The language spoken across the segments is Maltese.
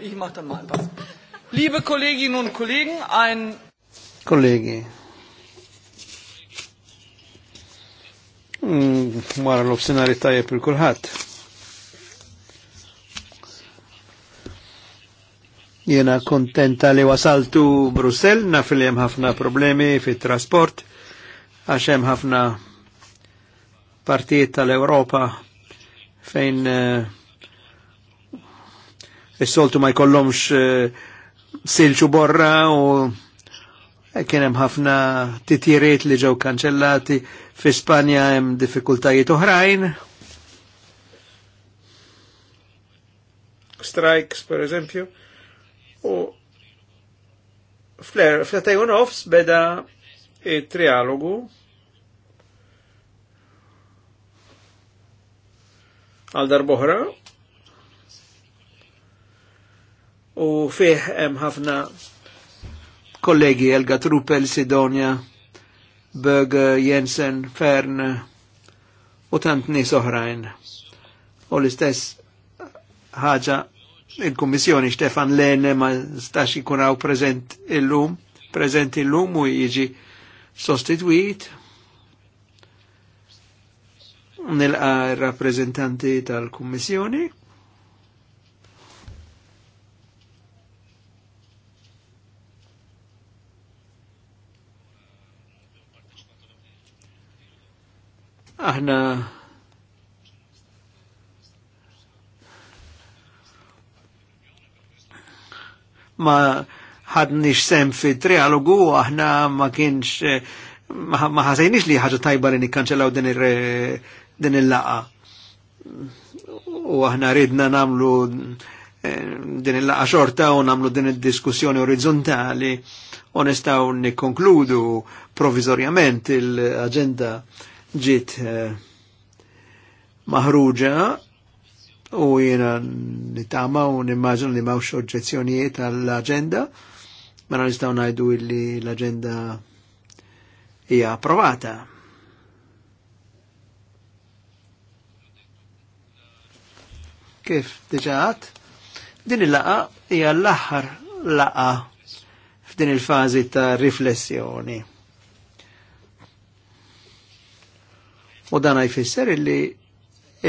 Ich mache dann mal einen Pass. Liebe Kolleginnen und Kollegen, ein... Kollege. Mara mm, l-obsinari tajja per kulħat Jena kontenta li wasaltu Brussel, naf li hemm ħafna problemi fit trasport għaxem hemm ħafna partijiet tal europa fejn uh, Is-soltu ma jkollomx eh, silċu borra u e kienem hemm ħafna titjiriet li ġew kanċellati fi Spanja hemm diffikultajiet oħrajn. Strikes, per eżempju. U fler, fletajun offs beda il-trialogu għal darboħra u fih hemm ħafna kollegi Elga Truppel, Sidonia, Berg, Jensen, Fern u tant nies oħrajn. U l-istess ħaġa il-Kummissjoni Stefan Lene ma stax ikun hawn preżent illum, preżent illum u jiġi sostitwit. Nilqa rappreżentanti tal-Kummissjoni. Aħna ma ħadnix sem fi trialogu, aħna ma kienx, eh, ma ħasajnix li ħaġa tajba li nikkanċellaw din eh, il-laqa. U aħna ridna namlu eh, din il-laqa xorta u namlu din il-diskussjoni orizzontali onestaw nikkonkludu provizorjament il-agenda ġit eh, maħruġa u jena nitama u nimmaġan li mawx oġġezzjonijiet għall-agenda, ma mela nistaw najdu illi l-agenda hija approvata. Kif diġaħat, din il-laqa hija l-aħħar laqa f'din il-fażi ta' riflessjoni U dan għajfisser illi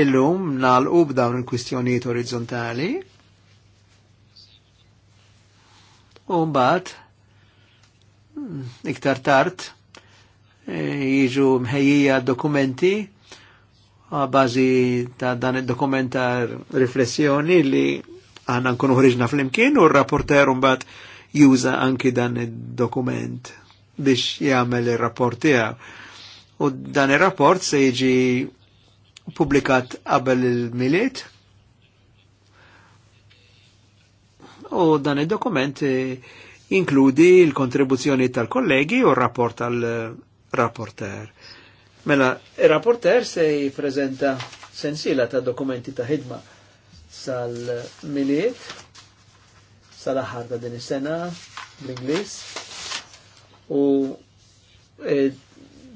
illum u b'dawn il-kwistjonijiet orizzontali u mbaħt, hmm, iktar tard e, jiġu mħejjija dokumenti għabazi ta' dan id-dokumenta riflessjoni li għanna nkunu ħriġna fl-imkien u r-rapporter mbagħad juża anki dan id-dokument biex jagħmel ir-rapport tijaw u dan ir-rapport se jiġi publikat qabel il-miliet u dan il dokument eh, inkludi l-kontribuzzjoni tal-kollegi u r-rapport tal-rapporter. Mela, il-rapporter se jiprezenta sensila ta' dokumenti ta' ħidma sal-miliet, sal-aħħar ta' din is-sena l-Inglis u eh,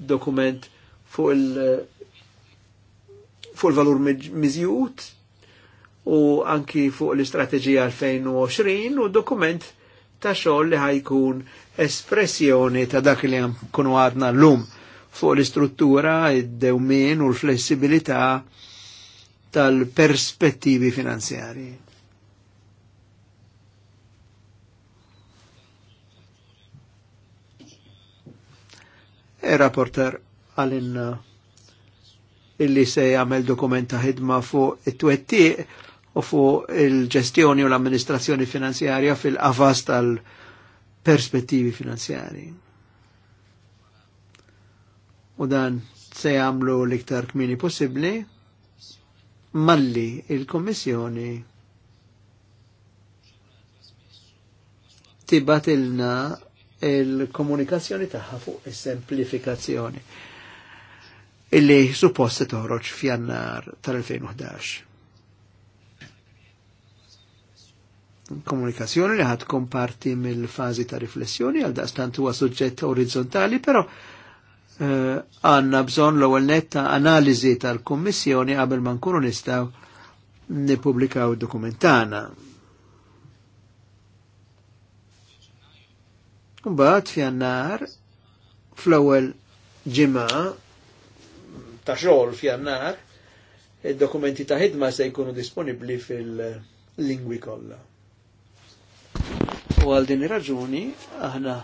dokument fuq il- fuq il-valur miżjut u anki fuq l-istrateġija 2020 u dokument ta' xogħol li ħajkun espressjoni ta' dak li kunu għadna l-lum fuq l-istruttura, id-dewmin u l-flessibilità tal-perspettivi finanzjarji. il-rapporter għalinna uh, illi se jagħmel dokumenta ħidma fuq it twetti u fuq il-ġestjoni u l-amministrazzjoni finanzjarja fil-qafas tal-perspettivi finanzjari. U dan se jagħmlu l-iktar kmini possibbli malli il-Kommissjoni tibatilna. ilna il-komunikazzjoni taħħa fuq is-semplifikazzjoni illi suppost toħroġ f'jannar tal-2011. Komunikazzjoni li ħad komparti mill-fazi ta' riflessjoni għal daqstant huwa suġġett orizzontali, però eh, għanna uh, bżon l-ewwel net ta' analiżi tal kommissjoni qabel ma nkunu nistgħu nippubblikaw dokumentana Mbagħad f'jannar fl-ewwel ġimgħa ta' xogħol f'jannar id-dokumenti ta' ħidma se jkunu disponibbli fil-lingwi kollha. U għal din ir-raġuni aħna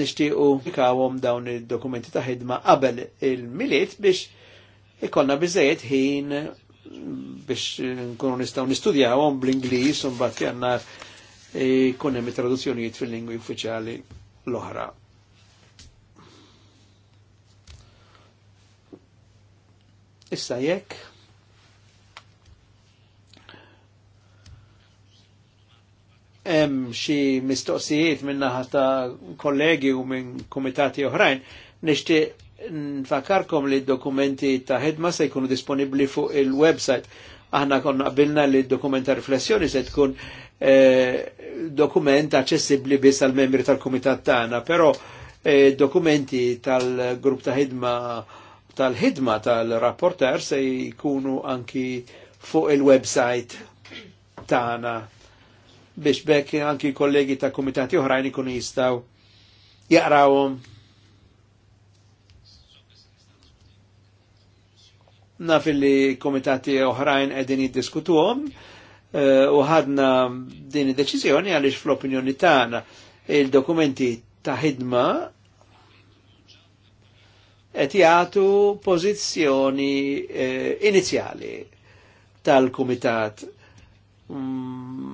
nixtiequ nikawhom dawn id-dokumenti ta' ħidma qabel il-miliet biex ikollna biżejjed ħin biex nkunu nistgħu nistudjawhom bl-Ingliż u mbagħad f'jannar jkun e hemm traduzzjonijiet fil-lingwi uffiċjali l-oħra. Issa jekk hemm xi mistoqsijiet minn naħa ta' kollegi u minn kumitati oħrajn, nixtieq nfakarkom li dokumenti ta' ħidma se jkunu disponibbli fuq il-website. Aħna konna qabilna li dokumenta riflessjoni se tkun Eh, dokument aċċessibbli biss għal membri tal-Kumitat tagħna, però eh, dokumenti tal-grupp ta' ħidma tal-ħidma tal-rapporter se jkunu anki fuq il-website tagħna biex bekk anki kollegi ta' kumitati oħrajn ikunu jistaw jaqrawhom. Naf li komitati oħrajn qegħdin jiddiskutuhom Eh, u ħadna din id-deċiżjoni għaliex fl-opinjoni tagħna il-dokumenti ta' ħidma qed jagħtu pożizzjoni eh, inizjali tal-kumitat mm,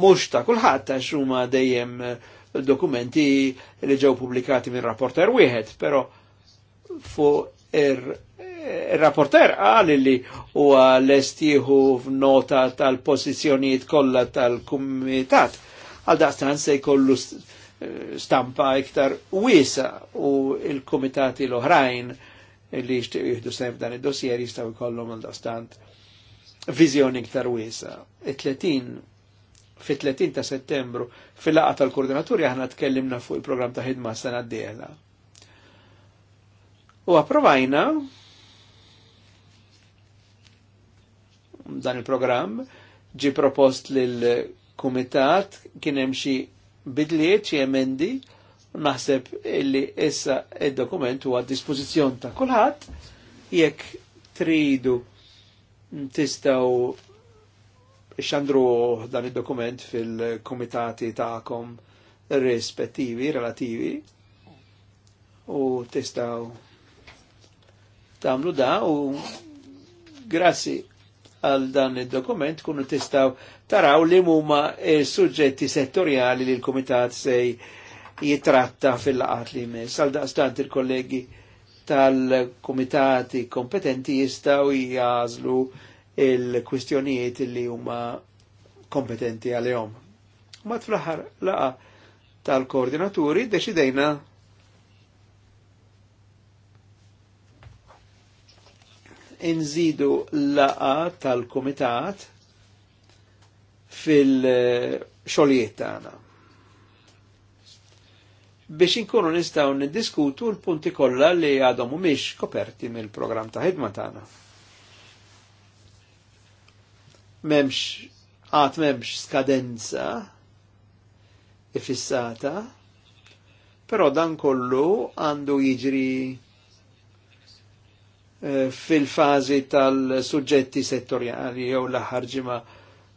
mhux ta' kulħadd għax huma dejjem dokumenti li ġew pubblikati minn rapporter wieħed, però fuq er- Il-rapporter għal li u l-estiħu tal-pozizjoniet kollha tal-kumitat għal daqstan se jkollu stampa iktar wisa u il kumitati l-oħrajn li jishtiqu jihdu sejf dan id-dossier jistaw jkollhom għal daqstan viżjoni iktar wisa. It-30 fit-30 ta' settembru fil-laqa tal-koordinaturi aħna tkellimna fuq il-programm ta' ħidma sena d-dieħla. U approvajna dan il-programm ġi propost l kumitat kien hemm xi bidliet xi emendi naħseb illi issa id-dokument huwa dispożizzjon ta' kulħadd jekk tridu tistaw xandru dan id dokument fil-komitati ta'kom rispettivi, relativi, u tistaw tamlu da u grazzi għal dan il-dokument kunu tistaw taraw li mumma suġġetti settoriali li l-Komitat sej jitratta fil-laqat li mis. Għal daqstant il-kollegi tal-komitati kompetenti jistaw jazlu il-kwistjonijiet li huma kompetenti għalihom. Mat fl-aħħar laqa tal-koordinaturi deċidejna inżidu laqa tal-komitat fil-xolijiet tagħna. Biex inkunu nistgħu niddiskutu l-punti kollha li għadhom mhumiex koperti mill-programm ta' ħidma tagħna. Memx għad memx skadenza ifissata, però dan kollu għandu jiġri Eh, fil-fazi tal-suġġetti settorjali jew l-aħħar ġimgħa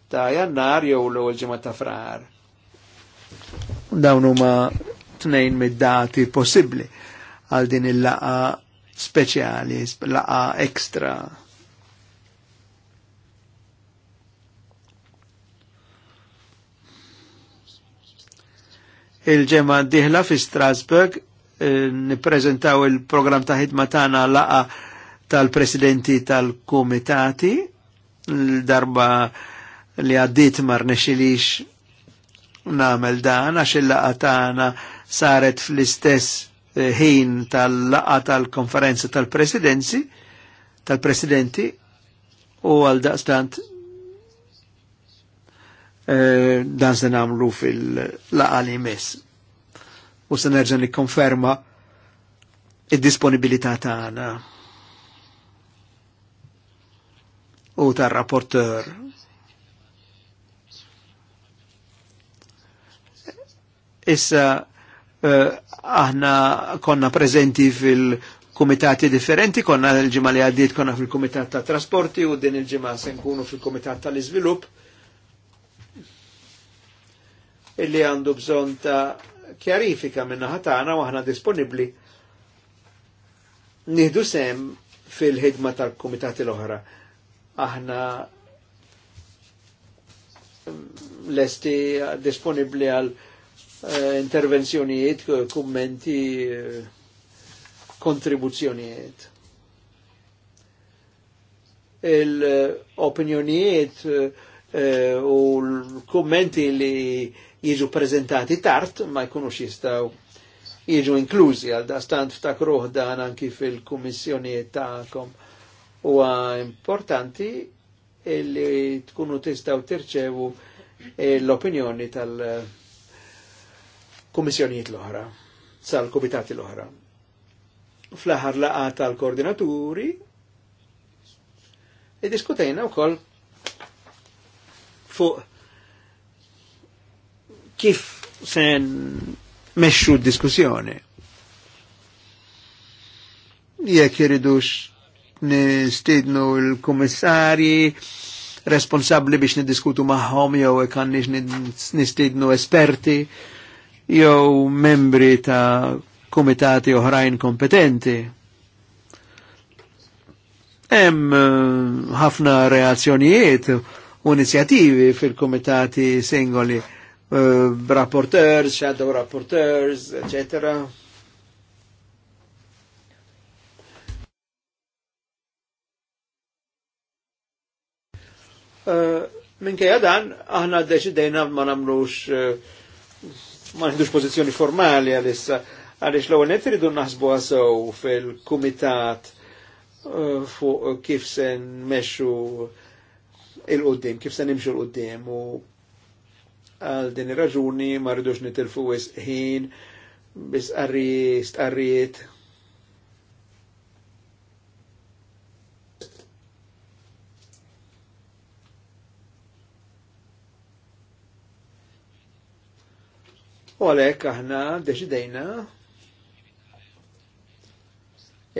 ta' jannar jew l-ewwel ġimgħa ta' frar. Dawn huma tnejn mid-dati possibbli għal din il-laqa speċjali, laqa ekstra. Il-ġemma diħla fi Strasburg eh, nippreżentaw il-programm ta' ħidma tagħna laqa' tal-presidenti tal-komitati l-darba li għaddit mar nexilix namel dan għax il-laqa saret fl-istess eh, ħin tal-laqa tal-konferenza tal-presidenzi tal-presidenti u għal daqstant eh, dan se namlu fil-laqa li mess U se nerġan li konferma id-disponibilità tagħna. u tar-rapporteur. Issa uh, aħna konna prezenti fil-komitati differenti, konna l-ġimma li għaddiet konna fil-komitat ta' trasporti u din il-ġimma se nkunu fil-komitat tal-iżvilupp illi għandu bżon ta' kjarifika minna ħatana u aħna disponibli nieħdu sem fil-ħidma tal-komitati l-oħra aħna l-esti disponibli għal eh, intervenzjonijiet, kummenti, eh, kontribuzzjonijiet. Il-opinjonijiet eh, u l-kummenti li jiġu prezentati tart ma jkunux jistaw jiġu inklużi għal da stant ftakruħ dan anki fil-kummissjonijiet ta'kom. Ta huwa importanti li tkunu tistaw tirċevu eh, l-opinjoni tal-kummissjonijiet l-oħra, tal komitati l-oħra. Fl-aħar laqa tal-koordinaturi, id-diskutajna u koll fuq kif sen meċxu d-diskussjoni. Jek jiridux nistidnu l-kummissarji responsabli biex nidiskutu maħħom jew kannix nistidnu esperti jew membri ta' komitati oħrajn kompetenti. Hemm eh, ħafna reazzjonijiet u inizjattivi fil-komitati singoli, uh, eh, rapporteurs, shadow rapporteurs, eccetera Eh, minkejja dan, aħna deċidejna ma namlux eh, ma nħidux pozizjoni formali għalissa għalix l-għu net rridu naħsbu għasow fil-komitat eh, fuq kif se nmexxu il-qoddim, kif se nimxu l-qoddim u għal din ir-raġuni ma rridux nitilfu ħin bis qarri stqarrijiet U għalhekk aħna deċidejna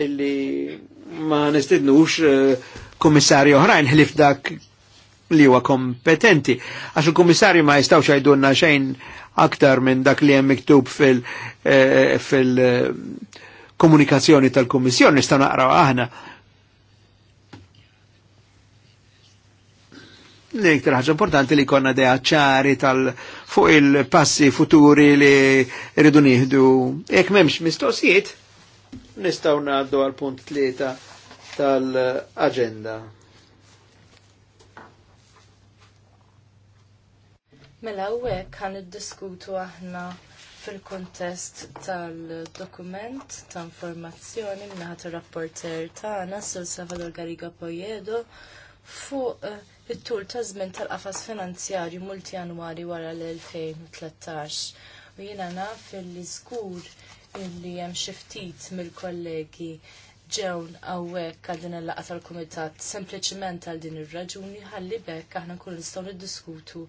illi ma nistidnux eh, komissarju oħrajn ħlif dak li huwa kompetenti. Għax il-komissarju ma jistawx għajdunna xejn aktar minn dak li hemm miktub fil- eh, fil- eh, komunikazzjoni tal kummissjoni nistgħu naqraw aħna l-iktar ħaġa importanti li konna deja ċari tal fuq il-passi futuri li rridu nieħdu. Jekk m'hemmx mistoqsijiet, nistgħu ngħaddu għal punt tlieta tal-aġenda. Mela hawnhekk ħan iddiskutu aħna fil-kontest tal-dokument ta' informazzjoni minnaħat ir rapporter tagħna Sil Salvador Garriga Pojedo fuq uh, it tul ta' żmien tal-qafas finanzjarju multianwali wara l-2013. U jiena naf li żgur illi hemm xi ftit mill-kollegi ġewn hawnhekk għal din il-laqgħa tal-kumitat sempliċiment għal din ir-raġuni ħalli bekk aħna nkunu nistgħu niddiskutu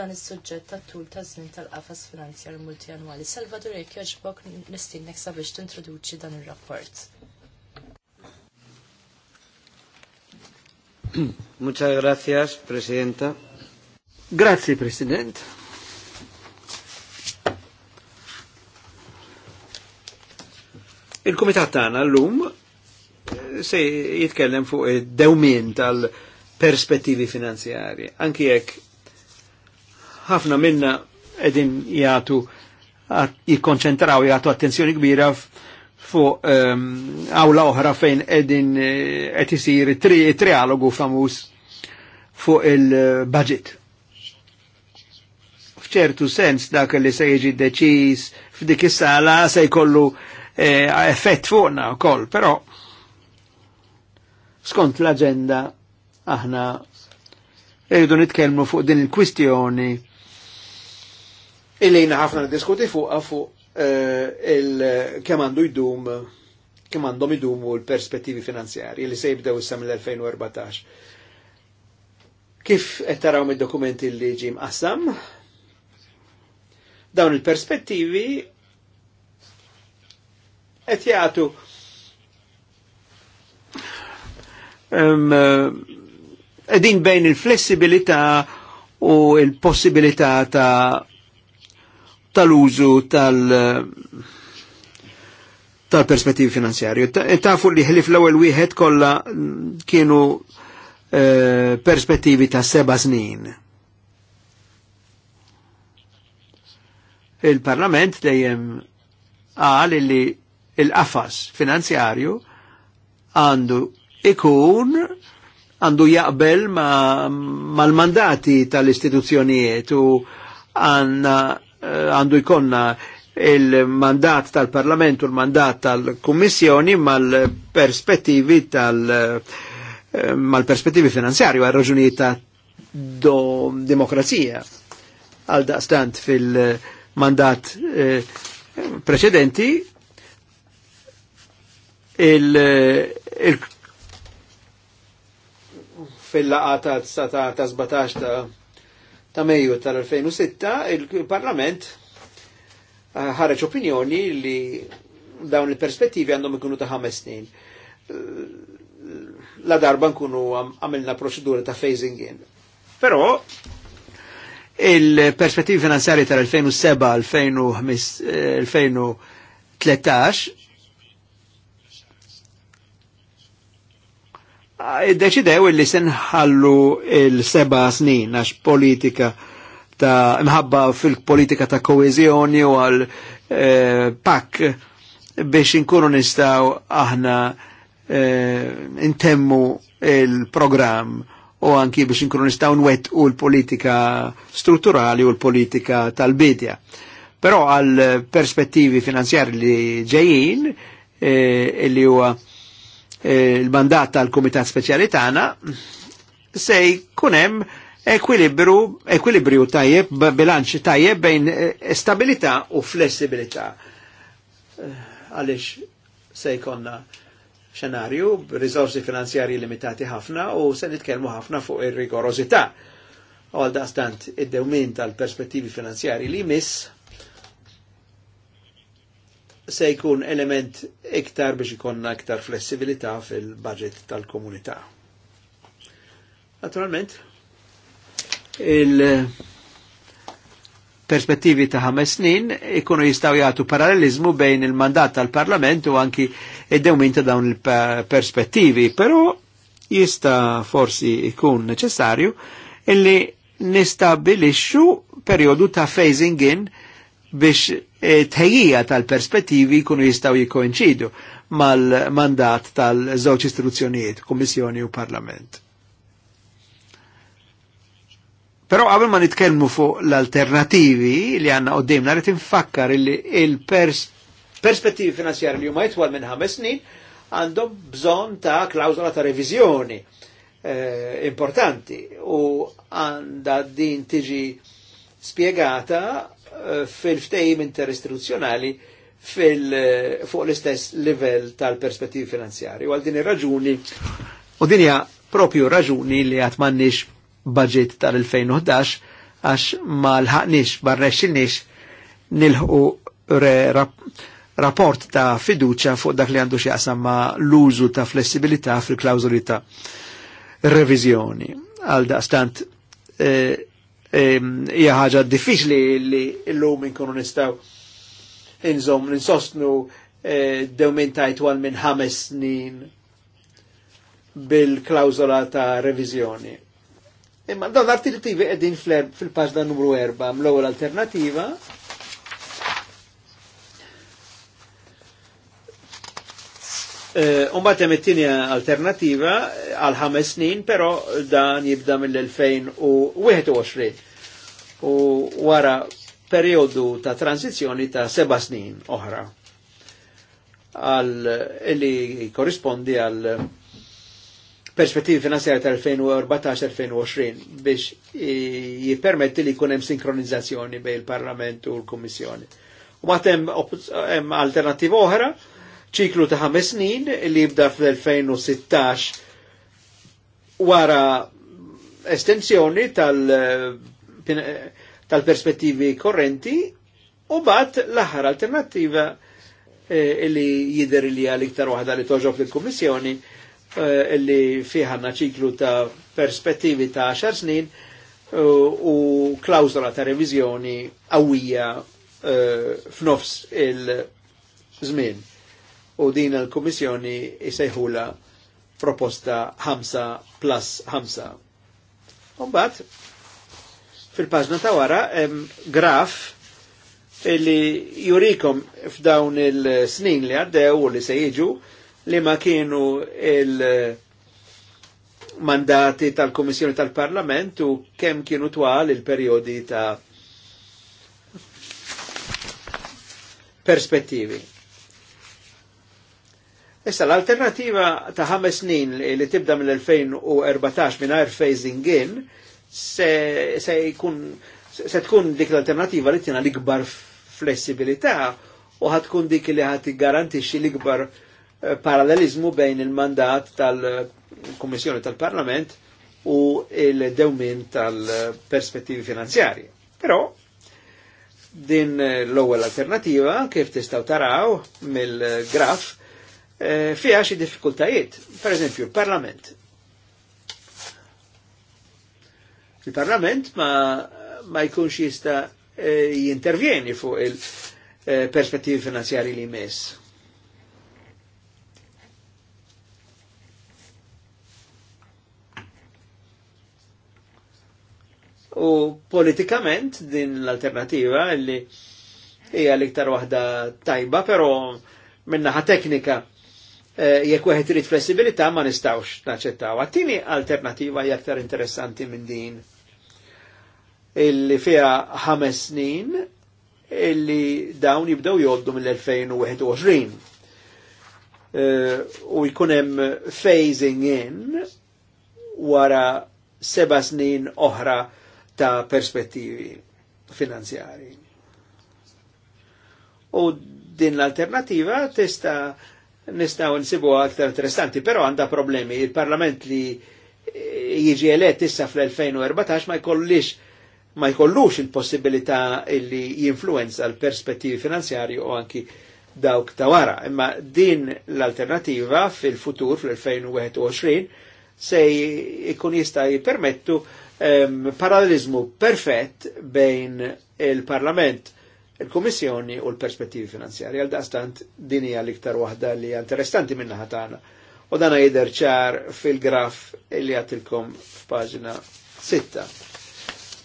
dan is-suġġett tat-tul ta' żmien tal-qafas Finanzjarju multianwali. Salvador jekk jogħġbok nistinnek sabiex tintroduċi dan ir-rapport. Muchas gracias, Presidenta. Grazie, President. il kumitat tagħna llum eh, se jitkellem fuq id-dewmien tal-perspettivi finanzjarji. Anki jekk ħafna minna qegħdin jagħtu jikkonċentraw jagħtu attenzjoni kbira fuq um, oħra fejn edin eh, qed isir trialogu famuż fuq il-budget. F'ċertu sens dak li se jiġi deċiż f'dik is-sala se jkollu eh, effett fuqna wkoll, però skont l-aġenda aħna irridu nitkellmu fuq din il-kwistjoni illi ħafna diskuti fuqha fuq Eh, il id-dum jdum id-dum u l-perspettivi finanzjarji li se jibdew issa mill-2014. Kif qed taraw mid-dokumenti li ġim mqassam, dawn il-perspettivi qed jagħtu eh, qegħdin bejn il-flessibilità u il-possibilità ta' tal-użu tal- tal-perspettivi finanzjarju. Tafu li ħlif l-ewwel wieħed kollha kienu eh, perspettivi ta' seba' snin. Il-Parlament dejjem qal li il-qafas finanzjarju għandu ikun għandu jaqbel ma, mal-mandati tal-istituzzjonijiet u għanna Eh, għandu jkonna il-mandat tal-Parlament u l-mandat tal-Kummissjoni mal-perspettivi tal- eh, mal-perspettivi finanzjarju għal raġuni ta' demokrazija għal daqstant fil-mandat eh, precedenti il, il fil laqata ta' 17 ta' ta' Mejju tal-2006 il-Parlament eh, ħareġ opinjoni li dawn il-perspettivi għandhom ikunu ta' ħames snin. Eh, la darba nkunu għamilna proċedura ta' phasing in. Però il-perspettivi finanzjari tal-2007-2013 eh, Ah, deċidew li senħallu il-seba snin għax politika ta' mħabba fil-politika ta' koezjoni u għal eh, pak biex inkunu nistaw aħna eh, intemmu il-program u anki biex inkunu nistaw nwet u l-politika strutturali u l-politika tal-bidja. Pero għal perspettivi finanzjari li ġejjin eh, li huwa Eh, il-mandat tal-Kumitat Speċjali tagħna se jkun hemm ekwilibru, tajjeb, bilanċ tajjeb bejn eh, stabilità u flessibilità. Eh, Għalix se jkonna xenarju b'riżorsi finanzjarji limitati ħafna u se nitkellmu ħafna fuq ir-rigorozità. Għal daqstant id-dewmin tal-perspettivi finanzjarji li miss se jkun element iktar biex ikonna iktar flessibilità fil-budget tal-komunità. Naturalment, il-perspettivi ta' ħames snin ikunu jistaw jagħtu parallelizmu bejn il-mandat tal-Parlament u anki id-dewmin ta' dawn il-perspettivi, però jista forsi ikun neċessarju illi nistabilixxu periodu ta' phasing in biex e, tħejjija tal-perspettivi kunu jistaw jikoinċidu mal-mandat tal-żewġ istituzzjonijiet, komissjoni u Parlament. Però qabel ma nitkellmu fuq l-alternativi li għanna qoddimna rrid nfakkar il-perspettivi finanzjari li huma jitwal minn ħames snin għandhom bżonn ta' klawzola ta' reviżjoni eh, importanti u għandha din tiġi spiegata fil-ftejim interistituzzjonali fuq l-istess livell tal-perspettivi finanzjari. Għal din ir-raġuni, u din hija propju raġuni li għat mannix budget tal-2011 għax ma l-ħaqnix, barrexxilnix nilħu rapport ta' fiduċa fuq dak li għandu xieqsam ma l-użu ta' flessibilità fil-klawzuli ta' revizjoni. Għal daqstant eh, Ehm, hija ħaġa diffiċli li llum inkunu nistgħu inżomm ninsostnu eh, dewmin tajt wal minn ħames snin bil-klawzola ta' reviżjoni. Imma dan l artikli qegħdin fil-paġna numru 4 l-ewwel alternativa Eh, Umbat hemm it-tieni alternativa għal ħames snin, però dan jibda mill-2021 u wara periodu ta' tranzizjoni ta' seba' snin oħra għal li korrispondi għal perspettivi finanzjari ta' 2014-2020 biex jipermetti li kunem sinkronizzazzjoni bej il-Parlament u l-Kommissjoni. U matem alternativa oħra, ċiklu ta' ħames snin li jibda fl-2016 wara estensjoni tal-perspettivi tal korrenti u bat l-aħħar alternativa illi eh, li jider li għal iktar waħda li toġob fil kommissjoni illi eh, li fiħanna ċiklu ta' perspettivi ta' 10 snin u, eh, u klawzola ta' revizjoni għawija f'nofs il-żmien u din l-Komissjoni jisejħula proposta 5 plus 5. Umbat, fil-paġna ta' wara, graf illi jurikom f'dawn il-snin li għaddew u li se jiġu li ma kienu il-mandati tal-Komissjoni tal-Parlament u kemm kienu twal il-periodi ta' perspettivi. Issa l-alternativa ta' ħames snin li tibda mill-2014 minn phasing in se, se, jkun, se tkun dik l-alternativa li tina l-ikbar flessibilità u ħatkun dik li ħat garantixi l-ikbar eh, parallelizmu bejn il-mandat tal-Kommissjoni tal-Parlament u il-dewmin tal-perspettivi finanzjarji. Però din l-ewwel alternativa kif tistgħu taraw mill-graf Eh, fiha xi diffikultajiet. Per eżempju, il-Parlament. Il-Parlament ma, ma jkunx jista eh, jintervjeni fuq il-perspettivi eh, finanzjari li mess. U politikament din l-alternativa li hija l-iktar waħda tajba, pero minnaħa teknika Eh, jekk wieħed irid flessibilità ma nistgħux naċċettaw. Għattini alternattiva hija aktar interessanti minn din illi fiha ħames snin illi dawn jibdew jgħoddu mill-2021. Eh, u jkun hemm phasing in wara seba' snin oħra ta' perspettivi finanzjari. U din l-alternativa tista' nistaw nsibu aktar interessanti, pero għanda problemi. Il-parlament li jiġi elett issa fl-2014 ma jkollix ma jkollux il-possibilità li jinfluenza l-perspettivi finanzjari u anki dawk ta' wara. Imma din l-alternativa fil-futur fl-2021 se jkun jista' jipermettu um, perfett bejn il-Parlament il-Komissjoni u l-perspettivi finanzjari. Għal dastant dini għal-iktar wahda li interessanti minna ħatana. U dana jider ċar fil-graf li għatilkom f'paġna 6.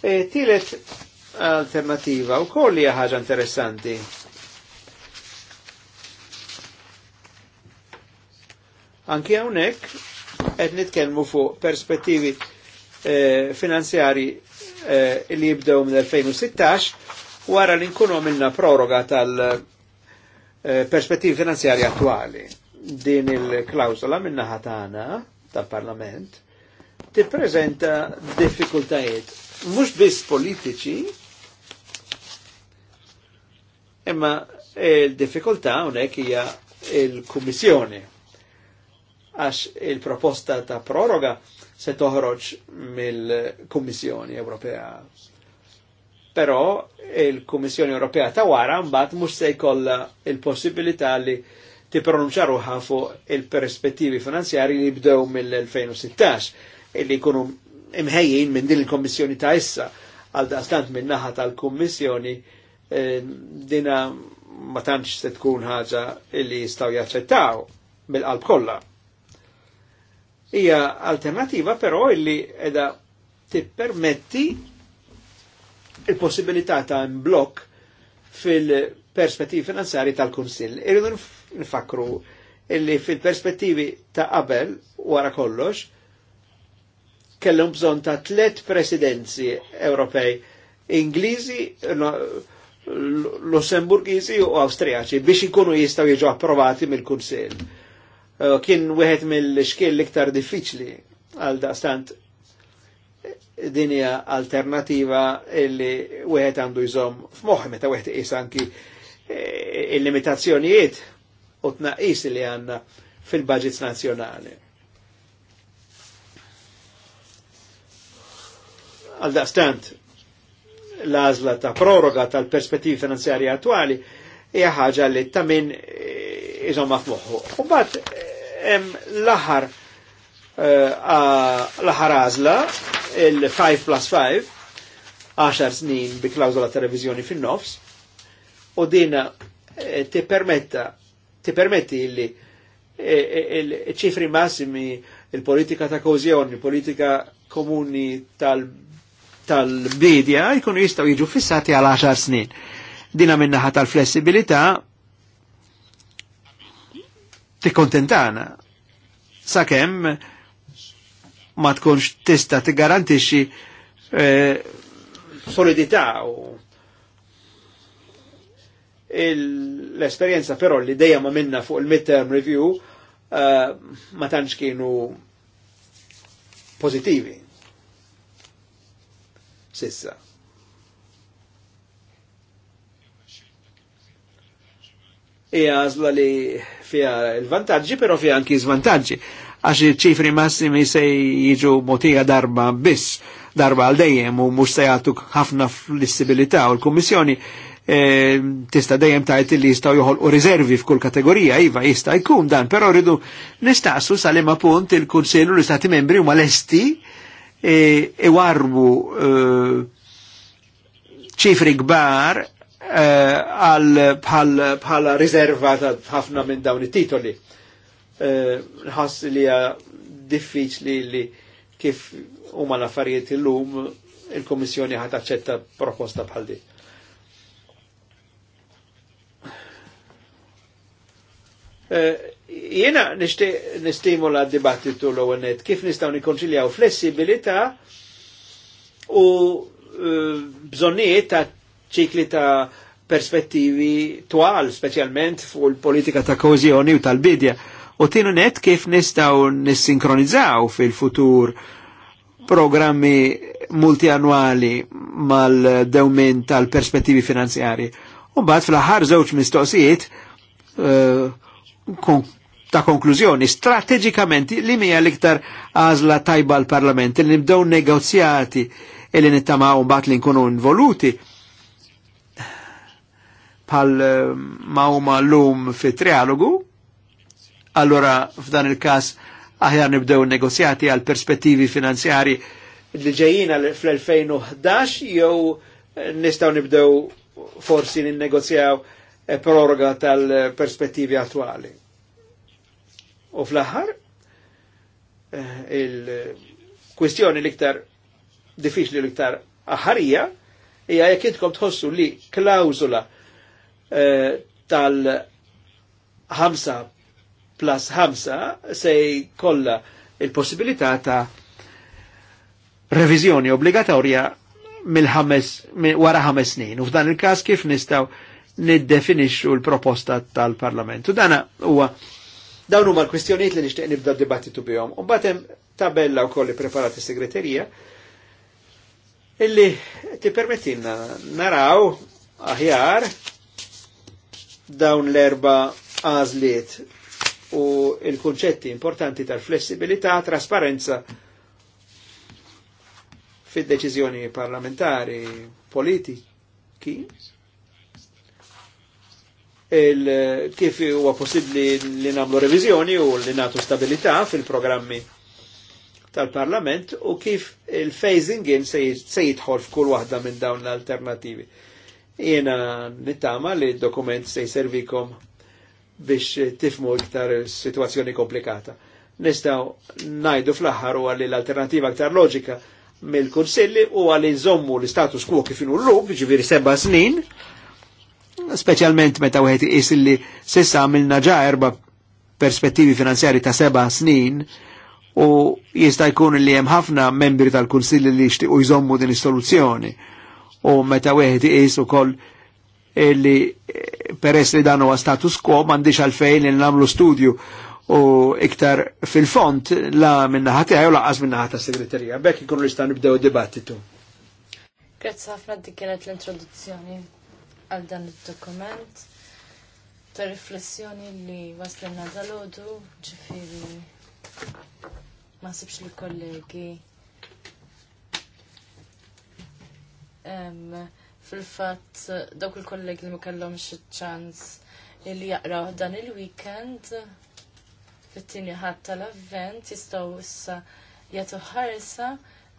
E, tilet alternativa u koll li ħaġa interessanti. Anki hawnhekk qed nitkellmu fuq perspettivi eh, finanzjari eh, li jibdew mill-2016 wara li nkunu għamilna proroga tal-perspettivi eh, finanzjari attuali. Din il-klausola minna ħatana tal-Parlament ti prezenta diffikultajiet mhux biss politiċi imma il diffikulta unek hija il-Kummissjoni għax il-proposta ta' proroga se toħroġ mill-Kummissjoni Ewropea però il-Kummissjoni Ewropea ta' wara mbagħad mhux se jkollha il-possibilità li tipronunċa ruħha fuq il-perspettivi finanzjari li bdew mill-2016 illi jkunu imħejjin minn din il-Kommissjoni ta' issa għal daqstant minn naħa tal-Kummissjoni eh, dina ma tantx se tkun ħaġa illi jistgħu jaċċettaw bil-qalb kollha. Hija alternativa però illi edha tippermetti il-possibilità ta' blok fil-perspettivi finanzjari tal-Kunsill. Irridu nfakru illi fil-perspettivi ta' qabel wara kollox kellhom bżonn ta' tliet presidenzi Ewropej Ingliżi, Lussemburgiżi u Awstrijaċi biex ikunu jistgħu jiġu approvati mill-Kunsill. Uh, kien wieħed mill-xkiel l-iktar diffiċli għal daqstant dinja alternativa illi wieħed għandu jżomm f'moħħ meta wieħed iqis anki e, il-limitazzjonijiet u tnaqqis li għandna fil-budgets nazzjonali. Għal daqstant, l-azla ta' proroga tal-perspettivi finanzjari attuali hija ħaġa li ta' min e, iżomma f'moħħu. U bat e, l-aħħar Eh, l-ħarazla, il-5 plus 5, 10 snin bi klawzola ta' revizjoni fin-nofs, u dina eh, ti permetta, ti permetti li eh, ċifri massimi il-politika ta' kozjoni, il-politika komuni tal-bidja, tal jkunu jistaw jiġu fissati għal 10 snin. Dina minnaħa tal-flessibilità ti kontentana. Sakem, ma tkunx tista tigarantixxi eh, solidità u l-esperienza però li dejjem ma minna fuq il-midterm review uh, ma tantx kienu pozitivi. Sissa. Ija għazla li fija il vantagġi pero fija anki żvantaġġi għax ċifri massimi se jiġu motija darba biss, darba għal dejjem u mux se jgħatu ħafna flessibilità u l-Kommissjoni eh, tista dejjem tajt li jistaw joħol u riservi f'kull kategorija, iva jista jkun dan, pero rridu nistaqsu sal appunt punt il kunsilu l-Istati membri u mal-esti e, eh, warbu eh, ċifri gbar għal e, bħala riserva ħafna minn dawn it-titoli. Eh, nħass li hija li li kif huma l-affarijiet illum il komissjoni ħad aċċetta proposta bħal di. Eh, Jena nistimula dibattitu l net kif nistaw nikonċiljaw flessibilità u eh, bżonniet ta' ċikli ta' perspettivi twal, specialment fuq il-politika ta' kozjoni u tal-bidja. U tinu net kif nistaw nissinkronizzaw fil-futur programmi multianwali mal-dewmin tal-perspettivi finanzjari. U bat fl-ħar żewġ mistoqsijiet uh, ta' konklużjoni, strategikament li mija l-iktar għazla tajba l-parlament, li nibdew negozjati li nittamaw bat li nkunu involuti pal eh, ma' l-lum fi trialogu, allora f'dan il-kas aħjar nibdew negozjati għal perspettivi finanzjari li ġejjina fl-2011 jew eh, nistaw nibdew forsi ninnegozjaw eh, proroga tal-perspettivi attuali. U fl-aħħar eh, il-kwistjoni l-iktar diffiċli l-iktar aħarija hija jekk intkom tħossu li klawzula tal-5 plus 5 se jkollha il-possibilità ta' reviżjoni obbligatorja mill-ħames wara ħames snin. U f'dan il-każ kif nistgħu niddefinixxu l-proposta tal-Parlament. U dana huwa dawn huma l-kwistjonijiet li nixtieq nibda dibattitu bihom. U batem tabella wkoll preparat is-segreterija illi tippermettilna naraw aħjar dawn l-erba għażliet u il-kunċetti importanti tal-flessibilità, trasparenza fid deċiżjoni parlamentari, politiki, il, kif huwa possibbli li nagħmlu reviżjoni u li nagħtu stabilità fil-programmi tal-Parlament u kif il-phasing in se jidħol f'kull waħda minn dawn l-alternativi. Jiena nittama li d-dokument se jservikom biex tifmu iktar situazzjoni komplikata. Nistaw najdu fl-aħħar u għalli l-alternativa iktar loġika mill-kunsilli u għalli nżommu l-status quo kif inu l lub ġiviri seba snin, specialment meta wieħed is li sissa għamilna ġa erba perspettivi finanzjari ta' seba snin u jista' jkun li hemm ħafna membri tal-kunsilli li jixtiequ jżommu din is-soluzzjoni. U meta wieħed iqis ukoll li eh, peress li dan huwa status quo m'għandix għalfejn li nagħmlu studju u iktar fil-font la minnaħa tiegħi u laqas minnaħa ta' segreterija. Bekk ikun nista' nibdew dibattitu. Grazzi ħafna dik kienet l-introduzzjoni għal dan id-dokument ta' riflessjoni li waslilna dal-ħodu ġifiri ma' sibx li kollegi. Um, fil-fatt dawk il-kollegi li ma kellhomx iċ-ċans li jaqraw dan il-weekend fit-tieni ħadd tal-avvent jistgħu issa jagħtu ħarsa.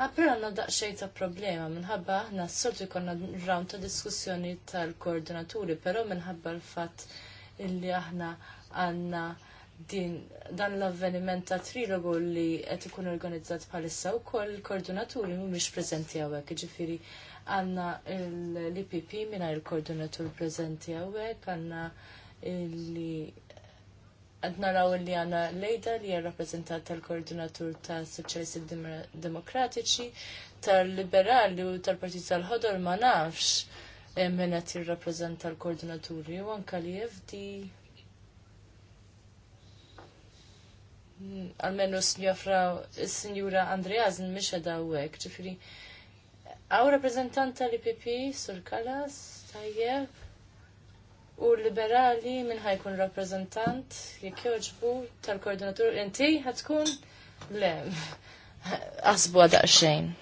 Ma ah, però għandna daqsxejn ta' problema minħabba aħna s-soltu jkollna round ta' diskussjoni tal-koordinaturi, però minħabba l-fatt illi aħna għandna din dan l-avveniment ta' trilogu li qed ikun organizzat bħalissa wkoll il-koordinaturi mhumiex prezenti għawek, ġifiri għanna l-IPP minna il-koordinatur prezenti għawek, għanna li għadna raw li għanna lejda li għan rappresentat tal-koordinatur ta' soċjalisti demokratiċi, tal-liberali u tal-partit tal-ħodor ma' nafx eh, minna tir-rappresenta l-koordinaturi u anka li jifdi hmm, għalmenu s-njura Andreas n-mixa dawek, ġifiri, Għaw reprezentant tal ipp Sur Kalas, tajjeb, u liberali minn ħajkun rappresentant jek joġbu tal-koordinatur inti ħatkun le asbu daqsxejn.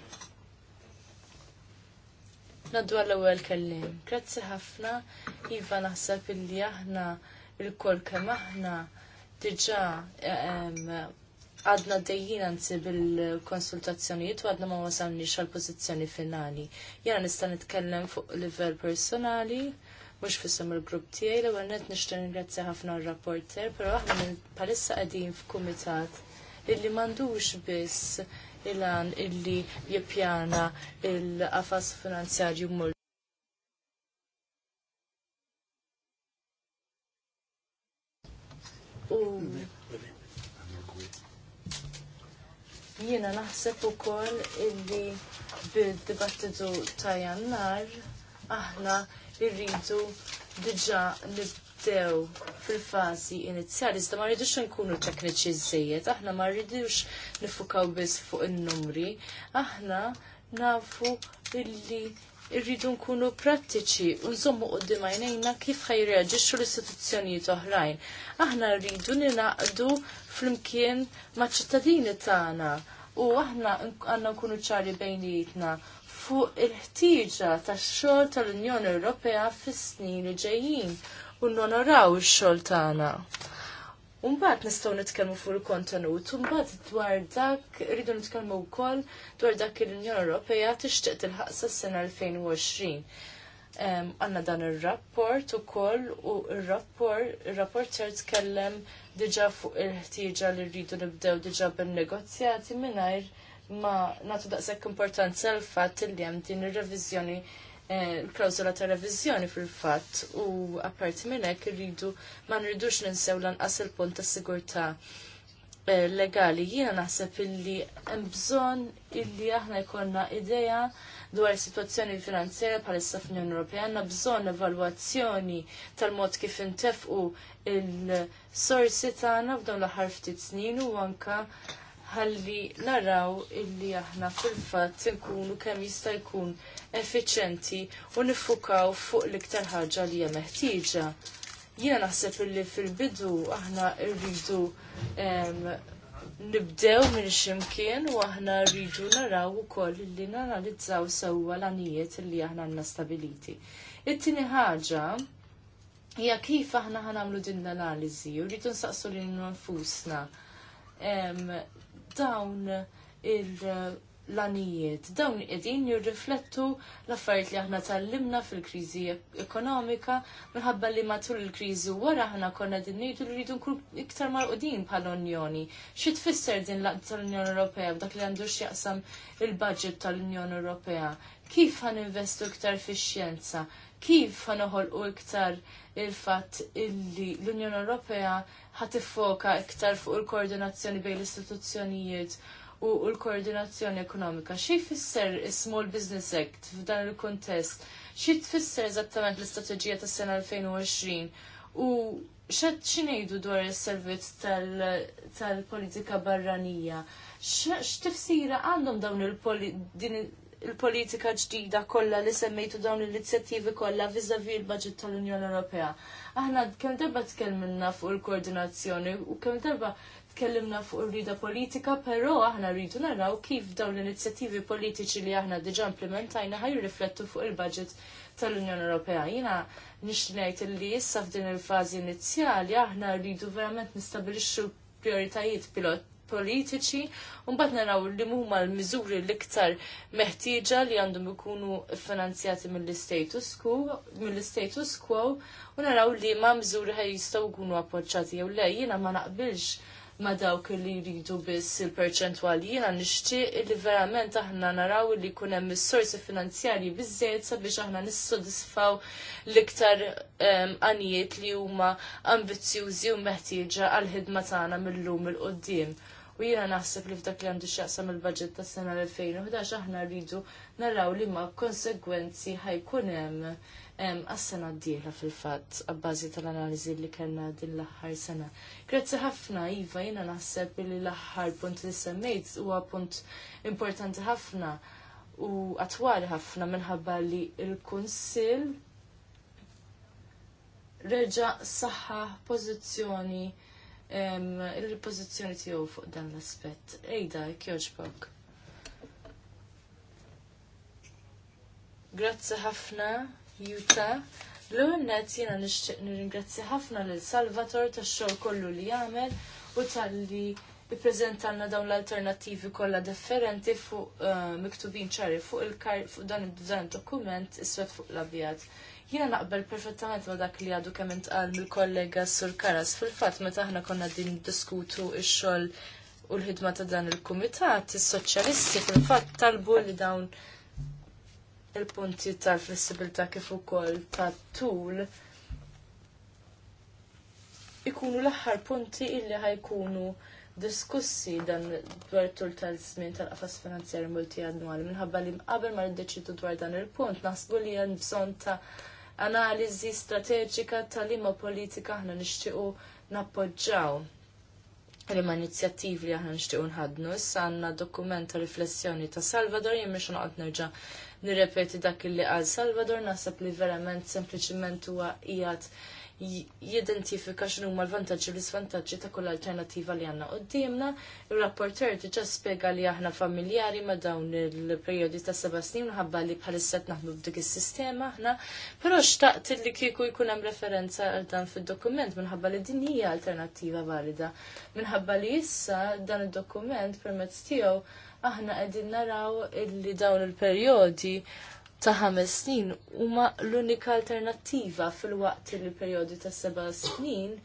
Naddu għall-ewwel kellim. Grazzi ħafna, Iva naħseb illi aħna il-kol kemm aħna diġà eh, għadna dejjin anzi bil-konsultazzjonijiet u għadna ma wasalni xal pożizzjoni finali. Jena nista' nitkellem fuq livell personali, mhux fissem il-grupp tiegħi l-ewwel nishtan nixtieq ħafna r-rapporter, però aħna palissa qegħdin f'kumitat illi m'għandux biss il-għan illi jippjana il-qafas finanzjarju mull. U Jiena naħseb ukoll illi bid-dibattitu ta' jannar aħna irridu diġà nibdew fil-fażi inizjali, iżda ma rridux nkunu tekniċi żejjed, aħna ma rridux nifukaw biss fuq in-numri, aħna nafu illi irridu nkunu prattiċi u nżommu qoddim għajnejna kif ħajreġixxu l-istituzzjonijiet oħrajn. Aħna rridu ninaqdu flimkien maċ ċittadini tagħna u aħna għandna nkunu ċari bejnietna fuq il-ħtieġa tax-xogħol tal-Unjoni Ewropea fis-snin li ġejjin u nonoraw ix-xogħol tagħna. Umbat nistgħu nitkellmu fuq il-kontenut, umbat dwar dak rridu nitkellmu wkoll dwar dak il-Unjoni Ewropea tixtieq tilħaq s sena 2020 għanna dan il-rapport u koll u il-rapport, il-rapport ser tkellem diġa fuq il-ħtieġa li rridu nibdew diġa bil-negozjati minnajr ma natu daqsek importanza l-fat li hemm din ir revizjoni eh, l-klawzola ta' revizjoni fil-fatt u apparti minn hekk irridu ma nridux ninsew lanqas il-punt ta' sigurtà eh, legali. Jiena naħseb illi hemm bżonn illi aħna jkollna idea dwar is-sitwazzjoni finanzjarja bħalissa fl-Unjoni Ewropea għandna bżonn evalwazzjoni tal-mod kif intefqu il-sorsi tagħna f'dawn l-aħħar ftit snin u anke ħalli naraw illi aħna fil-fatt nkunu kemm jista' jkun effiċenti u nifukaw fuq l-iktar ħaġa li hija meħtieġa. Jiena naħseb illi fil-bidu aħna rridu nibdew minn ximkien u aħna rridu naraw ukoll li nanalizzaw sewwa l-anijiet li aħna għandna stabiliti. It-tieni ħaġa hija kif aħna ħanamlu din l-analiżi u rridu nsaqsu lil nfusna dawn il- l-anijiet. Dawn qegħdin jirriflettu l-affarijiet li aħna tallimna fil-kriżi ekonomika minħabba li matul il-kriżi wara aħna konna din ngħidu li rridu nkunu iktar marqudin bħall-Unjoni. Xi tfisser din l tal-Unjoni Ewropea b'dak li għandu x'jaqsam il-budget tal-Unjoni Ewropea? Kif ħan investu iktar fix-xjenza? Kif ħan u iktar il-fatt illi l-Unjoni Ewropea ħat iffoka iktar fuq il-koordinazzjoni bejn l-istituzzjonijiet? u l-koordinazzjoni ekonomika. Xi jfisser is-Small Business Act f'dan il-kontest? Xi tfisser eżattament l-istrateġija tas-sena 2020 u xed xinejdu dwar il-servizz tal-politika tal barranija? X'tifsira għandhom dawn il-politika ġdida kollha li semmejtu dawn l-inizjattivi kollha viżavi l-budget tal-Unjoni Ewropea? Aħna kemm darba tkellmilna fuq il-koordinazzjoni u kemm darba tkellimna fuq rida politika, però aħna rridu naraw kif dawn l-inizjattivi politiċi li aħna diġa implementajna ħaj riflettu fuq il-budget tal-Unjoni Ewropea. Jina nixtinajt li issa f'din il-fazi inizjali aħna rridu verament nistabilixxu prioritajiet pilot politiċi, mbagħad naraw li huma l-miżuri l-iktar meħtieġa li għandhom ikunu finanzjati mill-status quo, mill istatus quo, u naraw li ma' miżuri ħaj jistgħu jkunu appoġġjati jew le, jiena ma naqbilx ma dawk li jridu biss il-perċentwali jiena nixtieq li verament aħna naraw li jkun hemm is-sorsi finanzjarji biżżejjed sabiex aħna nissodisfaw l-iktar ehm, għanijiet li huma ambizzjużi u meħtieġa għall ħidma tagħna mill-lum il-qoddim. U jiena naħseb li f'dak li għandu x'jaqsam il-budget tas-sena 2011 aħna rridu naraw li ma konsegwenzi ħajkun hemm għas-sena d-dieħla fil-fatt, għabbażi tal-analiżi li kellna din l-aħħar sena. Grazzi ħafna, Iva, jena naħseb li l-aħħar punt li semmejt huwa punt importanti ħafna u għatwar ħafna minħabba li il-Kunsill reġa saħħa pożizzjoni il-pożizzjoni tiegħu fuq dan l-aspett. Ejda, kjoġbok. Grazzi ħafna. Juta, L-għunnet jena nishtiq nirringrazzi ħafna lil Salvator tax xogħol kollu li jagħmel u tal-li ippreżentanna dawn l-alternattivi kollha differenti fuq eh, miktubin ċari fuq il-kar fuq dan id-dan dokument iswed fuq l-abjad. Jiena naqbel perfettament ma dak li għadu kemm intqal mill-kollega Sur Karas fil-fatt meta aħna konna din diskutu ix xogħol u l-ħidma ta' dan il-kumitat, is-soċjalisti fil-fatt talbu li dawn il-punti tal-flessibilità kif ukoll tat-tul ikunu l-aħħar punti illi ħajkunu diskussi dan dwar tul tal-żmien tal-qafas finanzjarju multijannwali minħabba li qabel ma niddeċidu dwar dan il-punt naħsbu li hemm bżonn ta' analiżi strateġika ta' liema politika aħna nixtiequ nappoġġaw liema inizjattivi li aħna nixtiequ nħadnu, issa għandna dokument ta' riflessjoni ta' Salvador jien mhux noqgħod nerġa' nirrepeti dak li qal Salvador naħseb li verament sempliciment huwa qiegħed jidentifika x'inhu l-vantaġġi u l-isvantaġġi ta' kull alternattiva li għandna qudiemna. Ir-rapporter diġà spjega li aħna familjari ma' dawn il-perjodi ta' seba' snin ħabba li bħalissa naħdmu b'dik is-sistema aħna, però xtaqt li kieku jkun hemm referenza għal dan fid-dokument minħabba li din hija alternattiva valida. Minħabba li issa dan id-dokument permezz tiegħu aħna qegħdin naraw illi dawn il-perjodi ta' ħames snin huma l-unika alternattiva fil-waqt il perjodi ta' seba' snin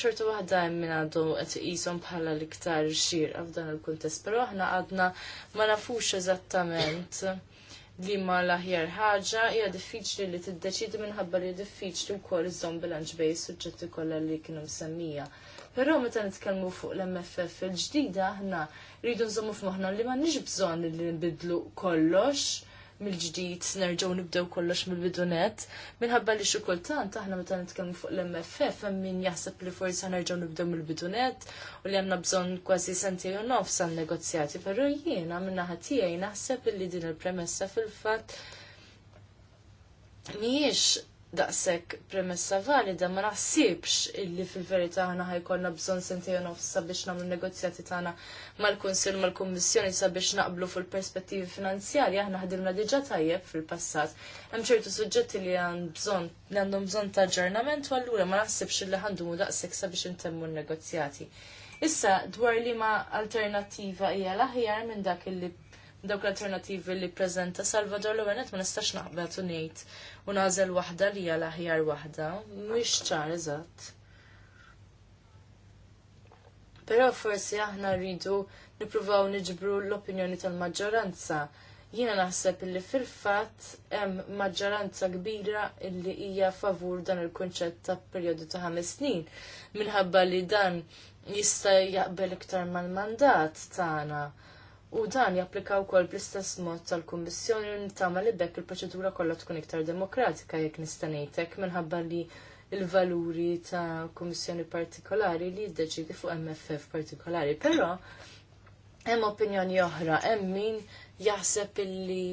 xorta waħda hemm min għadhom qed iqishom bħala l-iktar xir f'dan il-kuntest, però aħna għadna ma nafux eżattament li ma laħjar ħaġa hija diffiċli li tiddeċidi minħabba li diffiċli wkoll iżżomm bilanċ bej is-suġġetti kollha li kienu msemmija. Però meta nitkellmu fuq l-MFF il-ġdida aħna rridu nżommu f'moħħna li ma nix bżonn li nbidlu kollox mill-ġdid, nerġgħu nibdew kollox mill-bidunet, minħabba li xi kultant aħna meta nitkellmu fuq l-MFF hemm min jaħseb li forsi nerġgħu nibdew mill-bidunet u li għandna bżonn kważi sentej u nofs għal negozjati, però jiena minn naħa tiegħi naħseb li din il-premessa fil-fatt mhijiex daqshekk premessa valida ma naħsibx illi fil-verità aħna ħajkonna bżonn sentejn nofs sabiex nagħmlu negozjati tagħna mal-Kunsill mal-Kummissjoni sabiex naqblu fil-perspettivi finanzjarji aħna ħdimna diġà tajjeb fil-passat. Hemm ċertu suġġetti li għand bżon li għandhom bżonn ta' aġġornament u allura ma naħsibx illi ħandumu daqshekk sabiex intemmu n-negozjati. Issa dwar li ma alternattiva hija l-aħjar minn dak illi dawk l-alternativi li prezenta Salvador l ma nistax naqbel u ngħid u nażel waħda li hija l-aħjar waħda, mhuwiex ċar eżatt. Però forsi aħna rridu nippruvaw niġbru l-opinjoni tal-maġġoranza jina naħseb li fil-fatt hemm maġġoranza kbira illi hija favur dan il-kunċett ta' perjodu ta' ħames snin minħabba li dan jista' jaqbel iktar mal-mandat tagħna U dan japplika wkoll bl-istess mod tal-Kummissjoni li nittama li bekk il-proċedura kollha tkun iktar demokratika jekk nista' ngħidlek minħabba li il-valuri ta' kummissjoni partikolari li jiddeċidi fuq MFF partikolari. Però hemm opinjoni oħra, hemm min jaħseb illi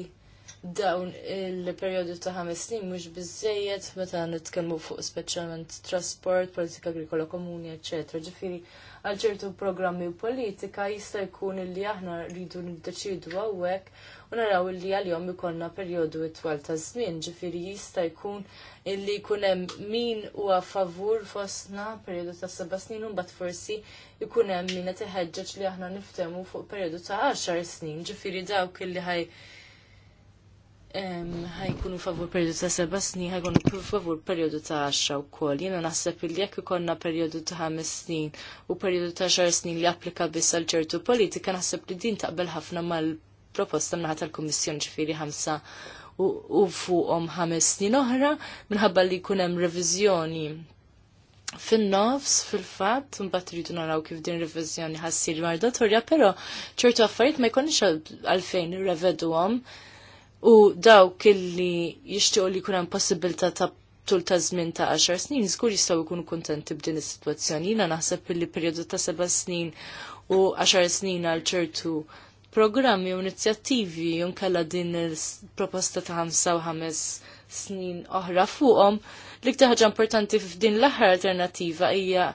dawn il-periodu ta' ħames snin mhux biżejjed meta nitkellmu fuq speċjalment trasport, politika agrikola komuni, eċetera. Ġifieri għal ċertu programmi u politika jista' jkun illi aħna rridu niddeċidu hawnhekk u naraw illi għal-jom perjodu itwal ta' żmien, ġifieri jista' jkun illi jkun hemm min huwa favur fostna perjodu ta' seba' snin u mbagħad forsi jkun hemm min qed iħeġġeġ li aħna niftehmu fuq perjodu ta' 10 snin, ġifieri dawk illi ħaj ħajkunu favur periodu ta' seba snin, ħajkunu favur periodu ta' xa u koll. Jena naħseb li jekk ikonna periodu ta' ħames snin u periodu ta' xar snin li applika biss għal ċertu politika, naħseb li din taqbel ħafna mal-proposta mnaħat tal-Kommissjoni ċifiri ħamsa u fuqhom ħames snin oħra minħabba li jkun hemm reviżjoni fin-nofs fil-fatt mbatt iridu naraw kif din reviżjoni ħassir mardatorja, però ċertu affarijiet ma jkunx għalfejn irreveduhom u dawk illi jixtiequ li jkun hemm possibilità ta' tul ta' żmien ta' 10 snin żgur jistgħu jkunu kuntenti b'din is-sitwazzjoni. Jiena naħseb illi perjodu ta' 7 snin u 10 snin għal ċertu programmi u inizjattivi junkella din il-proposta ta' 5 snin oħra fuqhom. L-iktar ħaġa importanti f'din l-aħħar alternattiva hija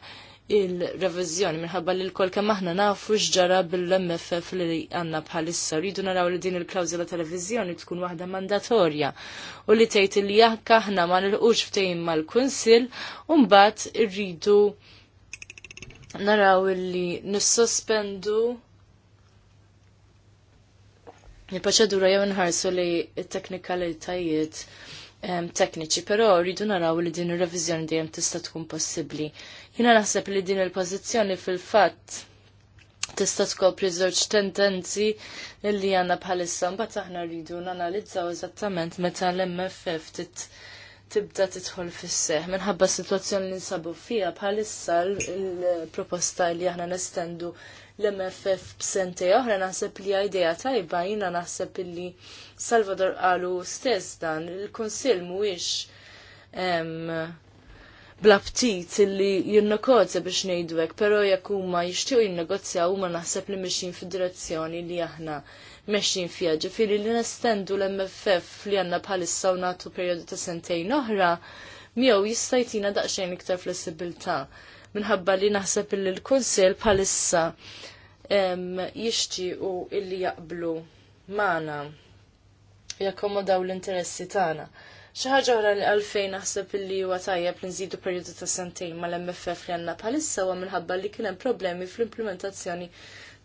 il-revizjoni minħabba li l-kol kemm aħna nafu x'ġara bil-MFF li għandna bħalissa. Rridu naraw li din il-klawżola tal tkun waħda mandatorja u li tgħid li jekk aħna ma nilqux ftehim mal-Kunsill u mbagħad irridu naraw li nissospendu il-proċedura jew nħarsu li t-teknikalitajiet tekniċi, però rridu naraw li din ir-reviżjoni dejjem tista' tkun possibbli. Jiena naħseb li din il-pożizzjoni fil-fatt tista' tkopri żewġ tendenzi li għandna bħalissa mbagħad aħna rridu nanalizzaw eżattament meta l-MFF tibda titħol fis-seħ. Minħabba s-sitwazzjoni li nsabu fija bħalissa l-proposta li aħna nestendu l-MFF b'sentej oħra naħseb li idea tajba jiena naħseb li Salvador qalu stess dan il-Kunsill mhuwiex blabtit illi jinnokotza biex nejdwek, pero jekk huma jixtiequ jinnegozja huma naħseb li mexin fid-direzzjoni li aħna mexin fija. Ġifieri li nestendu l-MFF li għandna bħalissa u nagħtu perjodu ta' sentejn oħra, miegħu jista' jtina daqsxejn iktar flessibilità. Minħabba li naħseb illi l-Kunsill bħalissa jixtiequ illi jaqblu magħna jakkomodaw l-interessi tagħna. Xi ħaġa oħra li għalfejn naħseb li huwa tajjeb li nżidu perjodu ta' sentejn mal-MFF li għandna bħalissa huwa minħabba li kien hemm problemi fl-implementazzjoni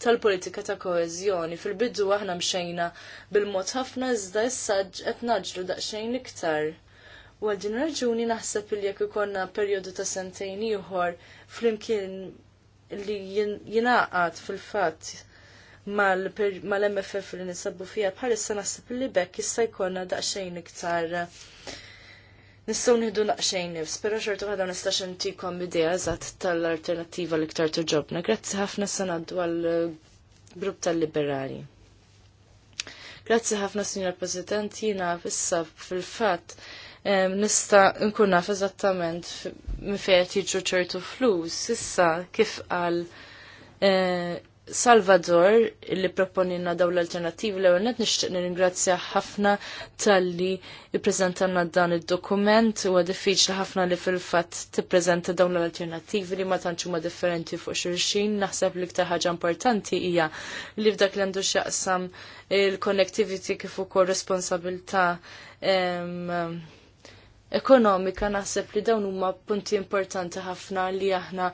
tal-politika ta' koeżjoni. Fil-bidu aħna mxejna bil-mod ħafna iżda issa qed naġru daqsxejn iktar. U għal din raġuni naħseb li jekk ikollna perjodu ta' sentejn ieħor flimkien li jingħaqad fil-fatt mal-MFF li nisabbu fija bħalissa naħseb li bekk jista' jkollna daqsxejn iktar Nistaw nħidu naqsxejn nifs, pero xortu għadha nistax intikom idea eżatt tal-alternativa li ktar tuġobna. Grazzi ħafna sanaddu għal-grupp eh, tal-liberali. Grazzi ħafna, Sinjor President, jina fissa fil-fat eh, nista nkun naf eżattament mifejt jiġu ċertu flus, issa kif għal eh, Salvador li proponina daw l-alternativi l-ewwel net nixtieq nirringrazzja ħafna talli ippreżentanna dan id-dokument huwa diffiċli ħafna li fil-fatt tippreżenta dawn l-alternativi li ma tantx huma differenti fuq xulxin. Naħseb li iktar ħaġa importanti hija li f'dak li għandu xaqsam il-connectivity kif ukoll responsabilità ekonomika naħseb li dawn huma punti importanti ħafna li aħna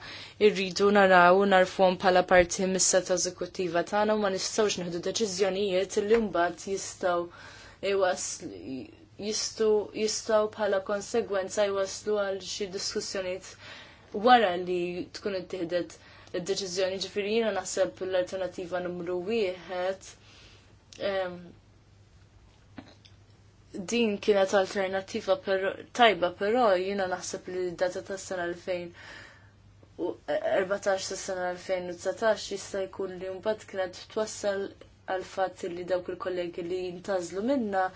rridu naraw narfuhom bħala parti mis ta' eżekuttiva tagħna u ma nistgħux neħdu deċiżjonijiet li mbagħad jistgħu jistu jistgħu bħala konsegwenza jwaslu għal xi diskussjonijiet wara li tkun ittieħdet id-deċiżjoni ġifieri jiena naħseb l-alternativa numru wieħed din kienet alternativa per, tajba, però jina naħseb li data ta' sena 2014 sa' sena 2019 jista' jkun li mbagħad kienet twassal għal fatt li dawk il-kollegi li jintazlu minna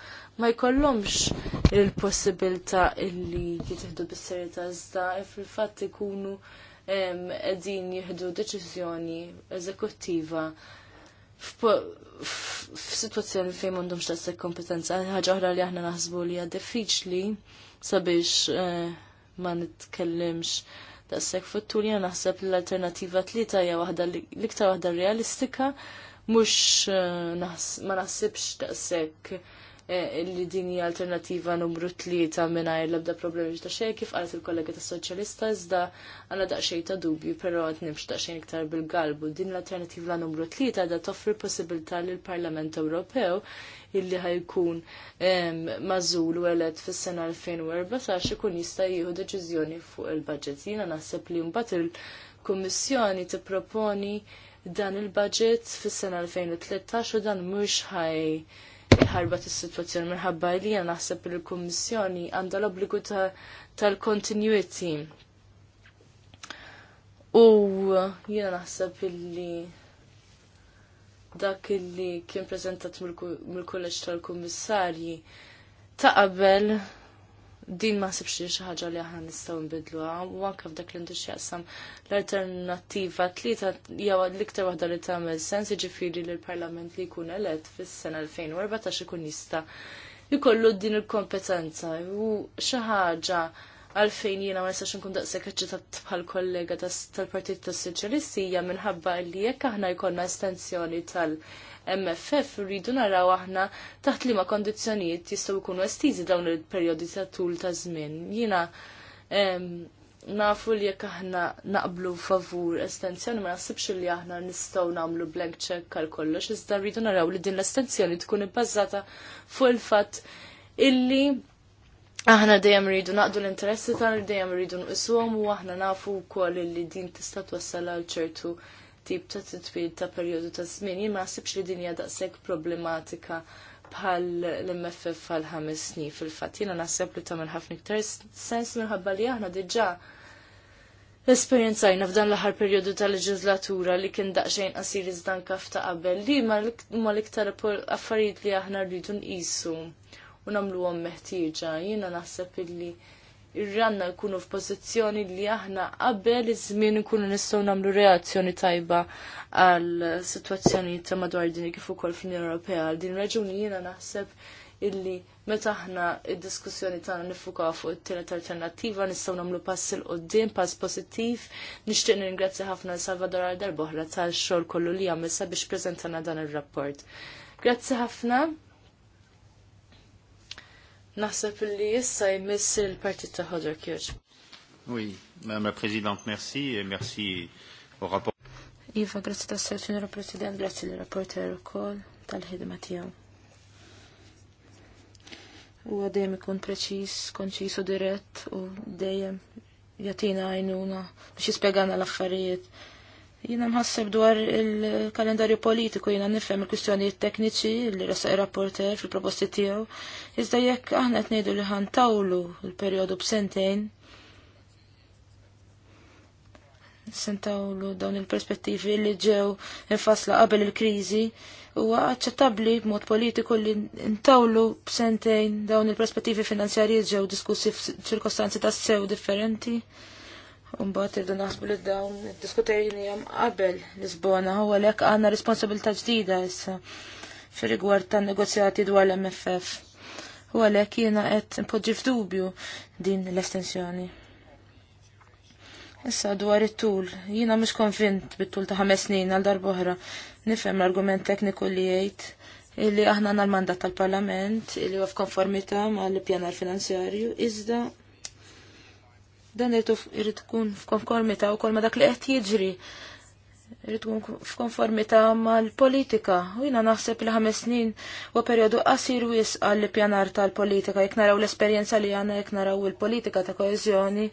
ma jkollhomx il-possibilità illi jitħdu bis-serjetà iżda fil-fatt ikunu qegħdin jieħdu deċiżjoni eżekuttiva f-situazzjoni fejn m'għandhomx tasek kompetenza, ħaġa oħra li aħna naħsbu li hija diffiċli sabiex eh, ma nitkellimx tasek futtur jena naħseb l-alternativa tlita hija waħda l-iktar waħda realistika mhux eh, ma naħsibx tasek Eh, li dini alternativa numru tlieta mingħajr l-ebda problemi ta' xej kif għalet il-kollega tas soċjalista iżda għandha xej ta' dubju però qed nimx xej iktar bil-galbu. Din l-alternativa numru tlieta da toffri possibilità lill parlament Ewropew illi ħajkun mażul u eled fis-sena 2014 ikun jista' jieħu deċiżjoni fuq il-budget. Jiena naħseb li mbagħad il-Kummissjoni tipproponi dan il-budget fis-sena 2013 u dan mhux ħaj ħarbat is-sitwazzjoni minħabba li jena naħseb li l-Kummissjoni għandha l-obbligu tal-continuity. U jiena naħseb li dak li kien prezentat mill-kulleġġ tal-Kummissarji ta' qabel din ma sibx li xi ħaġa li aħna nistgħu nbidluha u anke f'dak li ntix jaqsam l-alternattiva tlieta jew l-iktar waħda li tagħmel sens jiġifieri li l-Parlament li jkun elett fis-sena 2014 ikun jista' jkollu din il-kompetenza u xi ħaġa għalfejn jiena ma nistax nkun daqshekk eċċitat bħal kollega tal-Partit tas-Soċjalisti hija minħabba li jekk aħna jkollna estensjoni tal- MFF rridu naraw aħna taħt liema kondizzjonijiet jistgħu jkunu estiżi dawn il-perjodi ta' tul ta' żmien. Jiena nafu li jekk aħna naqblu favur estensjoni ma naħsibx li aħna nistgħu nagħmlu blank check għal kollox, iżda rridu naraw li din l-estensjoni tkun ibbażata fuq il-fatt illi Aħna dejjem rridu naqdu l-interessi tal dejjem rridu nqisuhom u aħna nafu wkoll li din tista' twassal għal ċertu tip ta' titwil ta' perjodu ta' żmien jien ma naħsibx li din hija daqshekk problematika bħal l-MFF għal ħames snin fil-fatt. Jiena naħseb li tagħmel ħafna iktar sens minħabba li aħna diġà esperjenzajna f'dan l-aħħar perjodu ta' leġislatura li kien daqsxejn qasir iżdan kaf ta' qabel li ma l-iktar affarijiet li aħna rridu nqisu u nagħmluhom meħtieġa. Jiena naħseb illi irranna jkunu f'pożizzjoni li aħna qabel iż-żmien nkunu nistgħu nagħmlu reazzjoni tajba għal sitwazzjoni ta' madwar din kif ukoll fl-Unjoni Ewropea. Għal din raġuni jiena naħseb illi meta aħna id-diskussjoni tagħna nifukaw fuq it-tielet alternattiva nistgħu nagħmlu pass il qudiem pass pożittiv. Nixtieq ningrazzja ħafna Salvador għal boħra tal-xogħol kollu li għamilsa biex preżentana dan ir-rapport. Grazzi ħafna. Naħseb li issa jmiss il-partit ta' ħodor kjoċ. Oui, Madame la Présidente, merci, et merci au rapport. Iva, grazie ta' s Signora President, grazie li rapporter u kol tal-ħidma tijaw. U għadem ikun preċis, konċis u dirett u dejjem jatina għajnuna biex jispiegana l-affarijiet Jina mħasseb dwar il-kalendarju politiku jina nifem il-kwistjonijiet tekniċi li rasa ir-rapporter fil-proposti tiegħu. Iżda jekk aħna qed ngħidu li ħantawlu l-perjodu b'sentejn. Sentawlu dawn il-perspettivi li ġew infasla qabel il-kriżi huwa aċċettabbli b'mod politiku li ntawlu b'sentejn dawn il-perspettivi finanzjarji ġew diskussi f-ċirkostanzi tas-sew differenti Umbat irdu naħsbu li dawn diskutajni jam qabel Lisbona, u għalek għanna responsabilta ġdida issa fir rigward ta' negozjati dwar l-MFF. U għalek jena qed impoġġi f'dubju din l-estensjoni. Issa dwar it-tul, jina mux konvint bit-tul ta' ħames snin għal darbohra. Nifhem l-argument tekniku li jgħid illi aħna għandna l-mandat tal-Parlament illi huwa f'konformità mal-pjanar finanzjarju iżda Dan irrid tkun f'konformità wkoll ma dak li qed jiġri. Irrid tkun f'konformità mal-politika. U jiena naħseb li ħames snin u perjodu qasir wis għall pjanar tal-politika jekk naraw l-esperjenza li għandna jekk naraw il-politika ta' koeżjoni.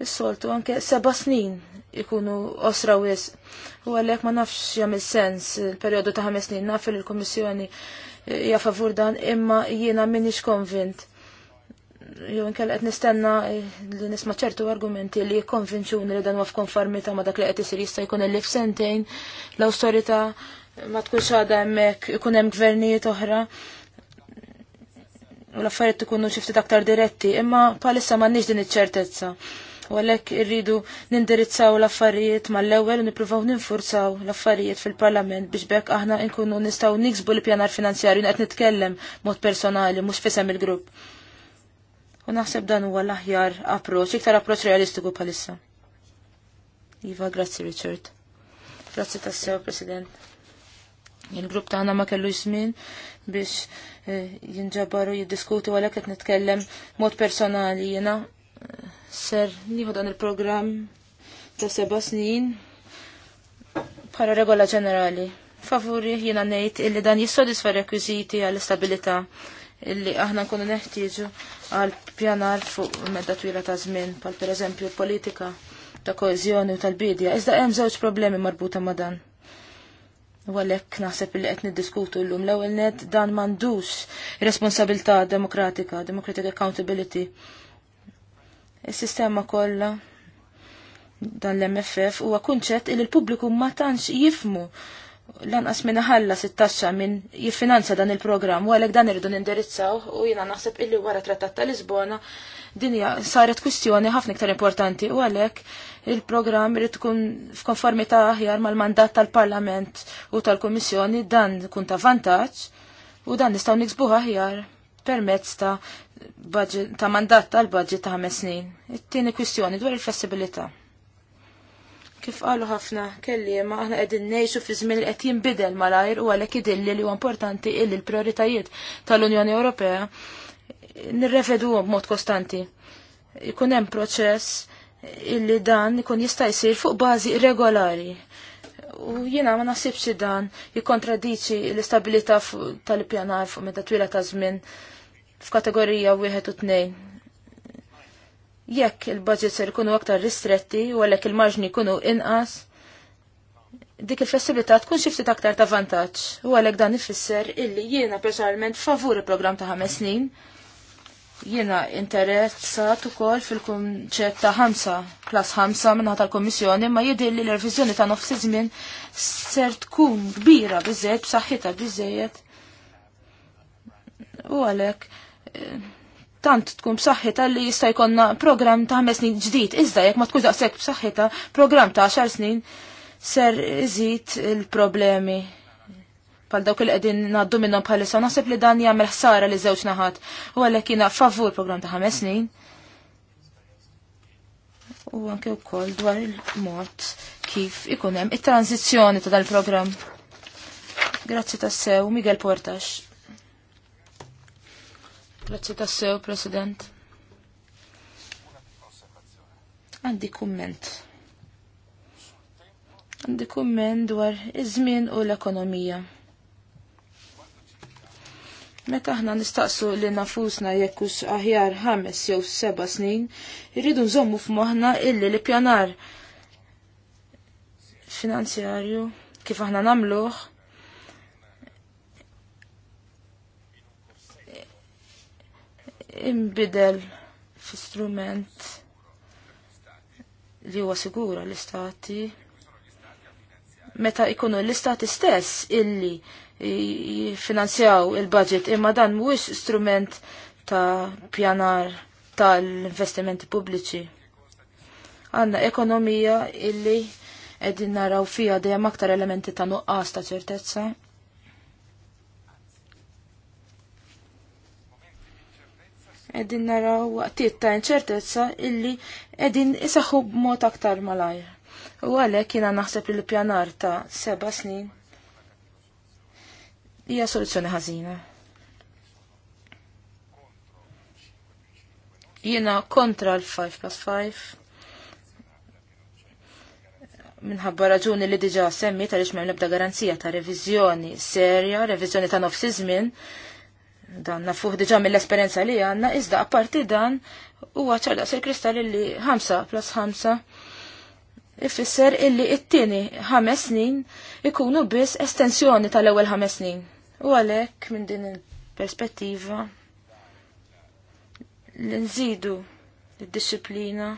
Is-soltu anke seba' snin ikunu osra wis. U għalhekk ma nafx jagħmel sens il-perjodu ta' ħames snin naf il-Kummissjoni hija favur dan imma jiena minix konvint jow nkella qed nistenna eh, li nisma' ċertu argumenti li jikkonvinċuni li dan huwa f'konformità ma' dak li qed isir jista' jkun illi f'sentejn l-awtorità ma tkunx xada hemmhekk ikun hemm gvernijiet oħra u l-affarijiet ikunu xi ftit aktar diretti, imma bħalissa m'għandniex din iċ-ċertezza. U għalhekk irridu nindirizzaw l-affarijiet mal-ewwel u nippruvaw ninfurzaw l-affarijiet fil-Parlament biex bekk aħna nkunu nistgħu niksbu l-pjanar finanzjarju qed nitkellem mod personali mhux fisem il-grupp U naħseb dan huwa l-aħjar approċ, iktar approċ realistiku bħalissa. Iva, grazzi Richard. Grazzi tassew, President. Il-grupp tagħna ma kellu jismin biex eh, jinġabaru jiddiskutu għalhekk qed nitkellem mod personali jiena eh, ser nieħu dan il-programm ta' seba' snin para regola ġenerali. Favuri jiena ngħid illi dan jissodisfa rekwiżiti għall-istabilità illi aħna nkunu neħtieġu għal pjanar fuq medda twila ta' żmien, pal pereżempju politika ta' koeżjoni u tal-bidja. Iżda hemm żewġ problemi marbuta ma' dan. U għalhekk naħseb li qed niddiskutu llum l-ewwel net dan m'għandux responsabilità demokratika, democratic accountability. Is-sistema kollha dan l-MFF huwa kunċett li l-pubbliku ma tantx jifmu lanqas minn ħalla sit-taxxa minn jiffinanza dan il-programm u għalhekk dan irridu nindirizzaw u jiena naħseb illi wara trattat ta' Lisbona din saret kwistjoni ħafna iktar importanti u għalhekk il-programm irid tkun f'konformità aħjar mal-mandat tal-Parlament u tal-Kummissjoni dan kun ta' vantaġġ u dan nistgħu niksbuh aħjar permezz ta' ta' mandat tal-budget ta' ħames snin. It-tieni kwistjoni dwar il-flessibilità. Kif qalu ħafna kelliema aħna qegħdin ngħixu fi żmien li qed jinbidel malajr u għalhekk idilli li huwa importanti illi l-prijoritajiet tal-Unjoni Ewropea nirrefeduhom b'mod kostanti. Ikun hemm proċess illi dan ikun jista' jsir fuq bażi regolari. U jiena ma naħsibx dan jikkontradiċi l-istabilità tal-ippjanar fuq meta twila ta' żmien f'kategorija wieħed u tnejn jekk il-budget ser ikunu aktar ristretti u għalek il-marġni ikunu inqas, dik il-flessibilità tkun xiftit aktar ta' vantaġġ u għalek dan ifisser illi jiena personalment favur il-programm ta' ħames snin. Jiena interessat ukoll fil-kunċett ta' ħamsa plus ħamsa minna tal-Kommissjoni ma jidil li l-reviżjoni ta' nofs iż-żmien ser tkun kbira biżejjed b'saħħitha biżejjed. U għalhekk eh, tant tkun b'saħħitha li jista' jkollna programm ta' ħames snin ġdid. Iżda jekk ma tkun daqshekk b'saħħitha programm ta' xar snin ser iżid il-problemi pal dawk li qegħdin ngħaddu minnhom bħalissa naħseb li dan jagħmel ħsara li żewġ naħat. U għalhekk jiena favur programm ta' ħames snin. U anke wkoll dwar il-mod kif ikun hemm it-tranzizzjoni ta' dal-programm. Grazzi tassew, Miguel Portax. Grazie tassew, President. Għandi kumment. Għandi kumment dwar iż-żmien u l-ekonomija. Meta aħna nistaqsu li nafusna jekkus aħjar ħames jew seba snin, irridu nżommu f'moħħna illi li pjanar finanzjarju kif aħna nagħmluh imbidel strument li huwa sigura l-istati meta ikunu l-istati stess illi jifinanzjaw il-budget imma dan mhuwiex strument ta' pjanar tal-investimenti pubbliċi. Għanna ekonomija illi edin naraw fija dejjem aktar elementi ta' nuqqas ta' ċertezza. Edin naraw waqtiet ta' inċertezza illi edin isaħu b'mod aktar malajr. U għalek jina naħseb li l-pjanar ta' seba snin hija soluzzjoni ħażina. Jina kontra l-5 plus 5 minħabba raġuni li diġa semmi tal-iġmem nibda garanzija ta' revizjoni serja, revizjoni ta' nofsizmin, żmien, Dan nafuħ diġa mill-esperienza li għanna, iżda apparti dan u għacċar daqs il-kristall illi 5 plus 5 ifisser illi it-tieni ħames snin ikunu biss estensjoni tal-ewwel ħames snin. U għalhekk minn din il-perspettiva l nżidu id-disciplina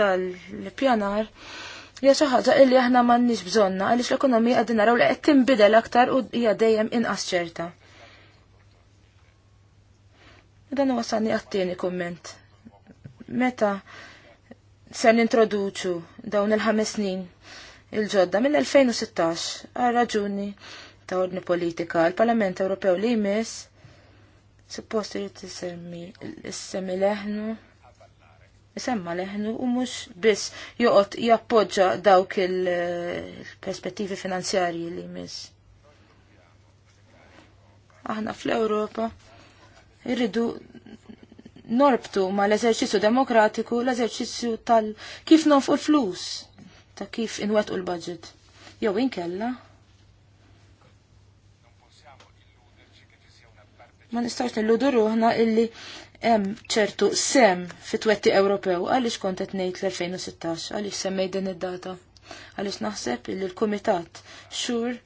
tal-pjanar hija xi ħaġa illi aħna m'għandniex bżonna għaliex l-ekonomija qegħdin naraw li qed tinbidel aktar u hija dejjem inqas ċerta. Dan wasalni għattini komment. Meta ser nintroduċu dawn il-ħames snin il-ġodda mill-2016 għal raġuni ta' ordni politika l-Parlament Ewropew li jmiss suppost jrid issemmi leħnu isemma leħnu u mhux biss joqgħod jappoġġa dawk il-perspettivi finanzjarji li jmiss. Aħna fl-Ewropa irridu norbtu ma l-eżerċizzju demokratiku, l-eżerċizzju tal kif nonfqu l-flus, ta' kif inwetqu l-budget. Jew inkella. Ma nistax nilludu ruħna illi hemm ċertu sem fit-twetti Ewropew għaliex kont qed ngħid l-2016 għaliex semmej din id-data. Għaliex naħseb illi l-Kumitat xur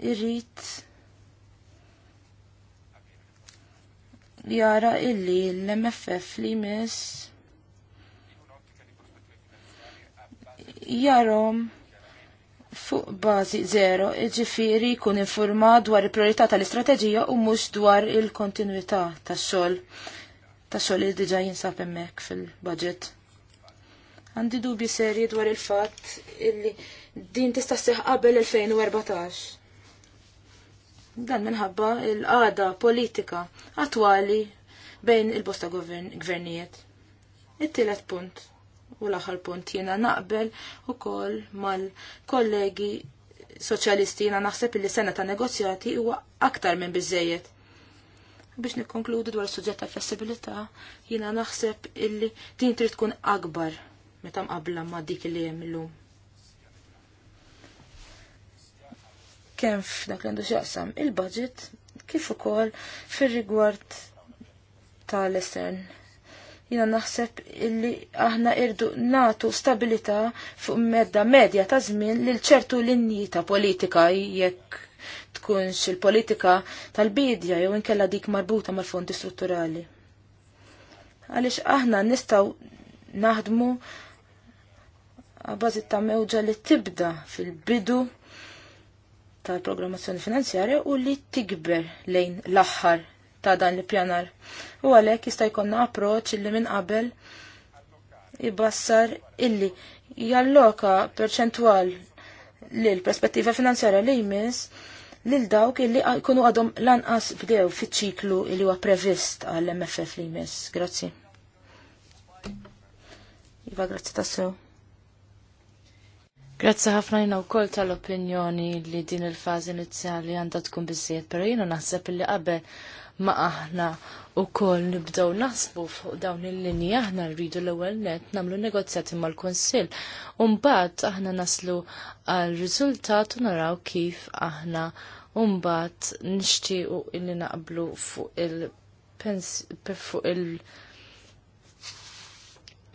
irrid jara illi l-MFF li jmiss jarom fuq bazi zero, iġifiri kun informa dwar il-priorità tal-istrateġija u mux dwar il-kontinuità tax-xogħol tax-xogħol li diġa' jinsab hemmhekk fil-budget. Għandi dubji serji dwar il-fatt illi din tista' seħ qabel 2014. Dan minħabba il-qada politika attwali bejn il-bosta gvernijiet. It-tielet punt u l-aħħar punt jiena naqbel ukoll mal-kollegi soċjalisti jiena naħseb li sena ta' negozjati huwa aktar minn biżejjed. Biex nikkonkludu dwar suġġett tal flessibilità, jiena naħseb illi din trid tkun akbar meta mqabbla ma' dik li hemm illum. kemm f'dak l-għandu xaqsam il-budget kif ukoll fir-rigward tal-estern. Jina naħseb illi aħna irdu natu stabilità fuq medda medja ta' żmien lil ċertu linji ta' politika jekk tkunx il-politika tal-bidja jew inkella dik marbuta mal-fondi strutturali. Għaliex aħna nistaw naħdmu għabazit ta' mewġa li tibda fil-bidu tal-programmazzjoni finanzjarja u li tikber lejn l-aħħar ta' dan l pjanar. U għalhekk jista' jkollna approċċ li minn qabel ibassar illi jalloka perċentwal l perspettiva finanzjarja li jmiss lil dawk illi jkunu għadhom lanqas bdew fiċ-ċiklu li huwa previst għall-MFF li jmiss. Grazzi. Iva, grazzi tassew. Grazzi ħafna jina u koll tal-opinjoni li din il-fazi inizjali għanda tkun bizziet, pero jina naħseb li qabel ma aħna u koll nibdaw nasbu fuq dawn il-linji aħna rridu l-ewwel net namlu negozjati mal-Kunsill. u mbagħad aħna naslu għal riżultat u naraw kif aħna mbagħad nixtiequ illi naqblu fuq il fuq il-, -pens, fuq il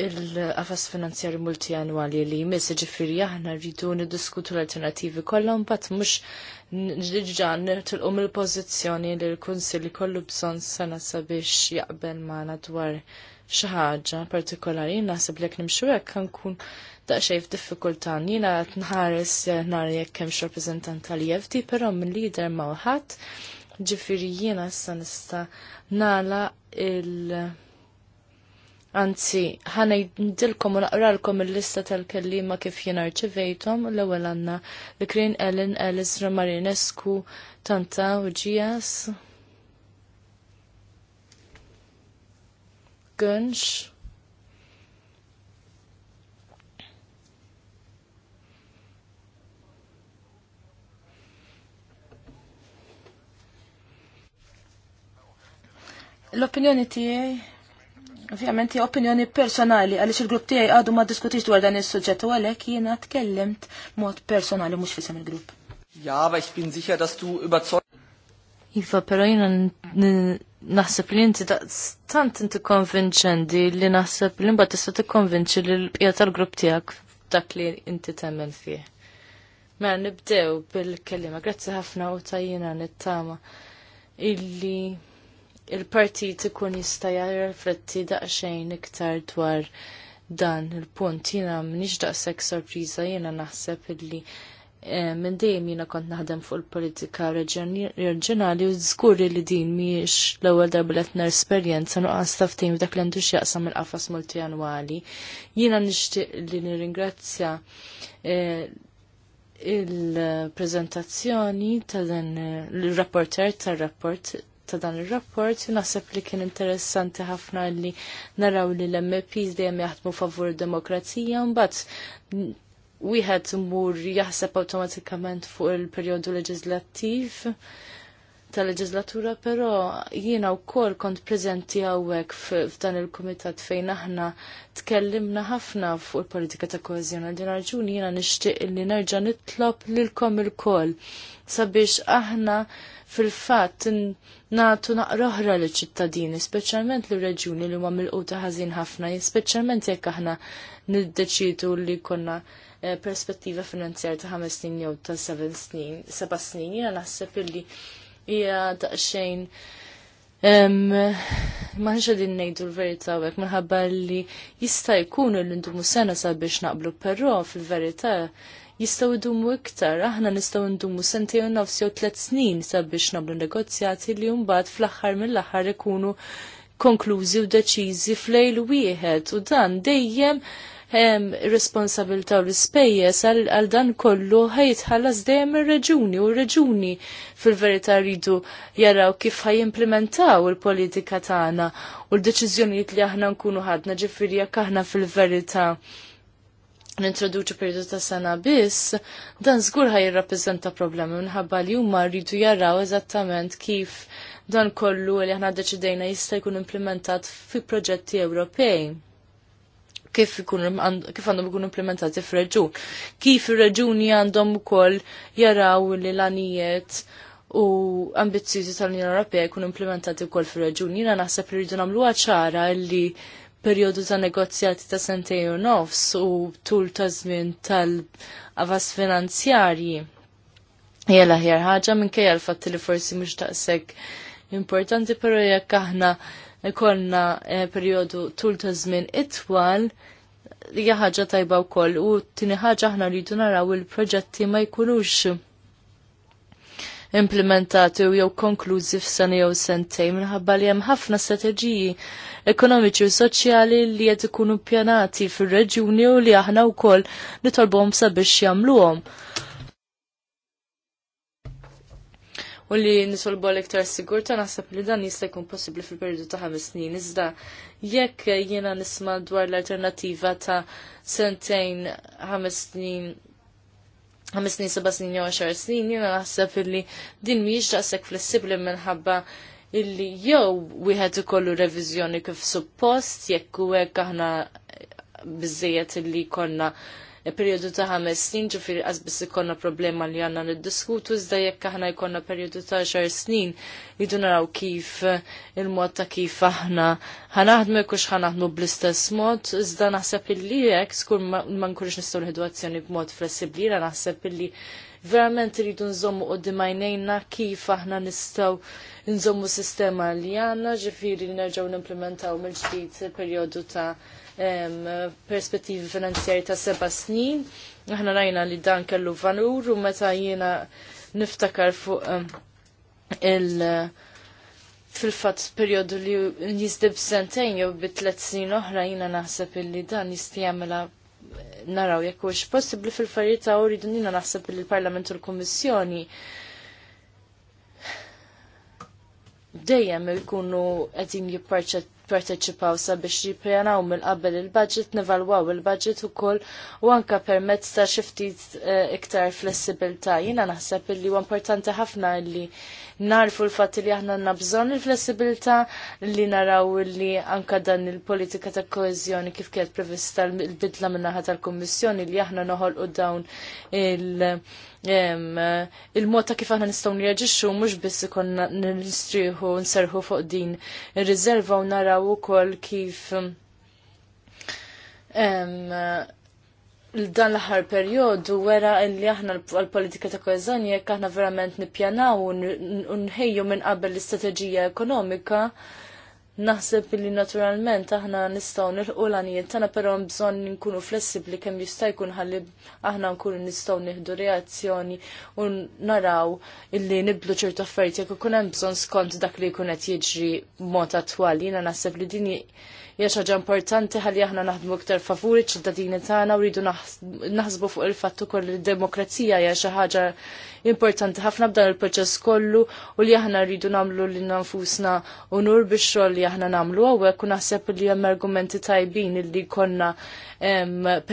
il-qafas finanzjari multijanwali li jmiss ġifiri aħna rridu niddiskutu l-alternativi kollha bat mhux ġiġa nirtilqu il-pożizzjoni li l-Kunsill kollu bżonn sena sabiex jaqbel magħna dwar xi ħaġa partikolari naħseb li jekk nimxu hekk nkun daqsxejn f'diffikultà jiena qed nħares nhar jekk hemm rappreżentant tal-EFD però minn lider ma' ħadd ġifieri jiena issa nista' nala il- Anzi, ħanajdilkom u naqralkom il-lista tal-kellima kif jena rċivejtom l ewwel għanna li krin Ellen Ellis Ramarinescu Tanta u Gias. Gunsh. L-opinjoni tiegħi Ovvjament hija opinjoni personali għaliex il-grupp tiegħi għadu ma diskutix dwar dan is-suġġett u għalhekk jiena tkellimt mod personali mhux fisem il-grupp. Ja, aber ich bin sicher, dass du überzeugt. Iva, pero jiena naħseb li inti tant inti konvinċendi li naħseb li mbagħad tista' tikkonvinċi li l-bqija tal-grupp tiegħek dak li inti temmen fih. Ma mela, nibdew bil kellima grazzi ħafna u tajjina nittama illi il-partit ikun jista' jirrifletti daqsxejn iktar dwar dan il-punt. Jiena m'iniex daqshekk sorpriża jiena naħseb illi eh, minn dejjem jiena kont naħdem fuq il-politika reġjonali u żgur li din mhijiex l-ewwel darba qed nesperjenza nuqqas taf dak f'dak l x'jaqsam il-qafas multianwali. Jiena nixtieq li nirringrazzja eh, il-prezentazzjoni ta' dan eh, ir rapporter tar-rapport ta' dan il-rapport, naħseb li kien interessanti ħafna li naraw li l-MPs dejjem jaħdmu favur demokrazija, mbagħad wieħed mur jaħseb awtomatikament fuq il-perjodu leġislattiv tal-leġislatura, però jiena wkoll kont preżenti hawnhekk f'dan il-kumitat fejn aħna tkellimna ħafna fuq il-politika ta' koeżjoni. Għal din raġuni jiena nixtieq li nerġa' nitlob lilkom ilkoll sabiex aħna fil-fatt natu naqroħra li ċittadini, speċjalment li reġjuni li huma mill-quta ħażin ħafna, speċjalment jekk aħna niddeċidu li konna eh, perspettiva finanzjar ta' ħames snin jew ta' seven snin, seba' snin, jiena naħseb illi hija daqsxejn Ma nxa din nejdu l-verita għek, minħabba li jista jkunu l-indumu sena sabiex naqblu, pero fil-verita jistgħu jdumu iktar, aħna nistgħu ndumu sentej u nafsi u tliet snin sabiex nablu negozjati li mbagħad fl-aħħar mill-aħħar ikunu konklużi u deċiżi f'lejl wieħed u dan dejjem responsabilta u l-spejjes għal dan kollu ħallas dejjem ir-reġuni u r-reġuni fil-verità rridu jaraw kif implementaw il-politika tagħna u l-deċiżjonijiet li aħna nkunu ħadna ġifiri jekk aħna fil-verità nintroduċu periodu ta' sena biss, dan zgur ħaj jirrappreżenta problemi minħabba li huma rridu jaraw eżattament kif dan kollu li aħna deċidejna jista' jkun implementat fi proġetti Ewropej kif għandhom ikun implementati f'reġun. Kif ir-reġuni għandhom ukoll jaraw li l-anijiet u ambizzjużi tal-Unjoni Ewropea jkun implementati wkoll fir-reġun. Jiena naħseb li rridu nagħmluha ċara li perjodu ta' negozjati ta' sentejo u nofs u tul ta' żmien tal-avas finanzjarji. Jela ħjar ħaġa minkejja l fat li forsi mhux taqsek importanti però jekk aħna ikollna eh, perjodu tul ta' żmien itwal hija ħaġa tajba wkoll u tini ħaġa aħna rridu naraw il-proġetti ma jkunux implementati u jew konklużi f'sena jew sentejn minħabba li hemm ħafna strateġiji ekonomiċi u soċjali li qed ikunu ppjanati fir-reġjuni u li aħna wkoll nitolbhom sabiex jagħmluhom. u li nisolbu l-iktar sigurta naħseb li dan jista' jkun possibbli fil-periodu ta' ħames snin. Iżda jekk jiena nisma dwar l-alternativa ta' sentejn ħames snin ħames snin, seba' snin jew għaxar snin, jiena naħseb illi din mhijiex daqshekk flessibbli minħabba illi jew wieħed ikollu revizjoni kif suppost jekk hekk aħna biżejjed illi konna periodu ta' ħames snin ġifiri biss ikonna problema li għanna niddiskutu iżda jekk aħna jkonna periodu ta' xar snin jidu naraw kif eh, il-mod ta' kif aħna ħanaħdmu kux ħanaħdmu bl-istess mod iżda naħseb illi jekk skur ma nkunx nistgħu nħidu azzjoni b'mod flessibbli naħseb illi verament rridu nżommu u dimajnejna kif aħna nistaw nżommu sistema li għanna ġifiri nerġaw n-implementaw mill-ġdid periodu ta' perspettivi finanzjari ta' seba' snin. Aħna rajna li dan kellu vanur u meta jiena niftakar fuq il- fil-fat periodu li jizdib sentejn jew bit tlet snin oħra jiena naħseb illi dan jista' jagħmilha naraw jekk hux possibbli fil farijiet ta' uridu jiena naħseb li l-Parlament u l-Kummissjoni dejjem ikunu qegħdin jipparteċipaw sabiex jippjanaw mill-qabel il-budget, nivalwaw il-budget u koll u anka permezz ta' xiftit eh, iktar flessibilta. Jina naħseb li u importanti ħafna li narfu l fatti li aħna għandna bżonn il-flessibilità li naraw li anka dan il-politika ta' koeżjoni kif kienet prevista l-bidla minnaħa tal-Kummissjoni li aħna u dawn il- il mota kif aħna nistgħu nreaġixxu mhux biss ikonna nistriħu nserħu fuq din ir-riserva u naraw ukoll kif dan l-aħħar perjodu wera li aħna l-politika ta' koeżjoni jekk aħna verament nippjanaw u nħejju minn qabel l-istrateġija ekonomika, naħseb li naturalment aħna nistgħu nilħu l-għanijiet tagħna però bżonn nkunu flessibbli kemm jista' jkun ħalli aħna nkunu nistgħu nieħdu reazzjoni u naraw illi niblu ċertu affarijiet jekk ikun hemm bżonn skont dak li jkun qed jiġri b'mod attwali. Jiena naħseb li din hija ħaġa importanti ħalli aħna naħdmu iktar favuri ċ-ċittadini tagħna u rridu naħsbu fuq il-fatt ukoll li d-demokrazija hija xi ħaġa importanti ħafna b'dan il-proċess kollu u li aħna rridu nagħmlu li nfusna unur biex xogħol li aħna nagħmlu hawnhekk u naħseb li hemm argumenti tajbin illi konna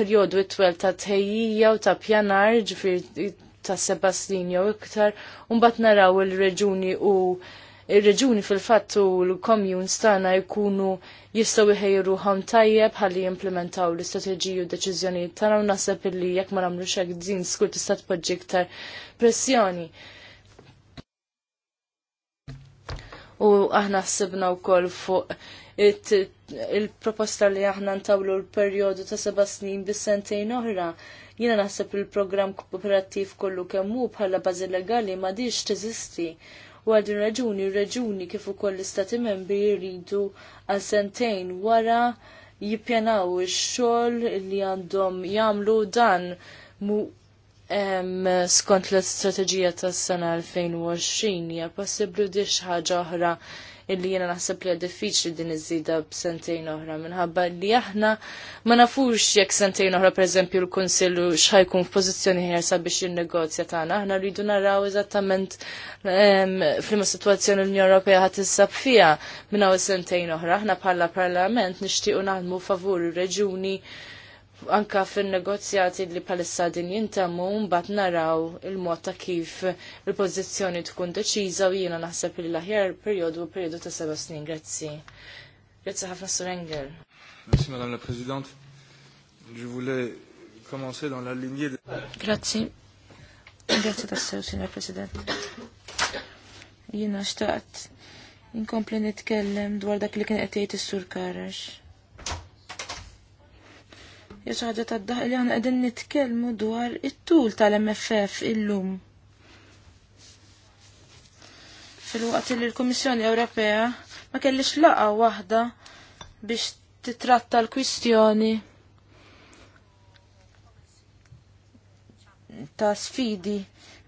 perjodu it-twel ta' tħejjija u ta' pjanar ġifier ta' seba' snin jew iktar u mbagħad naraw il-reġuni u ir-reġuni fil fattu u l-komjuns tagħna jkunu jistgħu iħejru ħam tajjeb ħalli jimplementaw l-istrateġiji u deċiżjonijiet tagħna u naħseb li jekk ma nagħmlux hekk din skur tista' tpoġġi iktar pressjoni. U aħna u wkoll fuq il-proposta li aħna ntawlu l-perjodu ta' seba' snin bis-sentejn oħra jina naħseb il-program kooperattiv kollu kemmu bħala bazi legali ma diġ teżisti U għadin raġuni raġuni, reġuni kif ukoll l-istati membri jridu għal sentejn wara jippjanaw ix-xogħol li għandhom jagħmlu dan mu skont l-istrateġija tas-sena 2020 hija possiblu di xi ħaġa oħra illi jiena naħseb li diffiċli din iż-żida b'sentejn oħra minħabba li aħna ma nafux jekk sentejn oħra pereżempju l-Kunsillu x'ħajkun f'pożizzjoni ħersa biex jinnegozja tagħna. Aħna rridu naraw eżattament f'liema sitwazzjoni l-Unjoni Ewropea ħadd issab fiha minn hawn sentejn oħra. Aħna bħala Parlament nixtiequ naħdmu favur ir-reġuni anka fil-negozjati li palissa din jintemmu mbagħad naraw il-mod ta' kif il-pożizzjoni tkun deċiża u jiena naħseb li l-aħjar perjodu u perjodu ta' seba' snin. Grazzi. Grazzi ħafna Engel. Merci Madame la Présidente. Je voulais commencer dans la lignée de... Grazzi. Grazzi sew, Signor President. Jiena xtaqt inkompli nitkellem dwar dak li kien qed jgħid is-Sur Karax hija xi ħaġa tad-daħ li aħna qegħdin nitkellmu dwar it-tul tal-MFF illum. Fil-waqt li l-Kummissjoni Ewropea ma kellix laqa waħda biex titratta l-kwistjoni ta' sfidi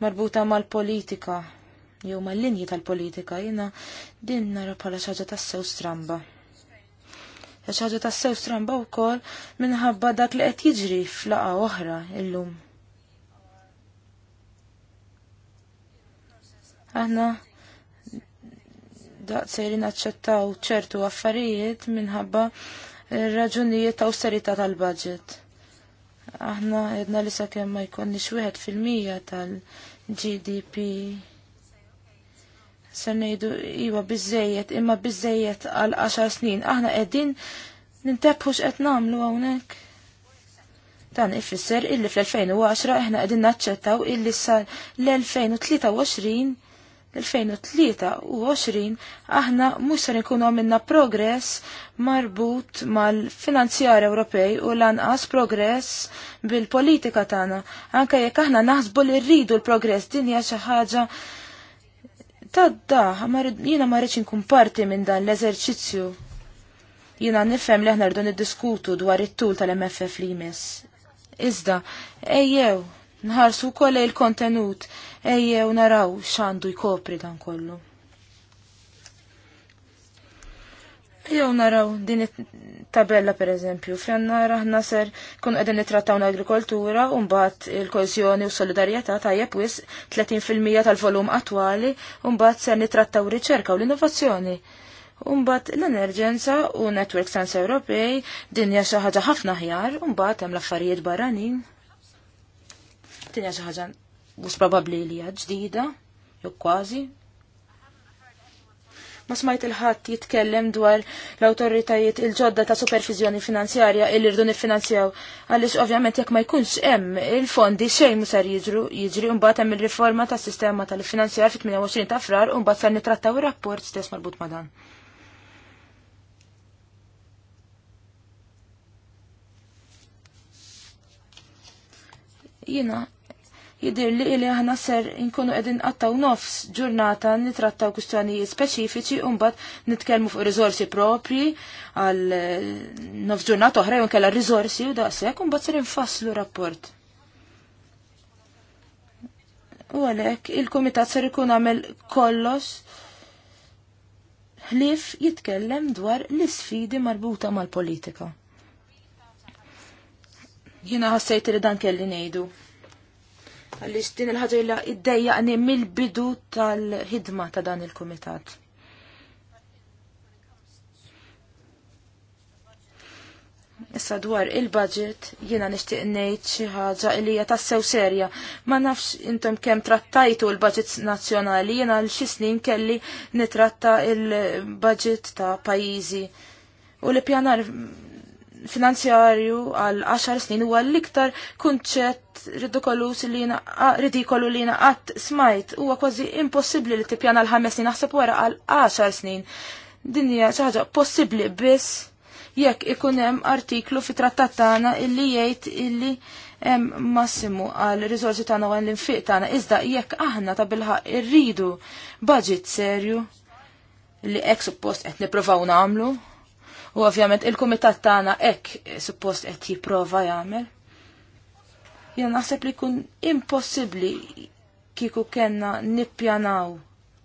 marbuta mal-politika jew mal-linji tal-politika jina din nara bħala xaġa tassew stramba ħaġa ta' sew stramba wkoll minħabba dak li qed jiġri flaqa oħra illum. Aħna daqsejri naċċettaw ċertu affarijiet minħabba raġunijiet ta' austerità tal-budget. Aħna edna li sakemm ma jkunniex wieħed fil-mija tal-GDP sennejdu ngħidu iwa biżejjed imma biżejjed għal 10 snin. Aħna qegħdin nintebħu x'qed nagħmlu hawnhekk. Dan ifisser illi fl-2010 aħna qegħdin naċċettaw illi sa l-2023 l-2023 aħna mhux se nkunu għamilna progress marbut mal-finanzjar Ewropej u lanqas progress bil-politika tagħna. Anke jekk aħna naħsbu li rridu l-progress din hija xi ħaġa tad da, jiena ma rridx inkun parti minn dan l-eżerċizzju. Jiena nifem li aħna rridu niddiskutu dwar it-tul tal-MFF li jmiss. Iżda, ejjew, nħarsu kolle il-kontenut, ejjew naraw x'għandu jkopri dan kollu. Jew naraw din it-tabella per eżempju, fejn aħna naser kun qegħdin nittrattaw l-agrikoltura u mbagħad il-kohesjoni u solidarjetà tajjeb wis 30% tal-volum attwali u mbagħad ser nittrattaw riċerka u l-innovazzjoni. Un-bat l enerġenza u Network Sans Ewropej din jaxa xi ħaġa ħafna ħjar u mbagħad hemm l-affarijiet barranin. Din jaxa xi ħaġa mhux probabbli li hija ġdida jew kważi ma smajt il-ħadd jitkellem dwar l-awtoritajiet il-ġodda ta' supervizjoni finanzjarja il irdu niffinanzjaw. Għaliex ovvjament jekk ma jkunx hemm il-fondi xejn musar ser jiġru jiġri mbagħad hemm ir-riforma tas-sistema tal-finanzjar fit-28 ta' frar u mbagħad nitrattaw il rapport stess marbut ma' dan. Jiena jidir li li aħna ser inkunu qegħdin għattaw nofs ġurnata nitrattaw kustjoni speċifiċi u mbagħad nitkellmu fuq rizorsi propri għal eh, nofs ġurnata oħra jew kellha rizorsi u daqshekk u ser infasslu rapport. U għalhekk il-kumitat ser ikun għamel kollox ħlief jitkellem dwar l-isfidi marbuta mal-politika. Jina ħassajt li dan kelli ngħidu għaliex din il-ħaġa illa id għani mill-bidu tal-ħidma ta' dan il-kumitat. Issa dwar il-budget jiena nixtieq ngħid xi ħaġa li hija tassew serja. Ma nafx intom kemm trattajtu l-budget nazzjonali, jiena l xi snin kelli nitratta il-budget ta' pajjiżi. U li pjanar finanzjarju għal 10 snin huwa l-iktar kunċett ridikolu li qatt smajt huwa kważi impossibbli li tippjana l ħames snin naħseb wara għal 10 snin. Din hija xi ħaġa possibbli biss jekk ikun hemm artiklu fi trattat tagħna illi jgħid illi hemm massimu għal riżorsi tagħna għan l-infiq tagħna iżda jekk aħna ta' bilħa irridu budget serju li hekk suppost qed nippruvaw nagħmlu U ovvjament il-kumitat tagħna hekk suppost qed jipprova jagħmel. Jien naħseb li jkun impossibbli kieku kellna nippjanaw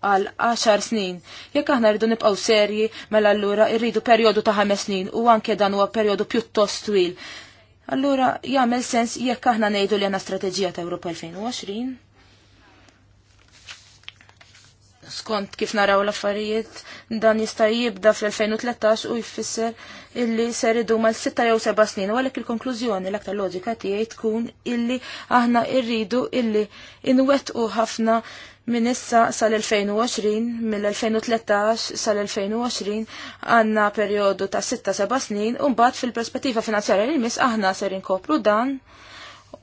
għal 10 snin. Jekk aħna rridu nibqgħu serji mela allura rridu perjodu ta' 5 snin u anke dan huwa perjodu pjuttost twil. Allura jagħmel sens jekk aħna ngħidu li għandna strateġija ta' Ewropa 2020 skont kif naraw l-affarijiet dan jista' jibda fl-2013 u jfisser illi ser iduma mal 6 jew 7 snin u għalhekk il-konklużjoni l-aktar loġika tiegħi tkun illi aħna rridu illi inwettqu ħafna minn issa sal-2020 mill-2013 sal-2020 għandna perjodu ta' 6-7 snin u mbagħad fil-perspettiva finanzjarja li mis aħna ser inkopru dan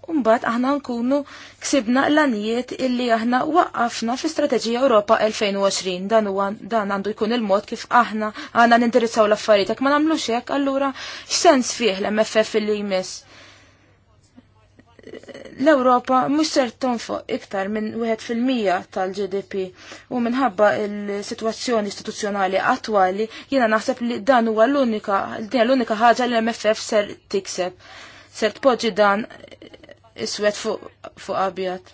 Umbat aħna nkunu ksibna l-anijiet illi aħna waqqafna fi strateġija Ewropa 2020. Dan huwa dan għandu jkun il-mod kif aħna għandna nindirizzaw l-affarijiet. ma nagħmlux hekk, allura x'sens fih l-MFF illi jmiss? L-Ewropa mhux ser tonfoq iktar minn wieħed fil-mija tal-GDP u minħabba l-sitwazzjoni istituzzjonali attwali jiena naħseb li dan huwa l-unika l-unika ħaġa li l-MFF ser tikseb ser tpoġġi dan iswed fuq fu abjad.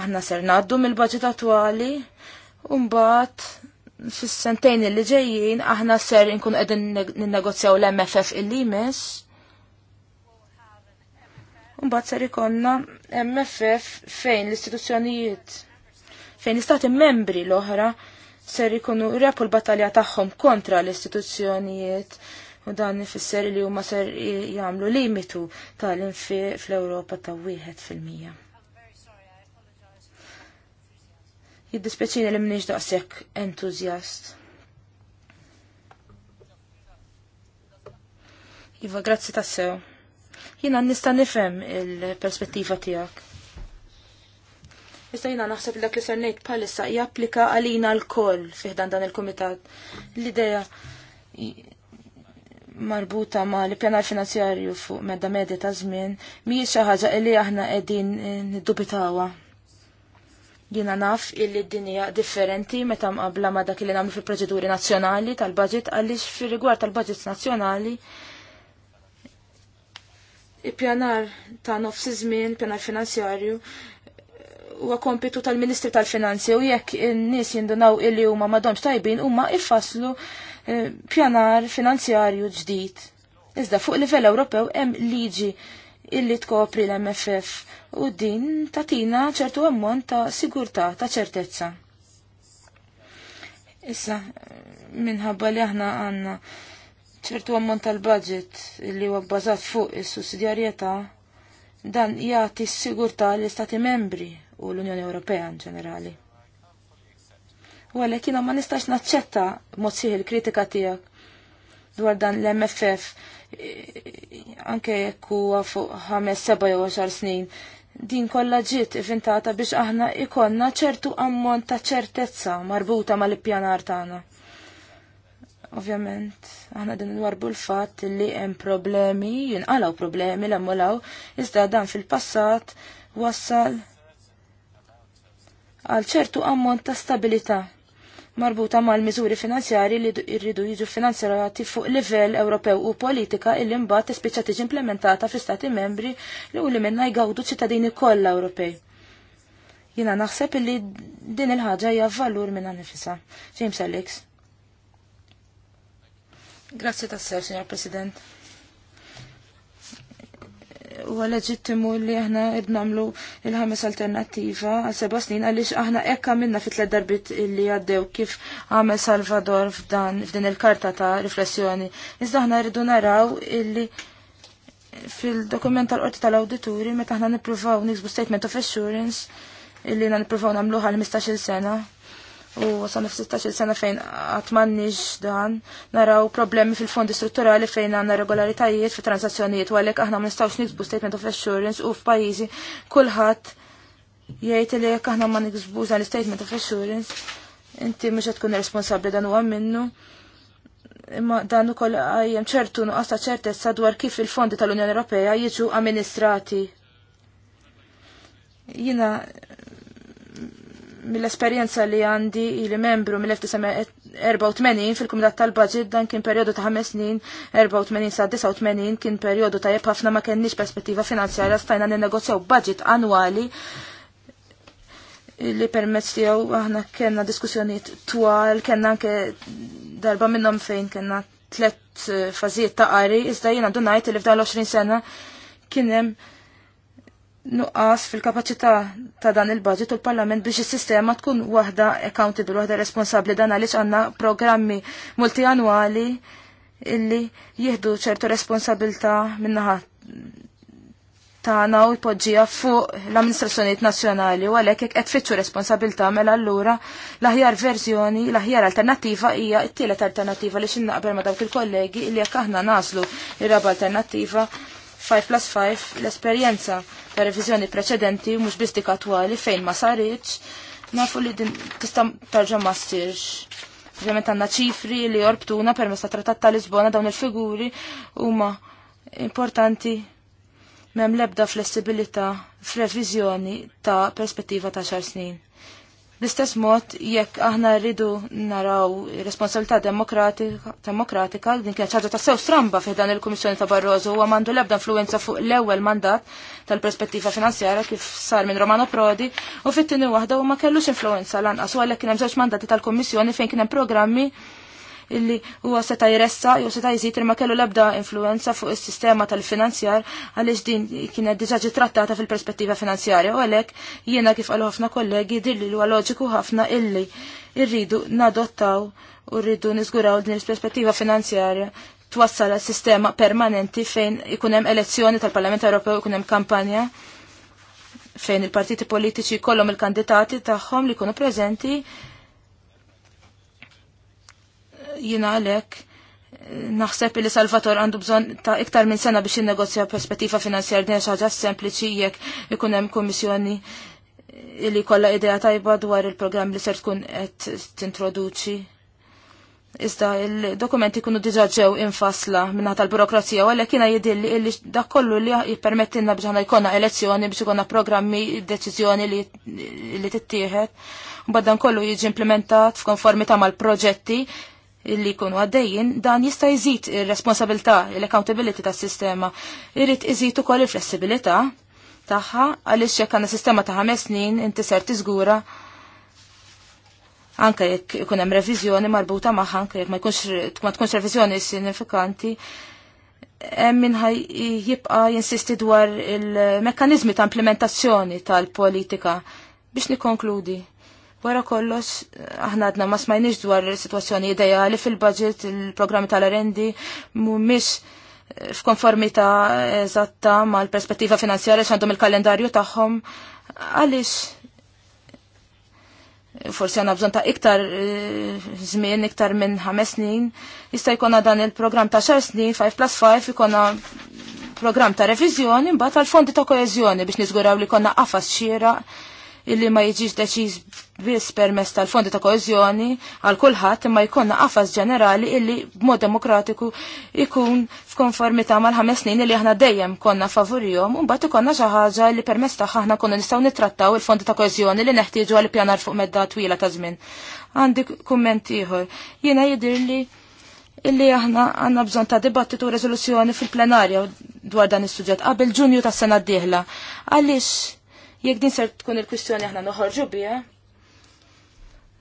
Aħna ser naddu mill-budget attwali u mbagħad fis-sentejn li ġejjin aħna ser nkun qegħdin ninnegozjaw l-MFF il jmiss. Mbagħad ser ikonna MFF fejn l-istituzzjonijiet fejn l-istati membri l-oħra ser ikunu repu l-battalja tagħhom kontra l-istituzzjonijiet u dan ifisser li huma ser jagħmlu limitu tal-infiq fl-Ewropa ta' wieħed fil-mija. Jiddispeċini li mniex daqshekk entużjast. Iva, grazzi sew Jina nista nifem il-perspettiva tijak. Issa jina naħseb dak li ser ngħid palissa japplika għalina l-koll fiħdan dan il-komitat. L-ideja marbuta ma li pjanar finanzjarju fuq medda medja ta' żmien mhijiex xi ħaġa illi aħna qegħdin eh, niddubitawha. Jiena naf illi din hija differenti meta mqabbla ma dak li nagħmlu fil-proċeduri nazzjonali tal-budget għaliex fir-rigward tal-budgets nazzjonali il-pjanar ta' nofsi żmien, pjanar finanzjarju, huwa kompitu tal-Ministri tal-Finanzi u jekk in-nies jindunaw illi huma m'għadhomx tajbin huma ifasslu Eh, pjanar finanzjarju ġdid. Iżda fuq livell Ewropew hemm liġi illi tkopri l-MFF u din tatina ċertu ammont ta' sigurtà ta' ċertezza. Issa, minħabba li aħna għanna ċertu ammont tal-budget li huwa bbażat fuq is-sussidjarjetà dan jagħti s-sigurtà l-Istati membri u l-Unjoni Ewropea in ġenerali. U kina ma nistax naċċetta mod l il-kritika tiegħek dwar dan l-MFF anke jekk huwa fuq ħames seba' jew għaxar snin. Din kolla ġiet ivintata biex aħna ikonna ċertu ammont ta' ċertezza marbuta mal-ippjanar tagħna. Ovvjament, aħna din warbu l-fatt li hemm problemi, jinqalaw problemi l-ammulaw, iżda dan fil-passat wassal għal ċertu ammont ta' stabilità marbuta mal-miżuri finanzjari li rridu jiġu finanzjati fuq livell Ewropew u politika illi mbagħad tispiċċa tiġi implementata fl-Stati membri li u li jgawdu ċittadini kollha Ewropej. Jina naħseb li din il-ħaġa hija valur minn nifisa. James Alex. Grazzi tassew, Signor President huwa leġittimu li aħna id nagħmlu il-ħames alternattiva għal seba' snin għaliex aħna hekk għamilna fit tliet darbit li għaddew kif għamel Salvador f'dan f'din il-karta ta' riflessjoni. Iżda aħna rridu naraw illi fil-dokument tal-qorti tal-awdituri meta aħna nippruvaw nixbu statement of assurance illi na nippruvaw namluħa l-15-il sena u sa' f 16 sena fejn għatmanniġ dan, naraw problemi fil-fondi strutturali fejn għanna regolaritajiet fi transazzjonijiet u għalek aħna ma nistawx nikbu statement of assurance u f-pajizi kulħadd jgħid li jekk aħna ma niksbuż dan statement of assurance, inti mhux qed tkun dan huwa minnu. Imma dan ukoll għajjem ċertu nuqqas ta' ċertezza dwar kif il-fondi tal-Unjoni Ewropea jiġu amministrati jina mill-esperjenza li għandi ili membru mill-1984 fil-Kumitat tal-Budget dan kien perjodu ta' 5 snin, 84 sa' 89 kien perjodu ta' ħafna ma kenniex perspettiva finanzjarja stajna ninnegozjaw budget annwali li permezz tiegħu aħna kellna diskussjonijiet twal, kellna anke darba minnhom fejn kellna tlet fażijiet ta' qari, iżda jiena ngħid li f'dan l-20 sena kien hemm nuqqas fil-kapacità ta' dan il-budget u l-parlament biex is-sistema tkun waħda accountable, waħda responsabli dan għaliex għandna programmi multianwali illi jieħdu ċertu responsabilta minnaħa tagħna u jpoġġija fuq l amministrazzjoniet nazzjonali u għalhekk jekk qed tfittxu responsabilità mela allura l-aħjar verżjoni, l-aħjar alternattiva hija t-tielet alternattiva li xinnaqber ma' dawk il-kollegi li jekk aħna naslu ir-raba alternattiva 5 plus 5 l-esperjenza ta' revizjoni preċedenti mhux bistik attuali fejn ma saritx, nafu li din tista' tarġa' ma ssirx. Ovvjament għandna ċifri li jorbtuna permezz ta' Trattat ta' Lisbona dawn il-figuri huma importanti m'hemm l-ebda flessibilità f'reviżjoni ta' perspettiva ta' xar snin l istess mod, jekk aħna rridu naraw responsabilità demokratika, demokratika din kienet ħaġa ta' sew stramba fi dan il-Kummissjoni ta' Barroso huwa għamandu l-ebda influenza fuq l-ewwel mandat tal-perspettiva finanzjara kif sar minn Romano Prodi u fit-tieni waħda u ma kellux influenza lanqas u għalhekk kien hemm żewġ mandati tal-Kummissjoni fejn kien hemm programmi illi huwa seta' jressa jew seta' jżid ma kellu l-ebda influenza fuq is-sistema tal-finanzjar għaliex din kienet diġà ġi trattata fil-perspettiva finanzjarja u għalhekk jiena kif qalu ħafna kollegi li huwa loġiku ħafna illi rridu nadottaw u rridu niżguraw din il-perspettiva finanzjarja twassal sistema permanenti fejn ikun hemm elezzjoni tal-Parlament Ewropew ikun hemm kampanja fejn il-partiti politiċi kollhom il-kandidati tagħhom li jkunu preżenti jina għalek naħseb li Salvator għandu bżon ta' iktar minn sena biex jinnegozja perspettiva finanzjar din ħaġa sempliċi jekk ikun hemm kummissjoni li kollha idea tajba dwar il-programm li ser tkun qed tintroduċi. Iżda il-dokumenti kunu diġa ġew infasla minna tal-burokrazija, u għalek jina jidilli illi dak kollu li jippermettilna biex għana jkonna elezzjoni biex jkonna programmi, deċizjoni li tittieħed. badan kollu jiġi implementat f'konformità mal-proġetti illi jkunu għaddejjin, dan jista' jżid ir-responsabilità, l-accountability tas-sistema. Irrid iżid ukoll il-flessibilità tagħha għaliex jekk għandna sistema ta' ħames snin inti ser tiżgura anke jekk ikun hemm reviżjoni marbuta magħha anke jekk ma jkunx ma tkunx reviżjoni sinifikanti hemm min jibqa' jinsisti dwar il-mekkaniżmi ta' implementazzjoni tal-politika biex nikkonkludi Wara kollox, aħna għadna ma smajniex dwar situazzjoni ideali fil-budget, il-programmi tal-arendi, mumiex eh, f'konformità eżatta ma l-perspettiva finanzjarja x'għandhom il-kalendarju tagħhom. Għaliex forsi għandna bżonn ta' iktar eh, żmien, iktar minn ħames snin, jista' jkollna dan il-programm ta' xar snin, 5 plus 5, jkollna programm ta' reviżjoni, mbagħad għal fondi ta' koeżjoni biex niżguraw li konna qafas xieraq illi ma jiġix deċiż biss permess tal-fondi ta' koezjoni għal kulħadd imma jkollna qafas ġenerali illi b'mod demokratiku jkun f'konformità mal-ħames snin li aħna dejjem konna favorihom u mbagħad ikollna xi ħaġa li permess tagħha aħna konna nistgħu nittrattaw il-fondi ta' koezjoni li neħtieġu għal pjanar fuq medda twila ta' żmien. Għandi kumment ieħor. Jiena jidhirli illi aħna għandna bżonn ta' dibattitu reżoluzzjoni fil-plenarja dwar dan is-suġġett qabel ġunju tas sena d-dieħla. Għaliex Jekk din ser tkun il-kwistjoni aħna noħorġu biha,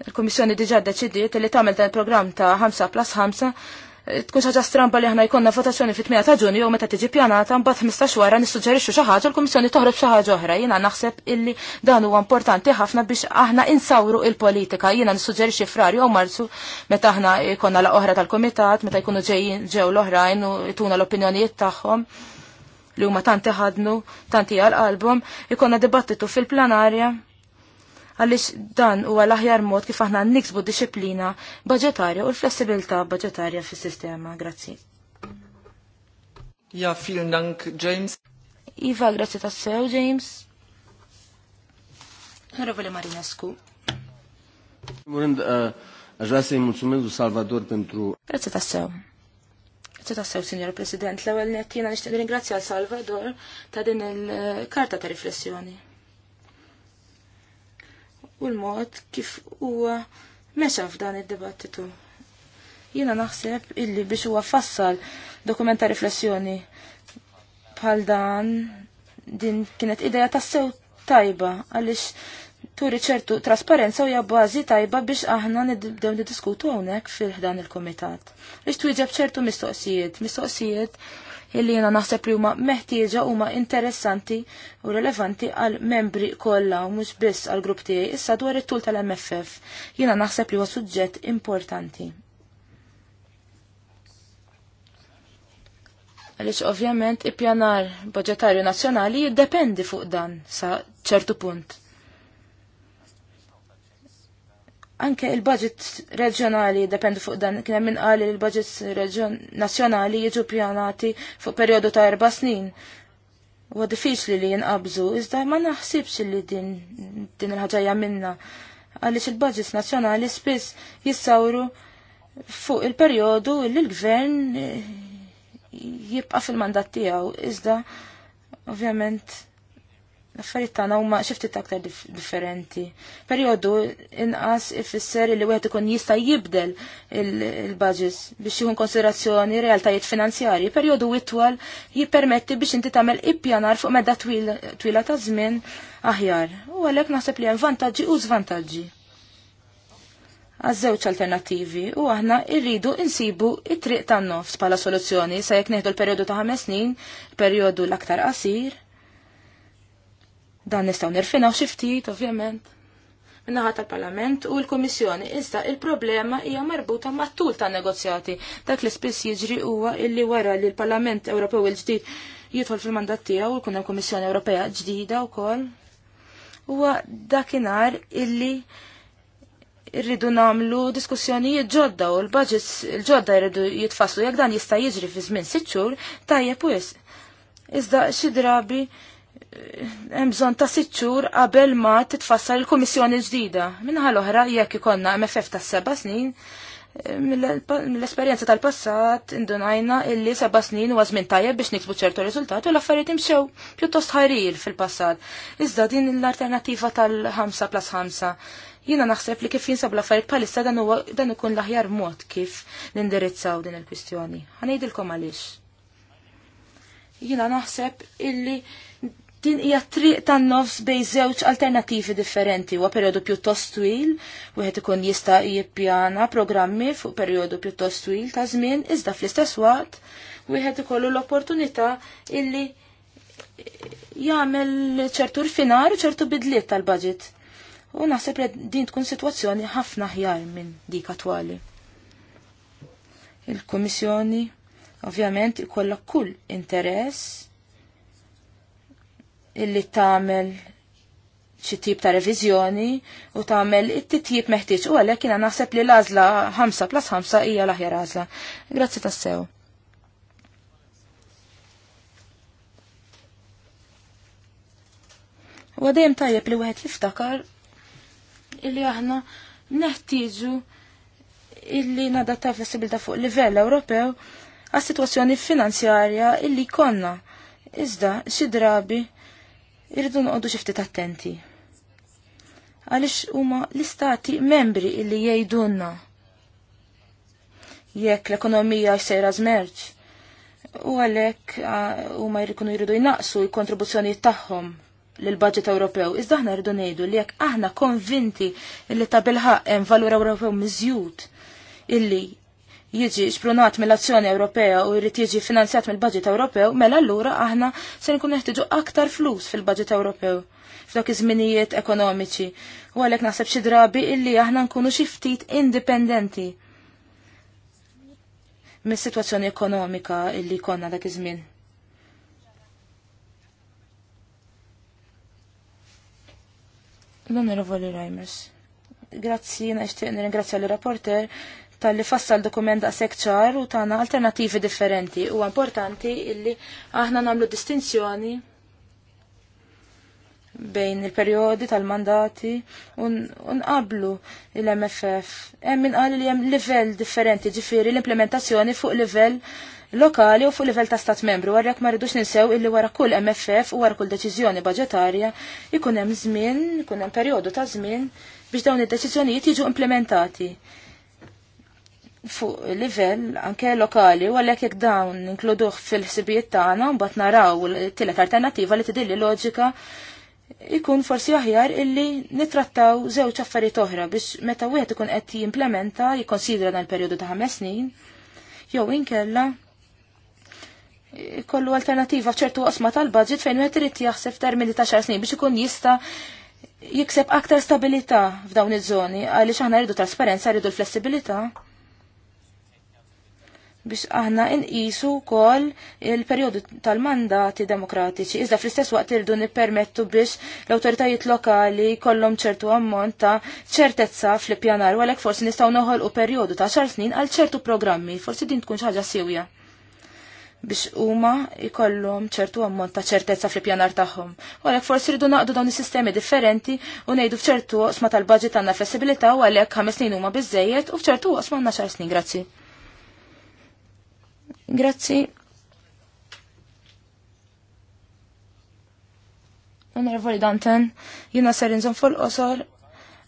il-Kummissjoni diġà ddeċidiet li tagħmel dan il-programm ta' 5 plus 5 eh, tkun ħaġa stramba li aħna jkollna votazzjoni fit-8 ta' Ġunju jew meta tiġi pjanata mbagħad 15 wara nissuġġerixxu xi ħaġa l-Kummissjoni toħrob xi ħaġa oħra. Jiena naħseb illi dan huwa importanti ħafna biex aħna insawru il-politika. Jiena nissuġġerixxi frar jew Marzu meta aħna jkollna la oħra tal-Kumitat, meta jkunu ġejjin ġew l-oħrajn u jtuna l-opinjonijiet tagħhom li huma tanti ħadnu, tanti għal-qalbhom, ikonna dibattitu fil-planarja għalix dan u għal-aħjar mod kif aħna niksbu disciplina budgetarja u l-flessibilità budgetarja fis sistema Grazzi. Ja, vielen Dank, James. Iva, grazzi sew, James. Rovele Marinescu. Murind, uh, aș vrea să Salvador pentru... ta' sew. Grazie tassew, Signor President. L-ewel net jena nishtiq ringrazzja Salvador ta' din il-karta ta' riflessjoni. U l-mod kif huwa mexa f'dan id-dibattitu. Jina naħseb illi biex huwa fassal dokument ta' riflessjoni bħal dan din kienet ideja tassew tajba għaliex turi ċertu trasparenza u jabbażi tajba biex aħna nibdew niddiskutu hawnhekk fil-ħdan il-kumitat. Biex twieġeb ċertu mistoqsijiet, mistoqsijiet illi jiena naħseb li huma meħtieġa huma interessanti u rilevanti għal membri kollha u mhux biss għal grupp tiegħi issa dwar it-tul tal-MFF. Jiena naħseb li huwa suġġett importanti. Għaliex ovvjament ippjanar budġetarju nazzjonali jiddependi fuq dan sa ċertu punt Anke il-budget reġjonali dependu fuq dan, kien hemm inqali li l-budgets nazzjonali jiġu pjanati fuq perjodu ta' erba' snin. Huwa diffiċli li jinqabżu, iżda ma naħsibx li din din il-ħaġa minna. Għaliex il-budgets nazzjonali spiss jissawru fuq il-perjodu li l-gvern eh, jibqa' fil-mandat tiegħu, iżda ovvjament L-affarijiet tagħna huma xi ftit aktar differenti. Perjodu inqas ifisser li wieħed ikun jista' jibdel il-budgets biex jieħu konsiderazzjoni realtajiet finanzjarji. Perjodu itwal jippermetti biex inti tagħmel ippjanar fuq medda twila, twila ta' żmien aħjar. U għalhekk naħseb li hemm vantaġġi u żvantaġġi. Għaż-żewġ alternattivi u aħna rridu insibu it-triq tan-nofs bħala soluzzjoni sa jekk neħdu l-perjodu ta' ħames snin, perjodu l-aktar qasir, Dan nistgħu nirfinaw xi ftit, ovvjament. Minnaħa tal-Parlament u l-Komissjoni. Iżda il-problema hija marbuta mat-tul ta' negozjati. Dak li spiss jiġri huwa illi wara li l-Parlament Ewropew il-ġdid jidħol fil-mandat tiegħu u kun hemm Kummissjoni Ewropea ġdida wkoll. Huwa dakinhar illi irridu namlu diskussjonijiet ġodda u l-budgets il-ġodda irridu jitfasslu jekk dan jista' jiġri fi żmien sitt xhur tajjeb u Iżda xi drabi hemm bżonn ta' sitt xhur qabel ma titfassal il-Kummissjoni ġdida. Minħa l-oħra jekk ikonna MFF ta' seba' snin, eh, mill-esperjenza tal-passat indunajna illi seba' snin huwa żmien tajjeb biex niksbu ċertu riżultat u l-affarijiet imxew pjuttost ħarir fil-passat. Iżda din l-alternattiva tal-5 plus 5 jina naħseb li kif jinsab l-affarijiet bħalissa dan huwa dan ikun l-aħjar mod kif nindirizzaw din il-kwistjoni. Ħanejdilkom għaliex. Jina naħseb illi Din hija triq tan-nofs bej żewġ alternattivi differenti huwa perjodu pjuttost twil, wieħed ikun jista' jippjana programmi fuq perjodu pjuttost twil ta' żmien iżda fl-istess waqt wieħed ikollu l-opportunità illi jagħmel ċertu rfinar u ċertu bidliet tal-budget. U naħseb li din tkun sitwazzjoni ħafna ħjar minn dik attwali. Il-Kummissjoni ovvjament ikollha kull interess illi tagħmel xi tip ta' reviżjoni u tagħmel it-titjib meħtieġ u għalhekk jiena naħseb li l-għażla 5 plus 5 hija l-aħjar għażla. Grazzi tassew. U għadajem tajjeb li wieħed jiftakar illi aħna neħtieġu illi ta' flessibilità fuq livell Ewropew għas sitwazzjoni finanzjarja illi konna. Iżda xi drabi irridu noqogħdu xi ftit attenti. Għaliex huma l-istati membri illi jgħidulna jekk l-ekonomija jsejra żmerġ u għalhekk huma jkunu jridu jnaqsu l-kontribuzzjonijiet tagħhom l-budget Ewropew. Iżda aħna rridu ngħidu li jekk aħna konvinti li ta' bilħaq hemm valur Ewropew miżjud illi jiġi spronat mill-azzjoni Ewropea u jrid jiġi finanzjat mill-budget Ewropew, mela allura aħna se nkun neħtieġu aktar flus fil-budget Ewropew f'dak iż-żminijiet ekonomiċi. U għalhekk naħseb xi drabi illi aħna nkunu xi ftit indipendenti mis-sitwazzjoni ekonomika illi konna dak iż-żmien. L-Onorevoli Reimers. Grazzi, nishtiq nirringrazzja l-rapporter tal-li fassal dokument daqshekk ċar u tagħna alternattivi differenti. Huwa importanti illi aħna nagħmlu distinzjoni bejn il-perjodi tal-mandati qablu l-MFF. Hemm inqal li hemm livell differenti ġifieri l-implementazzjoni fuq livell lokali u fuq livell ta' stat membru għarrek ma rridux ninsew illi wara kull MFF u wara kull deċiżjoni budġetarja ikun hemm żmien, ikun hemm perjodu ta' żmien biex dawn id-deċiżjonijiet jiġu implementati fuq livell anke lokali u għalhekk jekk dawn inkluduh fil-ħsibijiet tagħna mbagħad naraw tielet alternattiva li tidilli loġika ikun forsi aħjar illi nitrattaw żewġ affarijiet oħra biex meta wieħed ikun qed jimplementa jikkonsidra dan il-perjodu ta' ħames snin jew inkella kollu alternattiva f'ċertu qosma tal-budget fejn wieħed irid jaħseb termini ta' xar snin biex ikun jista' jikseb aktar stabilità f'dawn iż-żoni għaliex aħna rridu trasparenza, rridu l-flessibilità biex aħna inqisu wkoll il-perjodu tal-mandati demokratiċi. Iżda fl-istess waqt irdu nippermettu biex l-awtoritajiet lokali kollom ċertu ammont ta' ċertezza fl-ippjanar u għalhekk forsi nistgħu noħolqu perjodu ta' xar snin għal ċertu programmi, forsi din tkun xaġa ħaġa siwja biex huma jkollhom ċertu ammont ta' ċertezza fl-ippjanar tagħhom. U għalhekk forsi rridu naqdu dawn is-sistemi differenti u ngħidu f'ċertu oqsma tal-baġit għandna flessibilità u għalhekk ħames snin huma biżejjed u f'ċertu oqsma għandna xar snin, grazzi. Grazzi. Onorevoli Danten, jina ser nżon fol osor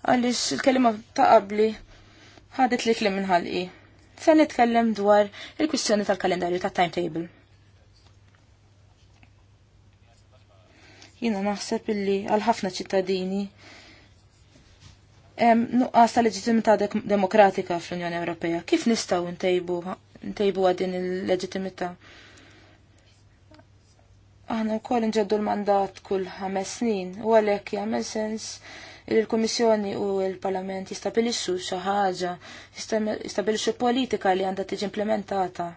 għalix il-kelima ta' qabli ħadet li klim minħalqi. Se nitkellem dwar il-kwistjoni tal-kalendarju ta' timetable. Jina naħseb illi għal ħafna ċittadini nuqqas ta' leġitimità demokratika fl-Unjoni Ewropea. Kif nistgħu ntejbuha? ntejbu din il-leġitimità. Aħna kol nġeddu l-mandat kull ħames snin u għalhekk jgħamil sens li l-Kummissjoni u l-Parlament jistabilixxu xi ħaġa, jistabilixxu politika li għandha tiġi implementata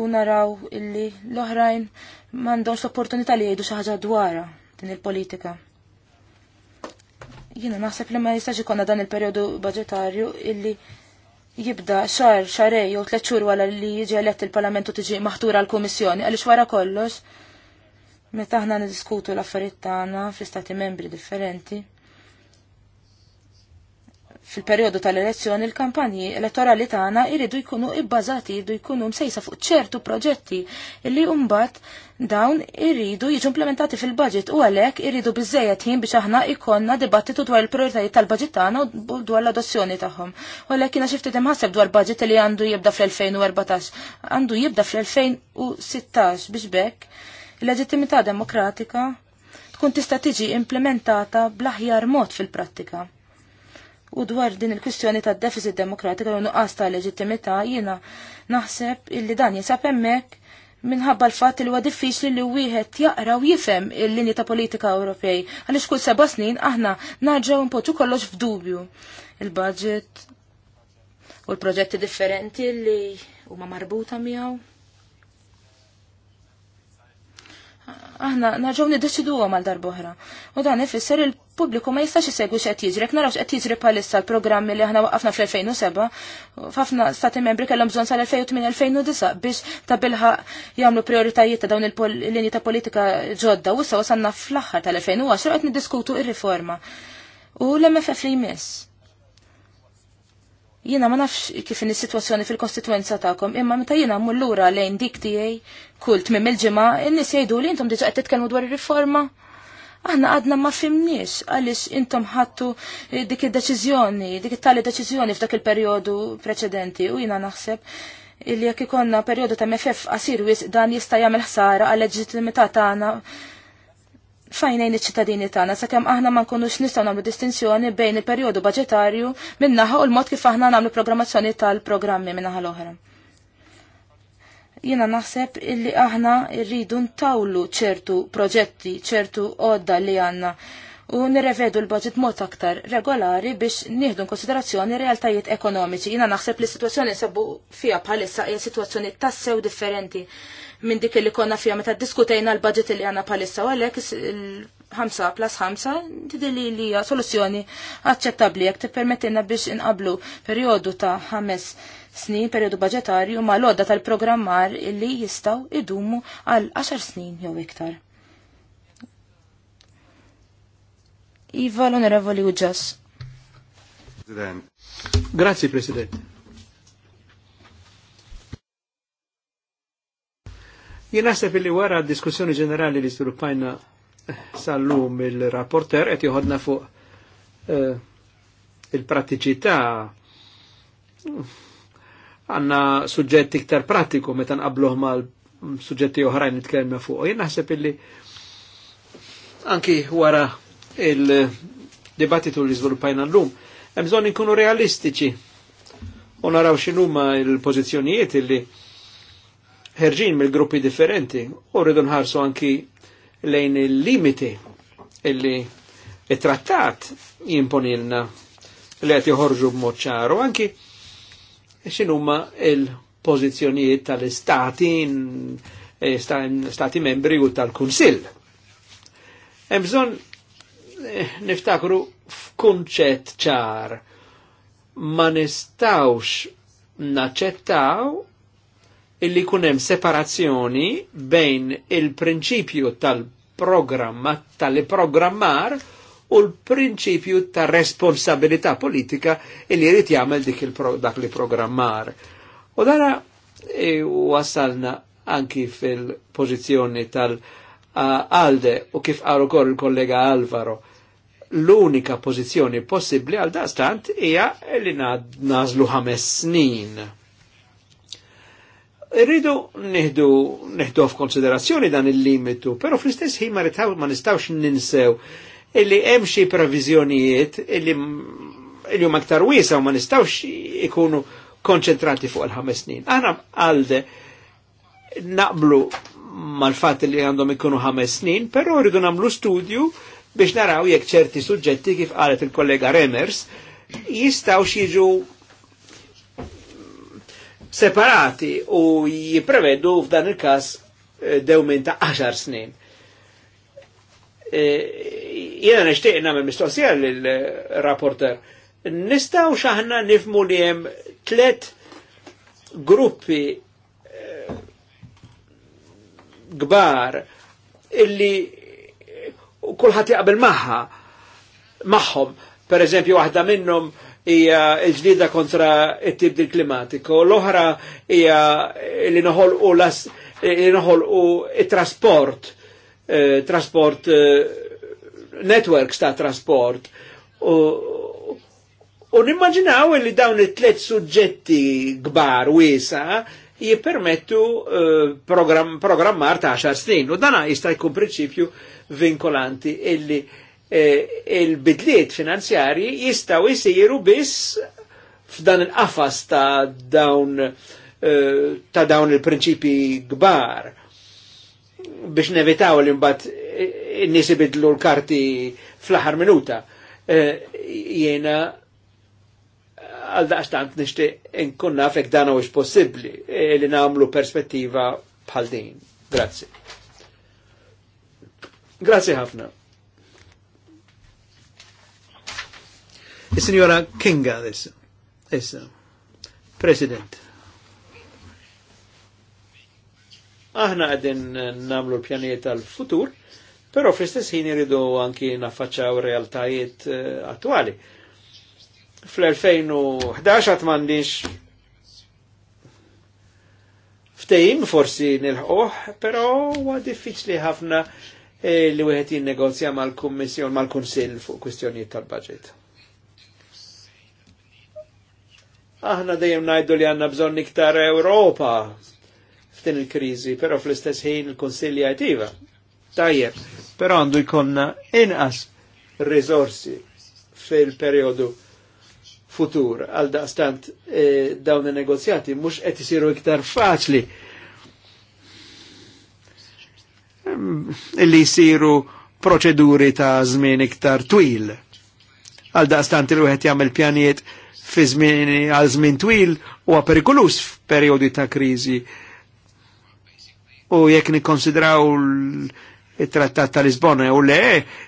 u naraw illi l-oħrajn m'għandhomx l-opportunità li jgħidu xi ħaġa dwarha din il-politika. Jiena naħseb li ma jistax ikonna dan il-perjodu budġetarju illi jibda xar, xarej, u tliet xhur wara li jiġi elett il-Parlamentu tiġi maħtura l-Kummissjoni, għaliex wara kollox, meta aħna niddiskutu l-affarijiet tagħna fl-istati membri differenti fil-perjodu tal-elezzjoni il-kampanji elettorali tagħna jridu jkunu ibbażati jridu jkunu msejsa fuq ċertu proġetti illi mbagħad dawn iridu jiġu implementati fil-budget u għalhekk iridu biżejjed ħin biex aħna jkollna dibattitu dwar il-prioritajiet tal-budget tagħna u dwar l-adozzjoni tagħhom. U għalhekk jiena xi ftit imħasseb dwar budget li għandu jibda fl-2014, għandu jibda fl-2016 biex bekk il-leġittimità demokratika tkun tista' tiġi implementata bl-aħjar mod fil-prattika u dwar din il-kwistjoni ta' deficit demokratika u nuqqas ta' leġittimità jiena naħseb illi dan jinsab hemmhekk minħabba l-fatt li huwa diffiċli li wieħed jaqra u jifhem il-linji ta' politika Ewropej għaliex kull seba' snin aħna narġgħu npoġġu kollox f'dubju. Il-budget u l-proġetti differenti li huma marbuta miegħu aħna naġaw niddeċidu għom għal darboħra. U dan ifisser il-pubbliku ma jistax isegwu x'qed jiġri, naraw narawx qed jiġri palissa l-programmi li aħna waqafna fl-2007, f'ħafna stati membri kellhom bżonn sal-2008-2009 biex ta' bilħa jagħmlu prioritajiet ta' dawn il-linji ta' politika ġodda u issa wasanna fl-aħħar tal-2010 qed niddiskutu ir-riforma. U l-MFF li jmiss. Jiena ma nafx kif in is-sitwazzjoni fil-kostituenza tagħkom, imma meta jiena mullura lura lejn dik tiegħi kult minn il-ġimgħa, in-nies jgħidu li intom diġà qed titkellmu dwar ir-riforma. Aħna għadna ma fimniex għaliex intom ħattu eh, dik id-deċiżjoni, dik it-tali deċiżjoni f'dak il-perjodu preċedenti u jiena naħseb li jekk ikonna perjodu ta' MFF qasir wis dan jista' jagħmel ħsara għal leġittimità tagħna fajnejn iċ-ċittadini tagħna sakemm aħna ma nkunux nistgħu nagħmlu distinzjoni bejn il-perjodu baġetarju minnaħa u l-mod kif aħna nagħmlu programmazzjoni tal-programmi minnaħa l-oħra. Jiena naħseb illi aħna rridu ntawlu ċertu proġetti, ċertu għodda li għandna u nirrevedu l-budget mod aktar regolari biex nieħdu konsiderazzjoni realtajiet ekonomiċi. Jiena naħseb li situazzjoni sebu fija bħalissa hija situazzjoni tassew differenti minn dik li konna fija meta diskutejna l-budget li għanna palissa u għalek 5 plus 5 tidili li hija soluzzjoni aċċettabbli jekk tippermettilna biex inqablu perjodu ta' ħames snin perjodu budgetarju ma' lodda tal-programmar li jistaw idumu għal 10 snin jew iktar. Iva l-Onorevoli Uġas. Grazie Presidente. Jien naħseb li wara diskussjoni ġenerali li sviluppajna eh, sal-lum il-rapporter qed joħodna fuq eh, il-prattiċità għanna suġġetti iktar pratiku meta nqabluh mal suġġetti oħrajn nitkellem fuq. Jien naħseb illi anki wara il-dibattitu li żviluppajna llum hemm bżonn inkunu realistiċi u naraw x'inhuma l-pożizzjonijiet illi ħerġin mill-gruppi differenti u rridu nħarsu anki lejn il-limiti illi il-trattat jimponilna li għet joħorġu b'mod ċaru anki xinumma il-pozizjonijiet tal-istati stati membri u tal-kunsill. Emżon eh, niftakru f'kunċett ċar ma nistawx naċċettaw illi kunem separazzjoni bejn il-prinċipju tal-programma tal-programmar u l-prinċipju ta' responsabilità politika illi jrid jagħmel dik dak li programmar. U dara e, wasalna anki fil-pożizzjoni tal-Alde u kif qalu kol il-kollega Alvaro l-unika pożizzjoni possibbli għal dastant hija li nażlu ħames snin Rridu neħdu neħdu f'konsiderazzjoni dan il-limitu, però fl-istess ħin ma nistawx ninsew illi hemm xi previżjonijiet illi illi huma aktar wiesa u ma nistawx ikunu konċentrati fuq il-ħames snin. Aħna għalde naqblu mal fatt li għandhom ikunu ħames snin, però rridu nagħmlu studju biex naraw jekk ċerti suġġetti kif qalet il-kollega Remers jistaw xieġu separati u jiprevedu f'dan il-kas eh, dewmin ta' 10 snin. Eh, jena nishtiq namel mistoqsija l-rapporter. Nistaw xaħna nifmu li jem tlet gruppi eh, gbar illi kullħat jaqbel maħħa maħħom. Per eżempju, waħda minnhom hija l-ġdida kontra it-tibdil klimatiku, l-oħra hija li noħol u las li noħolqu it-trasport, eh, trasport eh, networks ta' trasport. U nimmaġinaw li dawn it-tlet suġġetti gbar wiesa jippermettu eh, programmar ta' 10 snin. U dana jista' jkun prinċipju vinkolanti illi Eh, il-bidliet finanzjarji jistaw jisiru biss f'dan il-qafas ta' dawn eh, ta' dawn il-prinċipi gbar biex nevitaw li mbagħad eh, nies bidlu l-karti fl-aħħar minuta. Jiena għal daqstant nixtieq nkun nafek dan huwiex possibbli li nagħmlu perspettiva bħal din. Grazzi. Grazzi ħafna. is signora Kinga issa. Issa. President. Aħna għedin namlu l-pjaniet tal-futur, pero fl-istess ħin iridu anki naffaċċaw realtajiet eh, attuali. Fl-2011 għat mandiġ ftejim forsi nil-ħuħ, pero huwa diffiċli ħafna eh, li wieħed jinnegozja mal-Kummissjon mal-Kunsill fuq kwistjonijiet tal-budget. Aħna dejjem ngħidu li għandna bżonn iktar Ewropa f'din il-kriżi, però fl-istess ħin il-Konsilja jtiva. Tajjeb, però għandu jkollna inqas risorsi fil-perjodu futur għal daqstant e, dawn il-negozjati mhux qed isiru iktar faċli illi jisiru proċeduri ta' żmien iktar twil. Għal daqstant il-wieħed jagħmel pjanijiet fi żmien għal żmin twil huwa perikolus f'perjodi ta' kriżi. U jekk nikkonsidraw it-Trattat ta' Lisbona u le,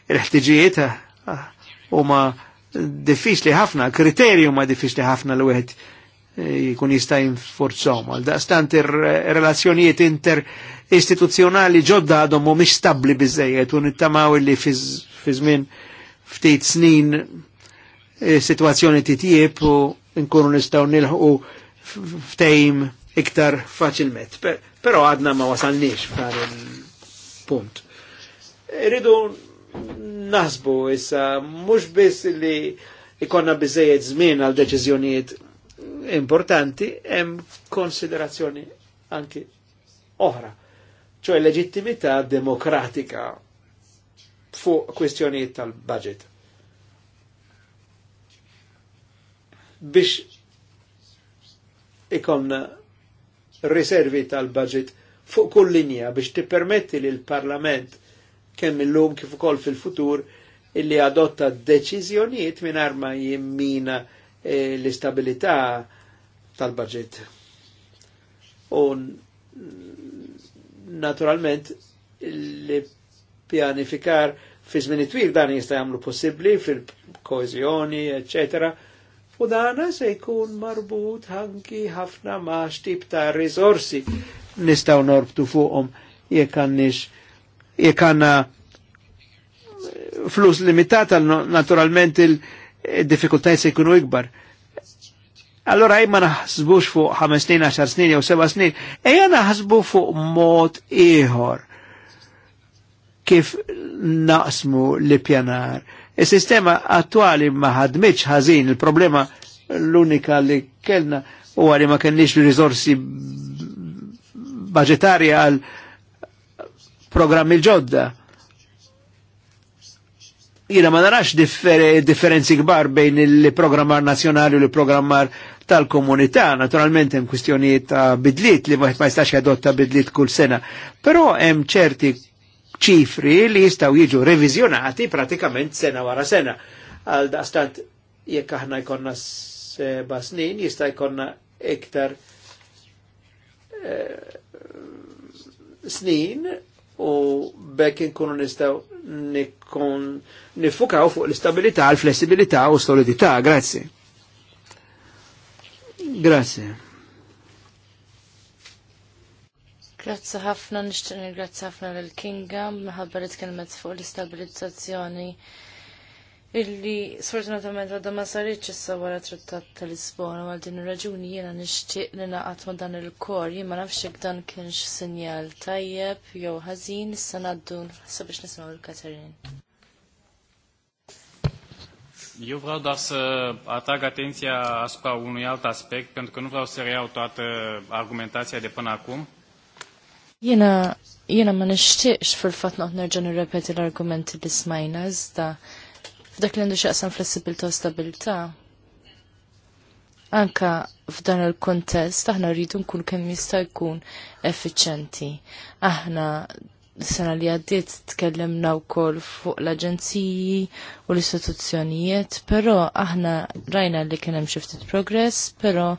il-ħtiġijiet ah, huma diffiċli ħafna, kriterju ma diffiċli ħafna l wieħed eh, jkun jista' jinforzom. Għal daqstant ir-relazzjonijiet inter istituzzjonali ġodda għadhom mhumiex stabbli biżejjed u nittamaw illi fi żmien ftit snin E, situazzjoni titjib u nkunu nistaw nilħu ftejm iktar faċilment. Pero għadna ma wasalniex f'dan il-punt. Rridu naħsbu issa mhux biss li ikonna biżejjed żmien għal deċiżjonijiet importanti, hemm konsiderazzjoni anki oħra, ċoħi leġittimità demokratika fuq kwestjonijiet tal-budget. biex ikonna riservi tal-budget fuq kull linja biex tippermetti li l-Parlament kemm illum kif ukoll fil-futur illi adotta deċiżjonijiet mingħajr ma jimmina e, l-istabilità tal-budget. U naturalment li pjanifikar fi żmien twil dan jista' jagħmlu possibbli fil-koeżjoni, eċċetera U dana se jkun marbut ħanki ħafna ma' xtib ta' risorsi nistaw norbtu fuqom jekk għandniex jekk għandna eh, flus limitata naturalment il-diffikultajiet se jkunu ikbar. Allora ma naħsbux fuq 5 snin, 10 snin, jew 7 snin, ejja naħsbu fuq mod ieħor kif naqsmu li pjanar Il-sistema attuali ma ħadmitx ħażin, il-problema l-unika li kellna u għali ma kellniex risorsi budgetarja għal programmi ġodda. Jina ma narax differenzi kbar bejn il-programmar nazjonali u l-programmar tal-komunità. Naturalment hemm kwistjonijiet ta' bidliet li ma jistax jadotta bidliet kull sena. Però hemm ċerti ċifri li jistaw jiġu revizjonati pratikament sena wara sena. Għal daqstant jekk aħna jkonna seba snin jista' jkonna iktar eh, snin u bekk inkunu nistaw nikun nifukaw fuq l-istabilità, l-flessibilità u solidità. Grazzi. Grazie. Grazie. Grazzi ħafna, nishtiq nirgrazzi ħafna lil Kinga minħabba li tkellmet fuq l-istabilizzazzjoni illi sfortunatament għadha ma saritx issa wara trattat ta' Lisbona għal din ir-raġuni jiena nixtieq li naqgħod ma' dan il-kor jien ma nafx hekk dan kienx sinjal tajjeb jew ħażin issa ngħaddu ħassa biex nisimgħu l katerin Eu vreau doar să atrag atenția asupra unui alt aspect, pentru că nu vreau să reiau toată argumentația de până acum. Jena jena ma nixtieqx fil-fatt noqgħod nerġa' nirrepeti l-argumenti li smajna iżda f'dak li għandu xaqsan flessibilta u stabilità. Anka f'dan il-kontest aħna rridu nkun kemm jista' jkun effiċenti. Aħna sena li għaddiet tkellimna wkoll fuq l-aġenziji u l-istituzzjonijiet, però aħna rajna li kien hemm xi ftit progress, però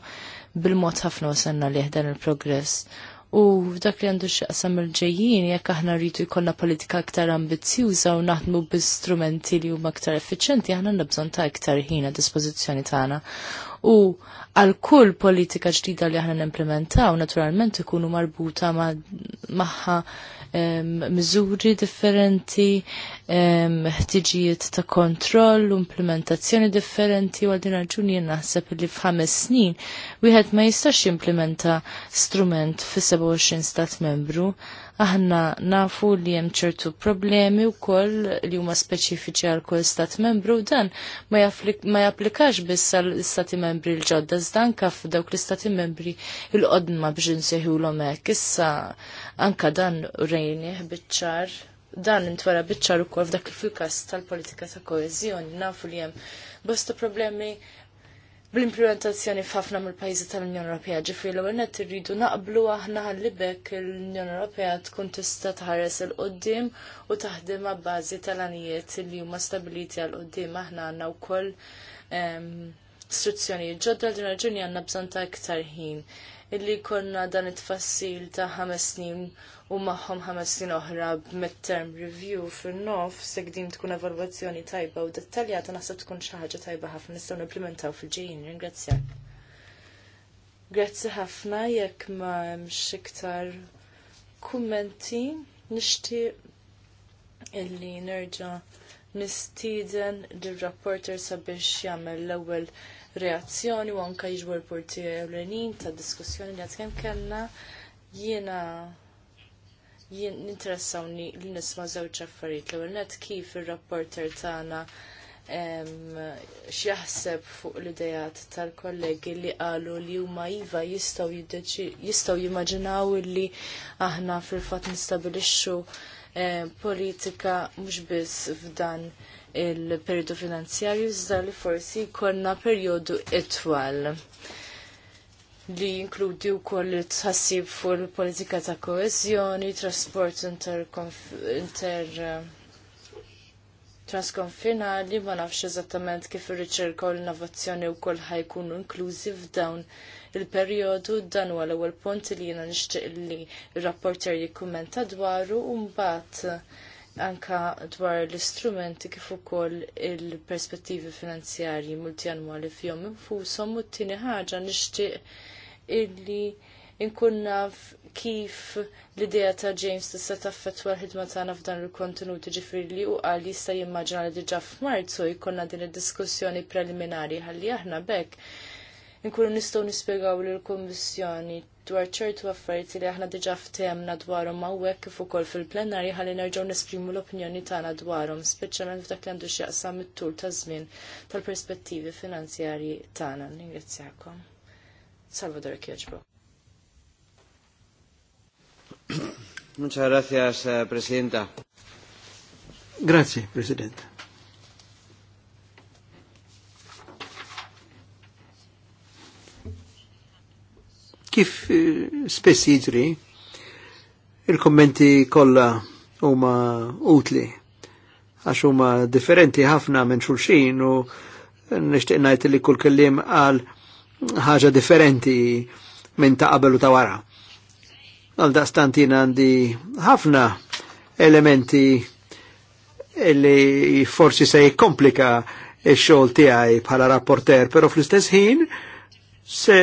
bil-mod ħafna wasalna li dan il-progress U f'dak li għandu x'aqsam il-ġejjin jekk aħna rridu jkollna politika aktar ambizzjuża u naħdmu b'istrumenti li huma aktar effiċenti, aħna nibżon ta' aktar ħin għad dispożizzjoni tagħna. U għal kull politika ġdida li aħna nimplementaw naturalment ikunu marbuta magħha ma miżuri differenti, ħtiġijiet ta' kontroll, implementazzjoni differenti u għaldin raġuni naħseb li f'ħames snin wieħed ma jistax implementa strument fi 27 stat membru Aħna nafu li hemm ċertu problemi wkoll li huma speċifiċi għal kull stat membru u dan ma, japplikax biss għal istati membri l-ġodda iżda anke f'dawk l-istati membri il-qodma biex nsejħulhom hekk. Issa anka dan rejnieh biċ dan intwara bitċar ukoll f'dak il fukas tal-politika ta' koeżjoni nafu li hemm bosta problemi bl-implementazzjoni f'ħafna mill-pajjiżi tal-Unjoni Ewropea ġifieri l-ewwel irridu naqblu aħna ħalli bekk l-Unjoni Ewropea tkun tista' tħares il qudiem u taħdem bażi tal għanijiet li huma stabiliti għal qudiem aħna għandna wkoll ehm, istruzzjonijiet ġodda li raġuni għandna bżonn ta' iktar ħin illi konna dan it-tfassil ta' ħames snin u magħhom ħames snin oħra mid-term review fin-nof se din tkun evalwazzjoni tajba u dettaljata naħseb tkun xi ħaġa tajba ħafna nistgħu nimplementaw fil-ġejjin. Ringrazzjak. Grazzi ħafna jekk ma hemmx iktar kummenti nixtieq illi nerġa' nistieden lir-rapporter sabiex jagħmel l-ewwel reazzjoni u anke jiġu l-porti ewlenin ta' diskussjoni li qed kemm kellna jiena jien ninteressawni li nisma' żewġ affarijiet l-ewwel net kif ir-rapporter tagħna xjaħseb fuq l-idejat tal-kollegi li qalu li huma iva jistgħu jistgħu jimmaġinaw li aħna fil-fatt nistabilixxu Eh, politika mhux biss f'dan il-periodu finanzjarju iżda li forsi jkollna perjodu itwal li jinkludi wkoll it tħassib fuq il-politika ta' koeżjoni, trasport inter, inter eh, transkonfinali ma nafx eżattament kif ir-riċerka u l-innovazzjoni wkoll ħajkunu inklużi f'dawn il-perjodu dan huwa l-ewwel punt li jiena nixtieq li r-rapporter jikkummenta dwaru u mbagħad anka dwar l-istrumenti kif ukoll il-perspettivi finanzjarji multjanwali fihom infushom u t-tieni ħaġa nixtieq illi inkun naf kif l-idea ta' James tista' taffettwa l-ħidma tagħna f'dan il-kontenut ġifieri li u qal jista' jimmaġina li diġà f'Marzu jkollna din id-diskussjoni preliminari ħalli aħna bekk nkunu nistgħu nispjegaw lill-Kummissjoni dwar ċertu affarijiet li aħna diġà ftehemna dwarhom hawnhekk kif ukoll fil-plenarji ħalli nerġgħu nesprimu l-opinjoni tagħna dwarhom, speċjalment f'dak li għandu x'jaqsam it-tul ta' żmien tal-perspettivi finanzjarji tagħna. Ningrazzjakom. Salvador Kieġbo. Muchas gracias, eh, Presidenta. Grazie, Presidenta. Kif eh, spess jidri il-kommenti kollha huma utli għax huma differenti ħafna minn xulxin u nixtieq ngħid li kull kelliem għal ħaġa differenti minn ta' qabel u ta' wara. Għal daqstantin għandi ħafna elementi li forsi se jikkomplika il-xol tiegħi bħala rapporter, pero fl-istess ħin se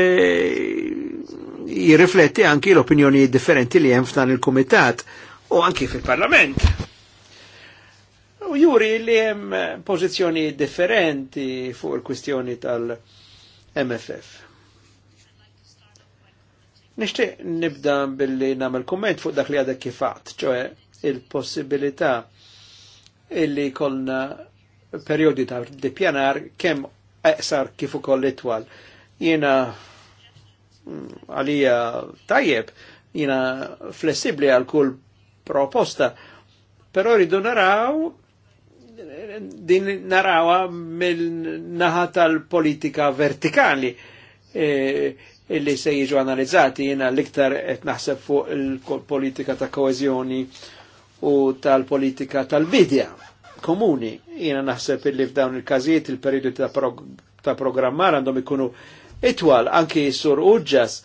jirrifletti anki l-opinjoni differenti li hemm f'dan il-Kumitat u anki fil-Parlament. U juri li hemm pożizzjoni differenti fuq il-kwistjoni tal-MFF. Nishtiq nibda billi namel komment fuq dak li għadek kifat, ċoħe il-possibilità illi kolna periodi ta' dipjanar kem eqsar kif ukoll itwal. Jena għalija tajjeb, jina flessibli għal kull proposta, pero rridu naraw din narawa mill-naħa tal-politika vertikali eh, illi se jiġu analizzati jina l-iktar qed naħseb fuq il-politika ta' koezjoni u tal-politika tal-bidja komuni. Jina naħseb illi f'dawn il kazijiet il periodi ta', prog ta programmar għandhom ikunu itwal anki sur uġġas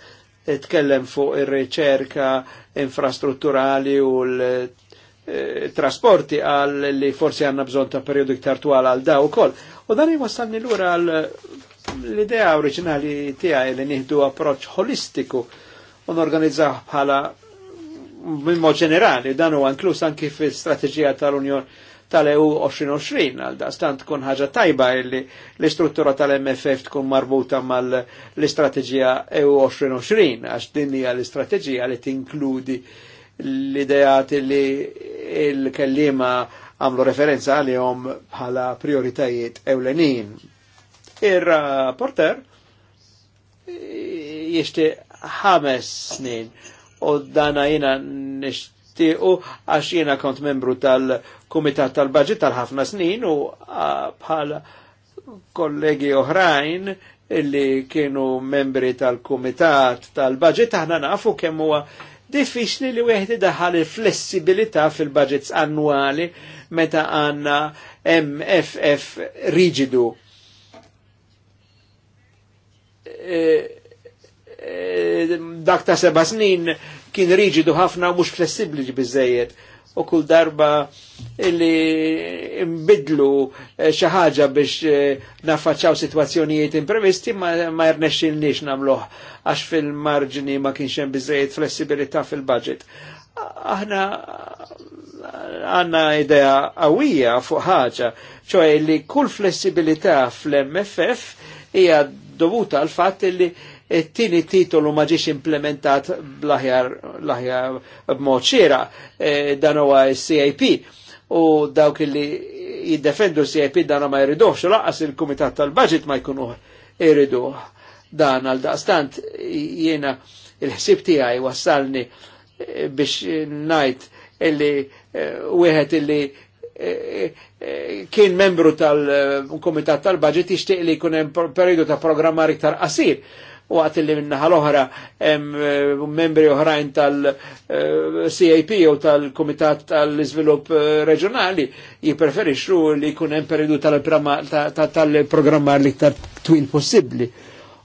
tkellem fuq ir-riċerka infrastrutturali u l-trasporti eh, għal li forsi għanna bżon ta' periodu iktar twal għal daw ukoll. U dan jwassalni lura għal l-idea oriġinali tiegħi li nieħdu approċċ holistiku u n-organizzaħ bħala minn ġenerali, dan u inkluż anki fil strategija tal-Unjoni tal-EU 2020 għal stant tkun ħaġa tajba illi l-istruttura tal-MFF tkun marbuta mal-istrateġija EU 2020 għax dinja l istrategija li tinkludi l-idejat li l-kellima għamlu referenza għalihom bħala prioritajiet ewlenin. Ir-rapporter jishti ħames snin u dana jina nishtiqu għax jina kont membru tal- kumitat tal-Baġit tal-ħafna snin u bħala kollegi oħrajn illi kienu membri tal-kumitat tal-Baġit aħna nafu kemm huwa diffiċli li wieħed daħal il-flessibilità fil-budgets annwali meta għanna MFF rigidu. E, e, dak ta' seba' snin kien rigidu ħafna u mhux flessibbli biżejjed u kull darba li imbidlu eh, xi ħaġa biex eh, naffaċċaw sitwazzjonijiet imprevisti ma, ma rnexxilniex nagħmluh għax fil-marġini ma kienx hemm flessibilita flessibilità fil-budget. Aħna għanna idea qawwija fuq ħaġa, ċoħe li kull flessibilità fl-MFF hija dovuta għal fat li it-tieni titolu ma ġiex implementat blaħjar b'mod ċira e, dan huwa CIP u dawk li jiddefendu CIP dan ma jridux laqas il-Kumitat tal-Budget ma jkunu jridu dan għal daqstant jiena il-ħsib tiegħi wassalni e, biex najt illi e, wieħed illi e, kien membru tal-Komitat tal-Budget jixtieq li jkun hemm periodu ta' programmar iktar qasir u għat li minna l-oħra eh, membri oħrajn tal-CAP eh, u tal-Komitat tal-Izvilup eh, Reġjonali jipreferixxu li jkun hemm periodu tal-programmar l-iktar twil possibbli.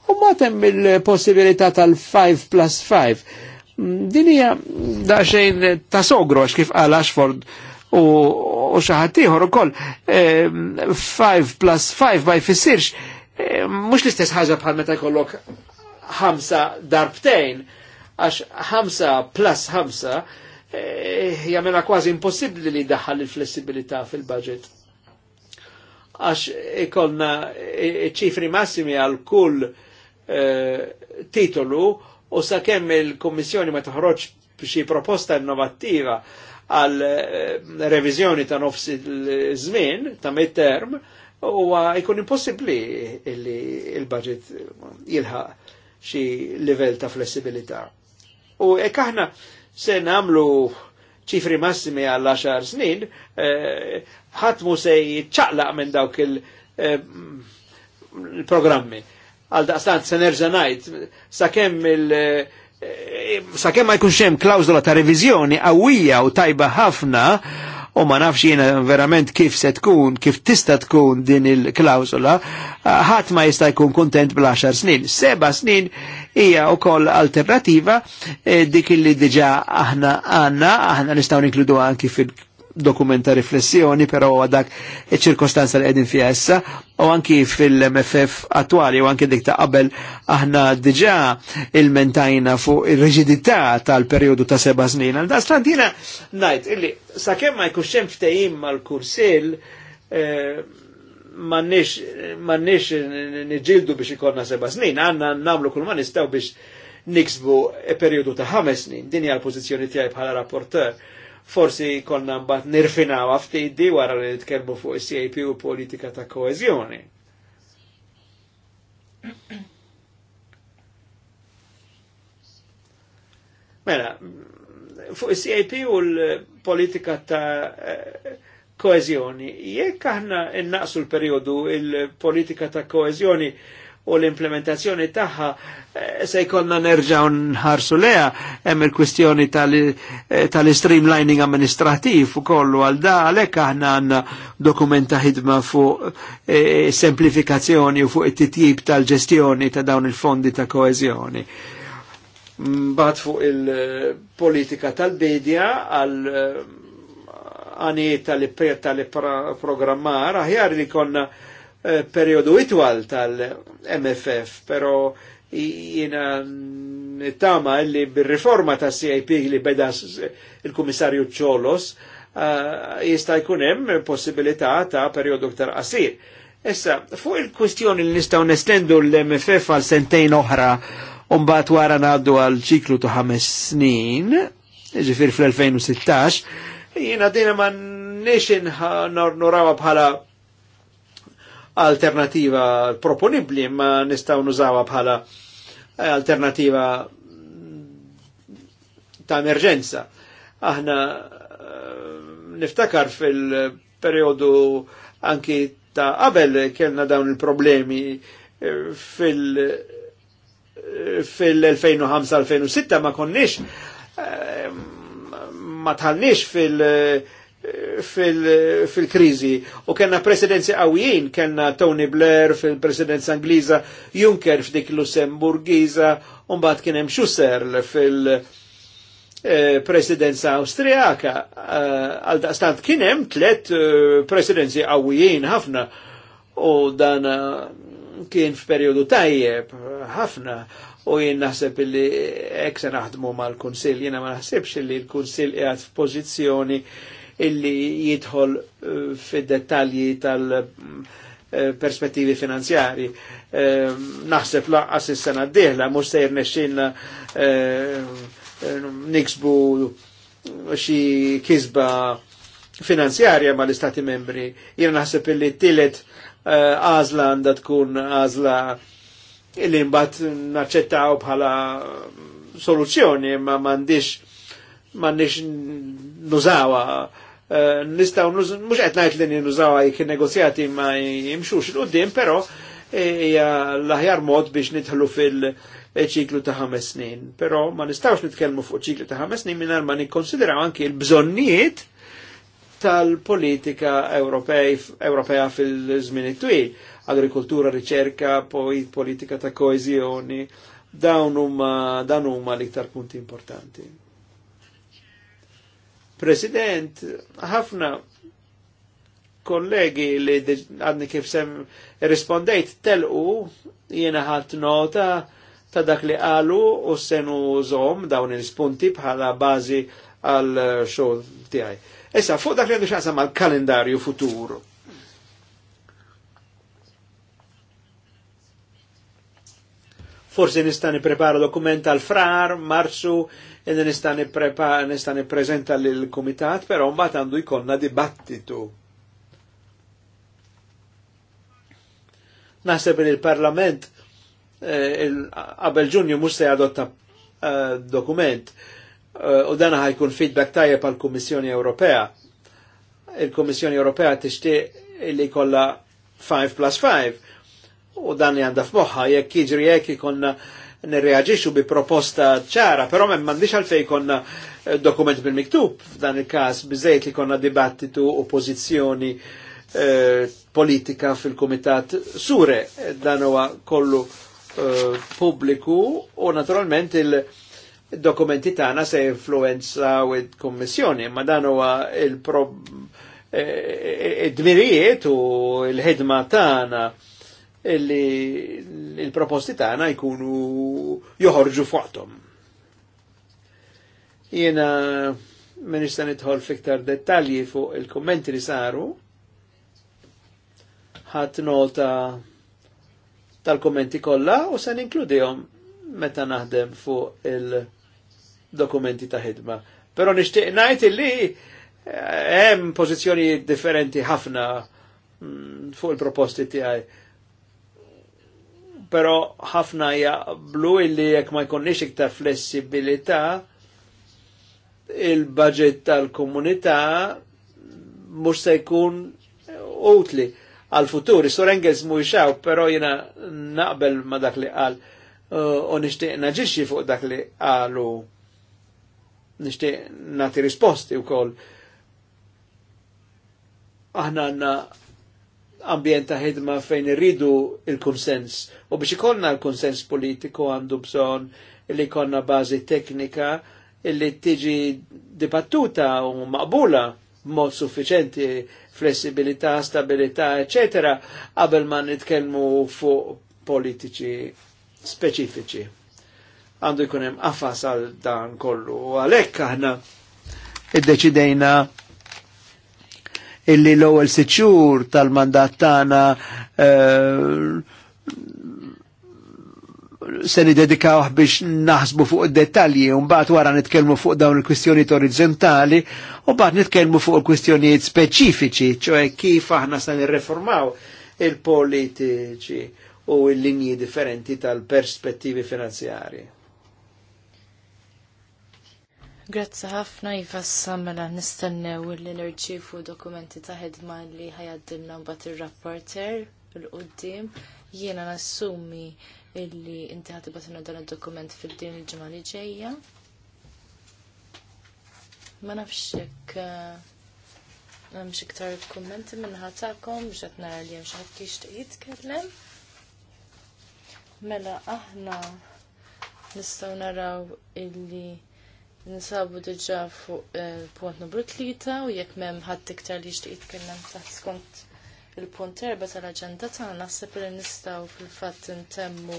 U matem il-possibilità tal-5 plus 5. Mm, Dinija daċxejn ta' sogro għax kif għal Ashford u, xaħatiħor u koll 5 plus 5 ma jfissirx mux l-istess ħaġa bħal meta jkollok ħamsa darbtejn, għax ħamsa plus ħamsa e, jagħmilha kważi impossibbli li daħħal il-flessibilità fil-budget. Għax ikonna e, e, ċifri massimi għal kull titolu u sakemm il-Kommissjoni ma toħroġ xi proposta innovattiva għal revizjoni ta' nofs il-żmien ta' mid-term, huwa jkun impossibbli il-budget jilħaq xi livell ta' flessibilità. U ek aħna se namlu ċifri massimi għall 10 snin, eh, ħatmu se jitċaqlaq minn dawk eh, mm, il-programmi. għal daqstant se nerġa' ngħid sakemm il- eh, sakemm ma jkunx hemm klawżola ta' reviżjoni qawwija u tajba ħafna u ma nafx jiena verament kif se tkun, kif tista' tkun din il-klawsola, ħadd ma jista' jkun kontent bl-10 snin. Seba snin hija wkoll alternativa eh, dik li diġà aħna għanna, aħna nistgħu ninkludu anki fil dokumenta riflessjoni, pero għadak e ċirkostanza li għedin fija essa, u anki fil-MFF attuali, u anki dik ta' qabel, aħna diġa il-mentajna fuq il-reġidità tal-periodu ta' seba snin. Għal da' strandina, najt, illi, sa' kemma jkuxem ftejim mal-kursil, eh, mannix, nġildu biex ikonna seba snin, għanna namlu kull ma nistaw biex niksbu periodu ta' ħames snin, din hija l-pożizzjoni tiegħi bħala rapporter forsi konna mbagħad nirfinaw f'tidi wara li nitkelmu fuq is-CAP u politika ta' koezjoni. Mela, fuq is-CAP u l-politika ta' koezjoni, jekk aħna innaqsu l periodu il-politika ta' koezjoni. il u l-implementazzjoni tagħha eh, se jkollna nerġaw nħarsu leha hemm il-kwistjoni eh, tal-streamlining tal amministrativ u kollu għal da għalhekk aħna għandna dokumenta ħidma fuq e, semplifikazzjoni u fuq it-titjib tal-ġestjoni ta' dawn il-fondi ta' koeżjoni. Mbagħad fuq il-politika tal-bidja għal għaniet tal-programmar, aħjar li konna Eh, periodu itwal tal-MFF, pero jina tama li bil reforma ta' CIP li beda il komissarju Ċolos eh, jista' jkun hemm possibilità ta' periodu ktar qasir. Issa, fuq il-kwestjoni li nistaw nestendu l-MFF għal sentejn oħra Umbat wara naddu għal ċiklu ta' ħames snin, ġifir fl-2016, jina dina ma nixin nurawa bħala alternativa proponibli ma nistaw nużawa bħala eh, alternativa ta' emerġenza. Aħna eh, niftakar fil-periodu anki ta' qabel kellna dawn il-problemi eh, fil- fil-2005-2006 ma konniex ma tħallniex fil- fil-krizi fil u kena presidenzi għawijin, kena Tony Blair fil-presidenza Angliża, Juncker f'dik Lussemburgiza, un-bat kienem Schusser fil-presidenza eh, Austriaka, eh, għal daqstant kienem tlet eh, presidenzi għawijin ħafna u dan kien f'periodu tajjeb ħafna u jien naħseb li eksa naħdmu mal-Kunsil, jiena ma naħsebx li l-Kunsil qiegħed f'pożizzjoni illi jidħol eh, fid detalji tal-perspettivi eh, finanzjari. Eh, naħseb laqqas is-sena d dihla mhux se jirnexxilna niksbu xi kisba finanzjarja ma l-istati membri. Jien naħseb illi t-tielet għazla għanda tkun għazla illi mbagħad naċċettaw bħala soluzzjoni ma m'għandix m'għandix nużawa Eh, nistaw, mux għetnajt li nużaw għajk negozjati ma jimxux l-qoddim, pero hija l-aħjar mod biex nitħlu fil-ċiklu ta' ħames snin. Pero ma nistawx nitkellmu fuq ċiklu ta' ħames snin minn ma nikkonsideraw anki l-bżonnijiet tal-politika Ewropea fil-żmien twil, agrikoltura, riċerka, poi politika ta' koezjoni, dawn huma dan huma l-iktar punti importanti. President, ħafna kollegi li għadni kif sem rispondejt telqu jiena ħat nota ta' dak li għalu u senu zom dawn il-spunti bħala bazi għal xogħol tijaj. Issa fuq dak li għandu xaqsam għal kalendarju futur. Forse nistani prepara dokument għal frar, marzu, Inni nistani, prepa, nistani prezenta l-komitat, pero mbat għandu jkollna dibattitu. Naseb li l-Parlament għabel eh, ġunju musta jadotta eh, dokument eh, u dana ħajkun feedback tajjeb pal kummissjoni Ewropea. il komissjoni Ewropea tixtieq li kolla 5 plus 5 u dan li moħħa, f'moħħa jekk jiġri jekk ikonna nirreagġixu bi proposta ċara, però men mandiċ għalfej konna eh, dokument bil-miktub, f'dan il-kas bizzejt li konna dibattitu u pozizjoni eh, politika fil-komitat sure, dan huwa kollu eh, pubbliku u naturalment il-dokumenti tana se influenza u kommissjoni, ma dan huwa il-dmirijiet eh, eh, eh u l-ħidma tagħna illi il-proposti tagħna jkunu joħorġu fuqhom. Jiena ma nista' nidħol fiktar dettalji fuq il-kummenti li saru. Ħadd nota tal kummenti kollha u se ninkludihom meta naħdem fuq il-dokumenti ta' ħidma. Però nixtieq ngħid illi eh, hemm pożizzjoni differenti ħafna mm, fuq il-proposti tiegħi pero ħafna jaqblu illi jekk ma jkunniex iktar flessibilità il-budget tal-komunità mhux se jkun utli għal-futur. Sur Engels mu jxaw, pero jina naqbel ma dak li qal uh, u nishtiq naġiċi fuq dak li qalu nishtiq nati risposti u koll. Aħna għanna ambjent ta' ħidma fejn irridu il-konsens. U biex ikollna l-konsens politiku għandu bżon li konna bażi teknika li tiġi dibattuta u maqbula mod suffiċenti flessibilità, stabilità, eccetera, qabel ma nitkellmu fuq politiċi speċifiċi. Għandu jkun hemm affas għal dan kollu għalhekk aħna iddeċidejna illi l-ewwel siċur tal-mandat tagħna eh, se nidedikawh biex naħsbu fuq id-dettalji u mbagħad wara nitkellmu fuq dawn il-kwistjonijiet orizzontali u bat nitkellmu fuq il-kwistjonijiet speċifiċi, ċoħe kif aħna se nirreformaw il-politiċi u l-linji differenti tal-perspettivi finanzjarji. Grazzi ħafna Iva Samela nistennew nistennew li nirċifu dokumenti ta' ħidma li ħajaddilna mbagħad ir-rapporter il-qudiem. Jiena nassumi illi inti ħatibatna dan id-dokument fid-din il-ġimgħa li ġejja. Ma nafx hekk eh, hemm xi iktar kummenti minn ħatakom biex qed nara li hemm xi ħadd jixtieq jitkellem. Mela aħna nistgħu naraw illi Nisabu diġa fuq il-punt eh, numru tlita u jekk m'hemm ħadd iktar li jixtieq jitkellem taħt skont il-punt erba' tal-aġenda tagħna naħseb li nistgħu fil-fatt intemmu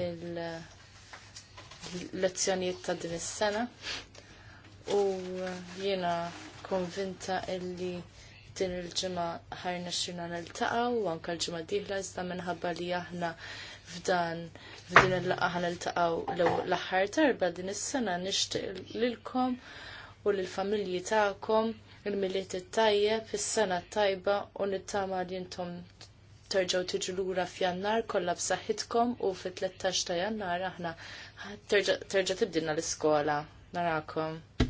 il-lezzjonijiet eh, ta' din is-sena u eh, jiena konvinta illi din il-ġimgħa ħajna xina niltaqgħu u anke l-ġimgħa dieħla iżda minħabba li aħna f'dan f'din il-laqgħa taqaw l-aħħar tarba din is-sena nixtieq lilkom u lill-familji tagħkom il-miliet it-tajjeb is-sena tajba u nittama li intom terġgħu tiġu lura f'jannar kollha b'saħħitkom u fit-13 ta' jannar aħna terġa' tibdilna l-iskola. Narakom.